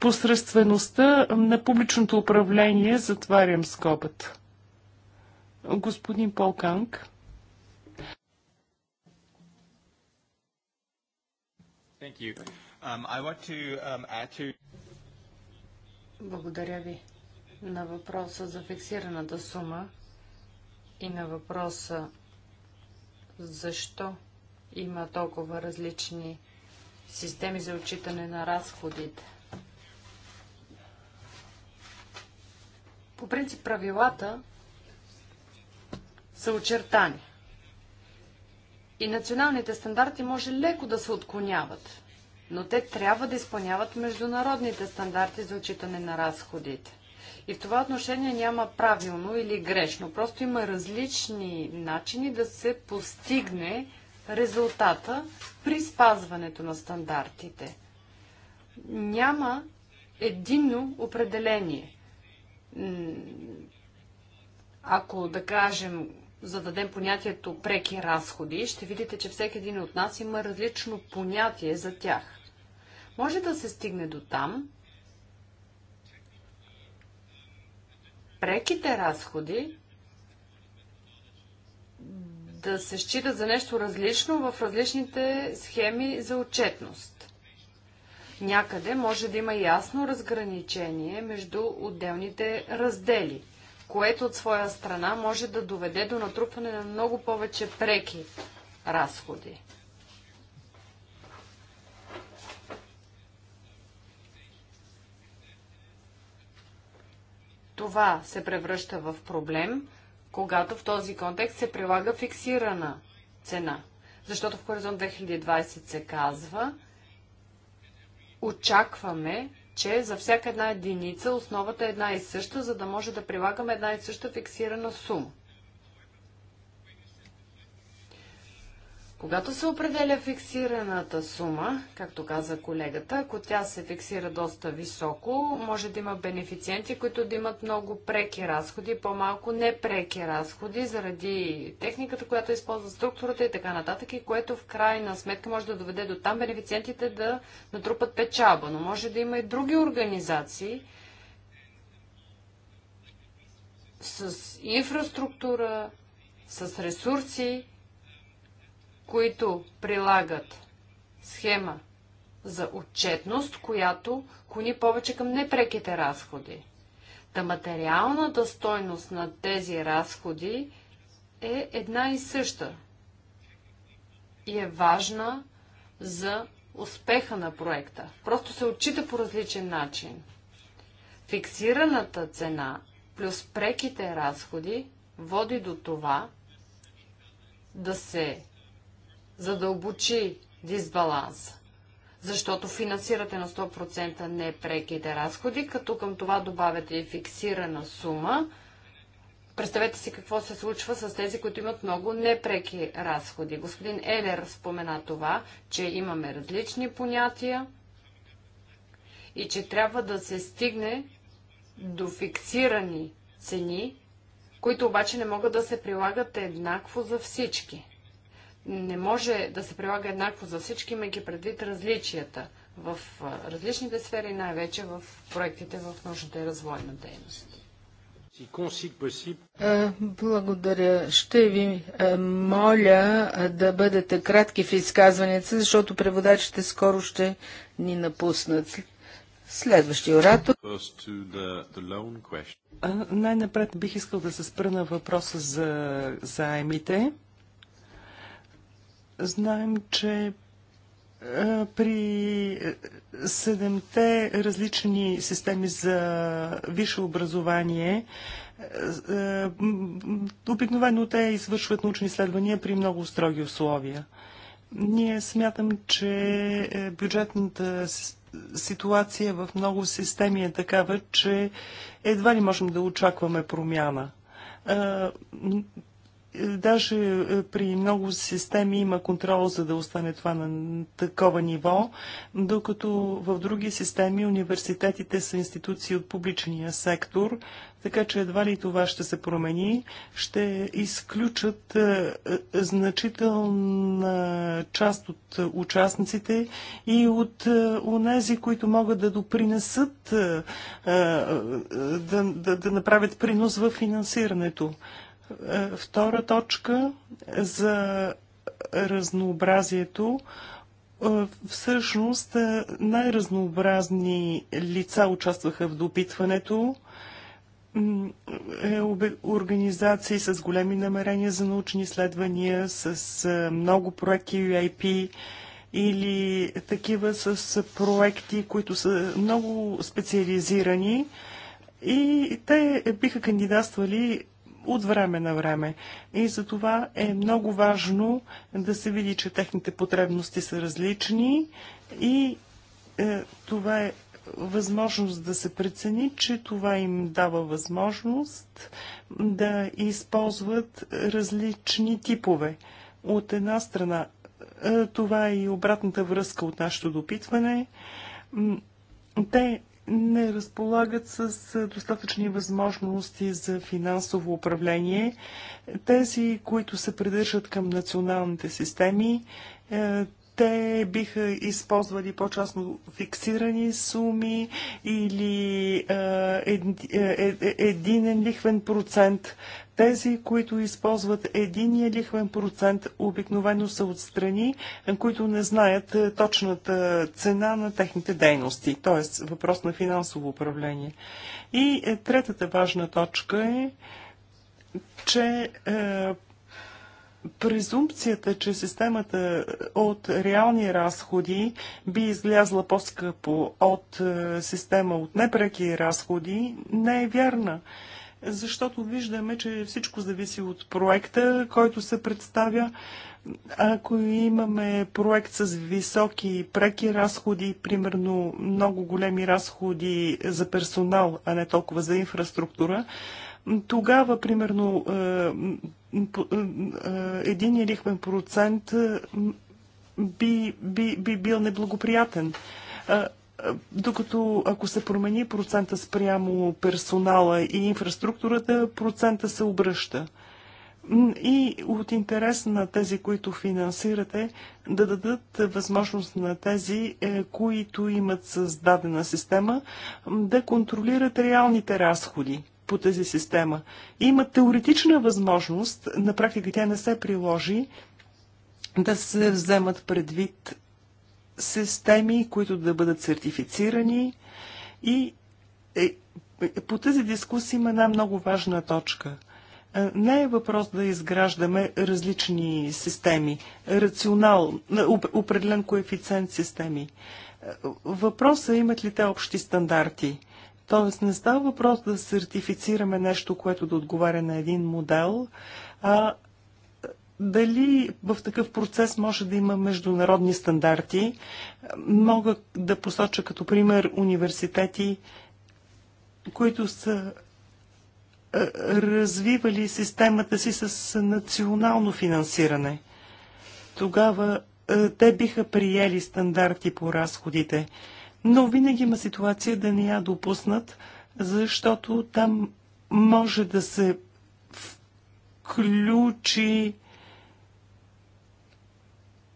посредствеността на публичното управление, затварям скобата господин Пол Канг. Um, um, Благодаря ви на въпроса за фиксираната сума и на въпроса защо има толкова различни системи за отчитане на разходите. По принцип правилата са очертани. И националните стандарти може леко да се отклоняват, но те трябва да изпълняват международните стандарти за отчитане на разходите. И в това отношение няма правилно или грешно. Просто има различни начини да се постигне резултата при спазването на стандартите. Няма единно определение. Ако, да кажем, зададем понятието преки разходи, ще видите, че всеки един от нас има различно понятие за тях. Може да се стигне до там, преките разходи да се счита за нещо различно в различните схеми за отчетност. Някъде може да има ясно разграничение между отделните раздели – което от своя страна може да доведе до натрупване на много повече преки разходи. Това се превръща в проблем, когато в този контекст се прилага фиксирана цена. Защото в Хоризонт 2020 се казва, очакваме че за всяка една единица основата е една и съща, за да може да прилагаме една и съща фиксирана сума. Когато се определя фиксираната сума, както каза колегата, ако тя се фиксира доста високо, може да има бенефициенти, които да имат много преки разходи, по-малко непреки разходи, заради техниката, която използва структурата и така нататък, и което в крайна сметка може да доведе до там бенефициентите да натрупат печалба. Но може да има и други организации с инфраструктура, с ресурси, които прилагат схема за отчетност, която клони повече към непреките разходи. Та материалната стойност на тези разходи е една и съща и е важна за успеха на проекта. Просто се отчита по различен начин. Фиксираната цена плюс преките разходи води до това да се задълбочи дисбаланса. Защото финансирате на 100% непреките разходи, като към това добавяте и фиксирана сума. Представете си какво се случва с тези, които имат много непреки разходи. Господин Елер спомена това, че имаме различни понятия и че трябва да се стигне до фиксирани цени, които обаче не могат да се прилагат еднакво за всички не може да се прилага еднакво за всички, имайки предвид различията в различните сфери, най-вече в проектите в научната и развойна дейност. Е, благодаря. Ще ви е, моля е, да бъдете кратки в изказванията, защото преводачите скоро ще ни напуснат. Следващия оратор. Най-напред бих искал да се спра на въпроса за заемите. Знаем, че е, при е, седемте различни системи за висше образование е, обикновено те извършват научни изследвания при много строги условия. Ние смятам, че бюджетната ситуация в много системи е такава, че едва ли можем да очакваме промяна Даже е, при много системи има контрол, за да остане това на такова ниво, докато в други системи университетите са институции от публичния сектор, така че едва ли това ще се промени, ще изключат е, е, значителна част от участниците и от онези, които могат да допринесат, да, да, да направят принос в финансирането. Е, втора точка за разнообразието. Е, всъщност е, най-разнообразни лица участваха в допитването. Организации с големи намерения за научни изследвания, с много проекти UIP, или такива с проекти, които са много специализирани и те биха кандидатствали от време на време. И за това е много важно да се види, че техните потребности са различни и е, това е възможност да се прецени, че това им дава възможност да използват различни типове. От една страна, е, това е и обратната връзка от нашето допитване. Те не разполагат с достатъчни възможности за финансово управление. Тези, които се придържат към националните системи, е, те биха използвали по-частно фиксирани суми или е, е, е, е, единен лихвен процент. Тези, които използват единия лихвен процент, обикновено са от страни, които не знаят е, точната цена на техните дейности, т.е. въпрос на финансово управление. И е, третата важна точка е, че е, презумпцията, че системата е, от реални разходи би излязла по-скъпо от система от непреки разходи, не е вярна защото виждаме, че всичко зависи от проекта, който се представя. Ако имаме проект с високи преки разходи, примерно много големи разходи за персонал, а не толкова за инфраструктура, тогава, примерно, е, е, е, един лихвен процент би, би, би бил неблагоприятен докато ако се промени процента спрямо персонала и инфраструктурата, процента се обръща. И от интерес на тези, които финансирате, да дадат възможност на тези, е, които имат създадена система, да контролират реалните разходи по тази система. Има теоретична възможност, на практика тя не се приложи, да се вземат предвид системи, които да бъдат сертифицирани и е, по тази дискусия има една много важна точка. Е, не е въпрос да изграждаме различни системи, рационал, е, определен коефициент системи. Е, въпросът е имат ли те общи стандарти. Тоест не става въпрос да сертифицираме нещо, което да отговаря на един модел, а дали в такъв процес може да има международни стандарти? Мога да посоча като пример университети, които са развивали системата си с национално финансиране. Тогава те биха приели стандарти по разходите. Но винаги има ситуация да не я допуснат, защото там може да се включи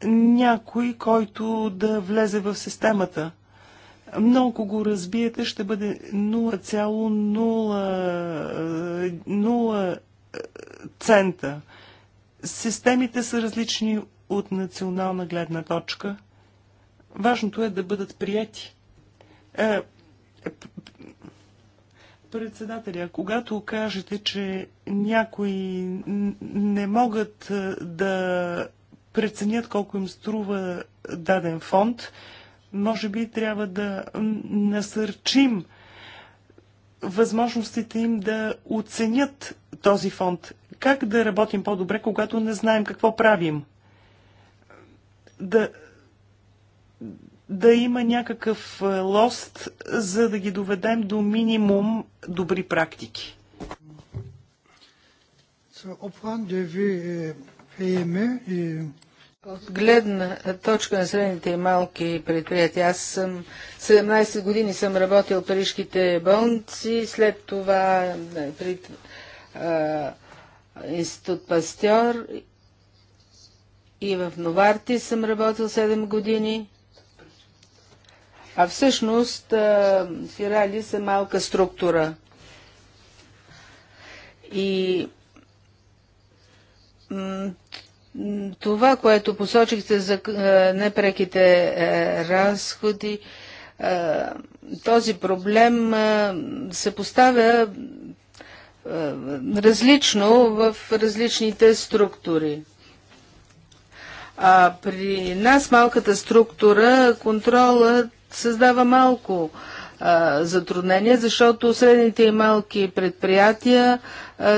някой, който да влезе в системата. Много го разбиете, ще бъде 0,0 е, е, цента. Системите са различни от национална гледна точка. Важното е да бъдат прияти. Е, председателя, когато кажете, че някои не могат да преценят колко им струва даден фонд. Може би трябва да насърчим възможностите им да оценят този фонд. Как да работим по-добре, когато не знаем какво правим? Да, да има някакъв е, лост, за да ги доведем до минимум добри практики. So, au point de vue е, PME, е, от гледна точка на средните и малки предприятия, аз съм 17 години съм работил в парижките болници, след това при а, Институт Пастьор и в Новарти съм работил 7 години. А всъщност фирали са малка структура. И това, което посочихте за е, непреките е, разходи, е, този проблем се поставя различно в различните структури. А при нас малката структура контролът създава малко затруднения, защото средните и малки предприятия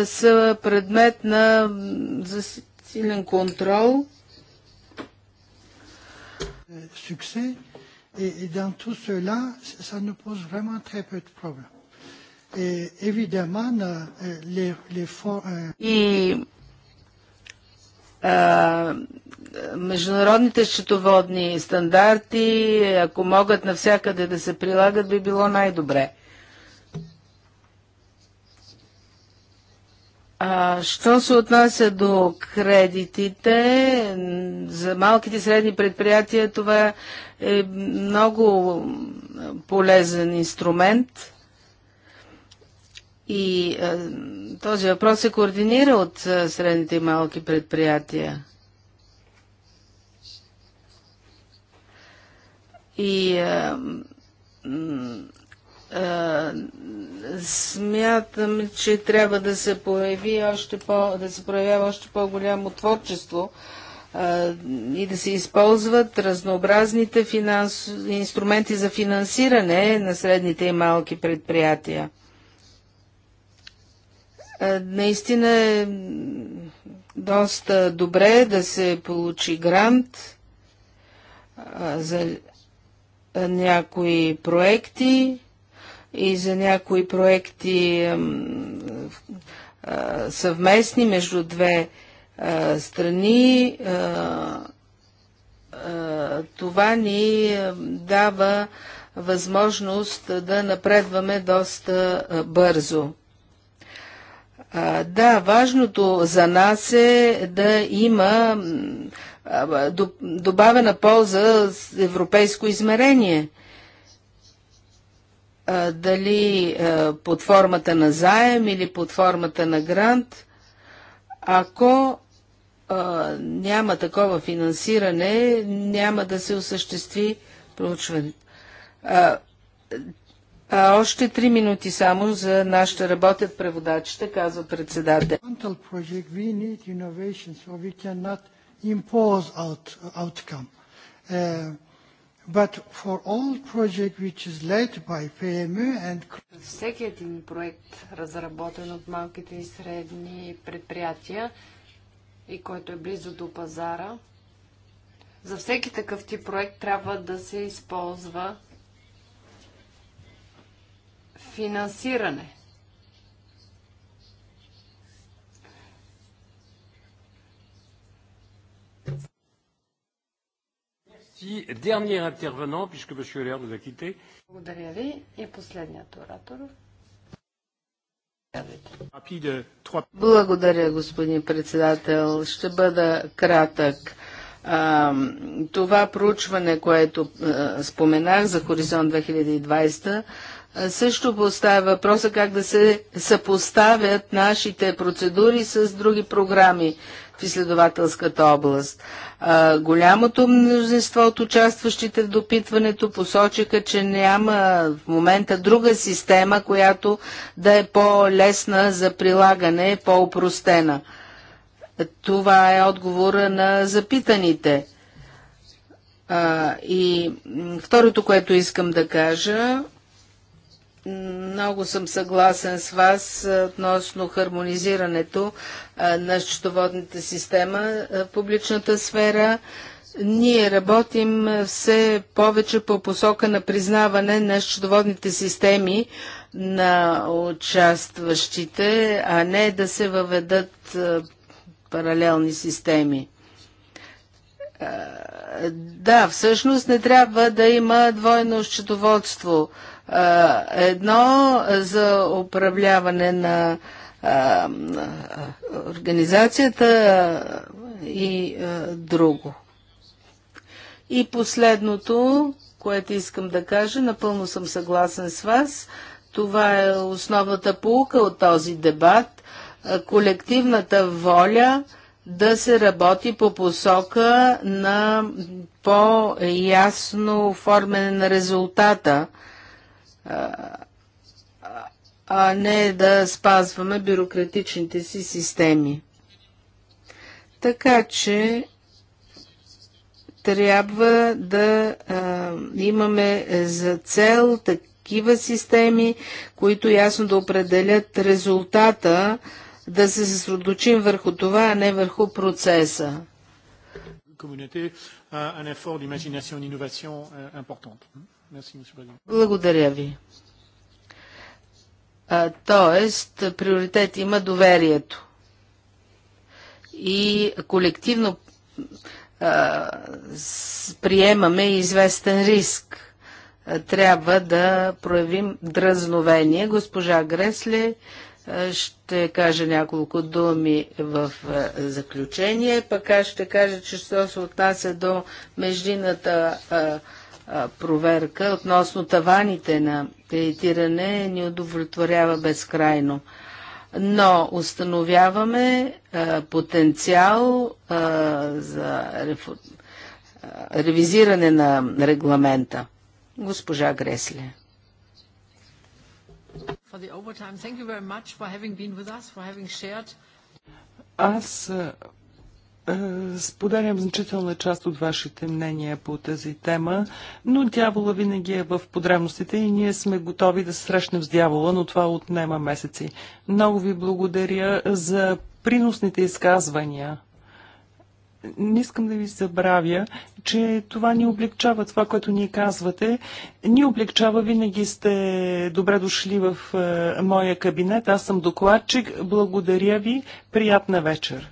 са предмет на силен контрол. Euh, euh, И международните счетоводни стандарти, ако могат навсякъде да се прилагат, би било най-добре. А, що се отнася до кредитите за малките и средни предприятия, това е много полезен инструмент. И а, този въпрос се координира от средните и малки предприятия. И а, смятам, че трябва да се появи още по, да се проявява още по-голямо творчество и да се използват разнообразните финанс... инструменти за финансиране на средните и малки предприятия. наистина е доста добре да се получи грант за някои проекти и за някои проекти съвместни между две страни. Това ни дава възможност да напредваме доста бързо. Да, важното за нас е да има добавена полза с европейско измерение дали под формата на заем или под формата на грант, ако няма такова финансиране, няма да се осъществи проучването. А, още три минути само за нашите работят преводачите, казва председател. Uh, But for all project which is led by PMU e and... Всеки един проект, разработен от малките и средни предприятия и който е близо до пазара, за всеки такъв тип проект трябва да се използва финансиране. Благодаря ви. И последният оратор. Благодаря, господин председател. Ще бъда кратък. това проучване, което споменах за Хоризонт 2020, също поставя въпроса как да се съпоставят нашите процедури с други програми в изследователската област. А, голямото мнозинство от участващите в допитването посочиха, че няма в момента друга система, която да е по-лесна за прилагане, по-упростена. Това е отговора на запитаните. А, и второто, което искам да кажа, много съм съгласен с вас относно хармонизирането на счетоводната система в публичната сфера. Ние работим все повече по посока на признаване на счетоводните системи на участващите, а не да се въведат паралелни системи. Да, всъщност не трябва да има двойно счетоводство. Едно за управляване на организацията и а, друго. И последното, което искам да кажа, напълно съм съгласен с вас, това е основната полука от този дебат колективната воля да се работи по посока на по-ясно оформяне на резултата а не да спазваме бюрократичните си системи. Така че трябва да а, имаме за цел такива системи, които ясно да определят резултата, да се съсредоточим върху това, а не върху процеса. Euh, euh, Благодаря ви. Тоест, приоритет има доверието. И колективно а, приемаме известен риск. А, трябва да проявим дразновение. Госпожа Гресле а, ще каже няколко думи в заключение, пък аз ще кажа, че що се отнася до междината проверка относно таваните на кредитиране ни удовлетворява безкрайно. Но установяваме а, потенциал а, за рефу... а, ревизиране на регламента. Госпожа Гресле. Аз е, споделям значителна част от вашите мнения по тази тема, но дявола винаги е в подробностите и ние сме готови да се срещнем с дявола, но това отнема месеци. Много ви благодаря за приносните изказвания. Не искам да ви забравя, че това ни облегчава това, което ни казвате. Ни облегчава, винаги сте добре дошли в е, моя кабинет. Аз съм докладчик. Благодаря ви. Приятна вечер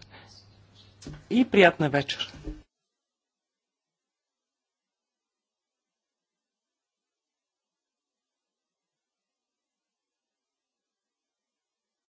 и приятна вечер!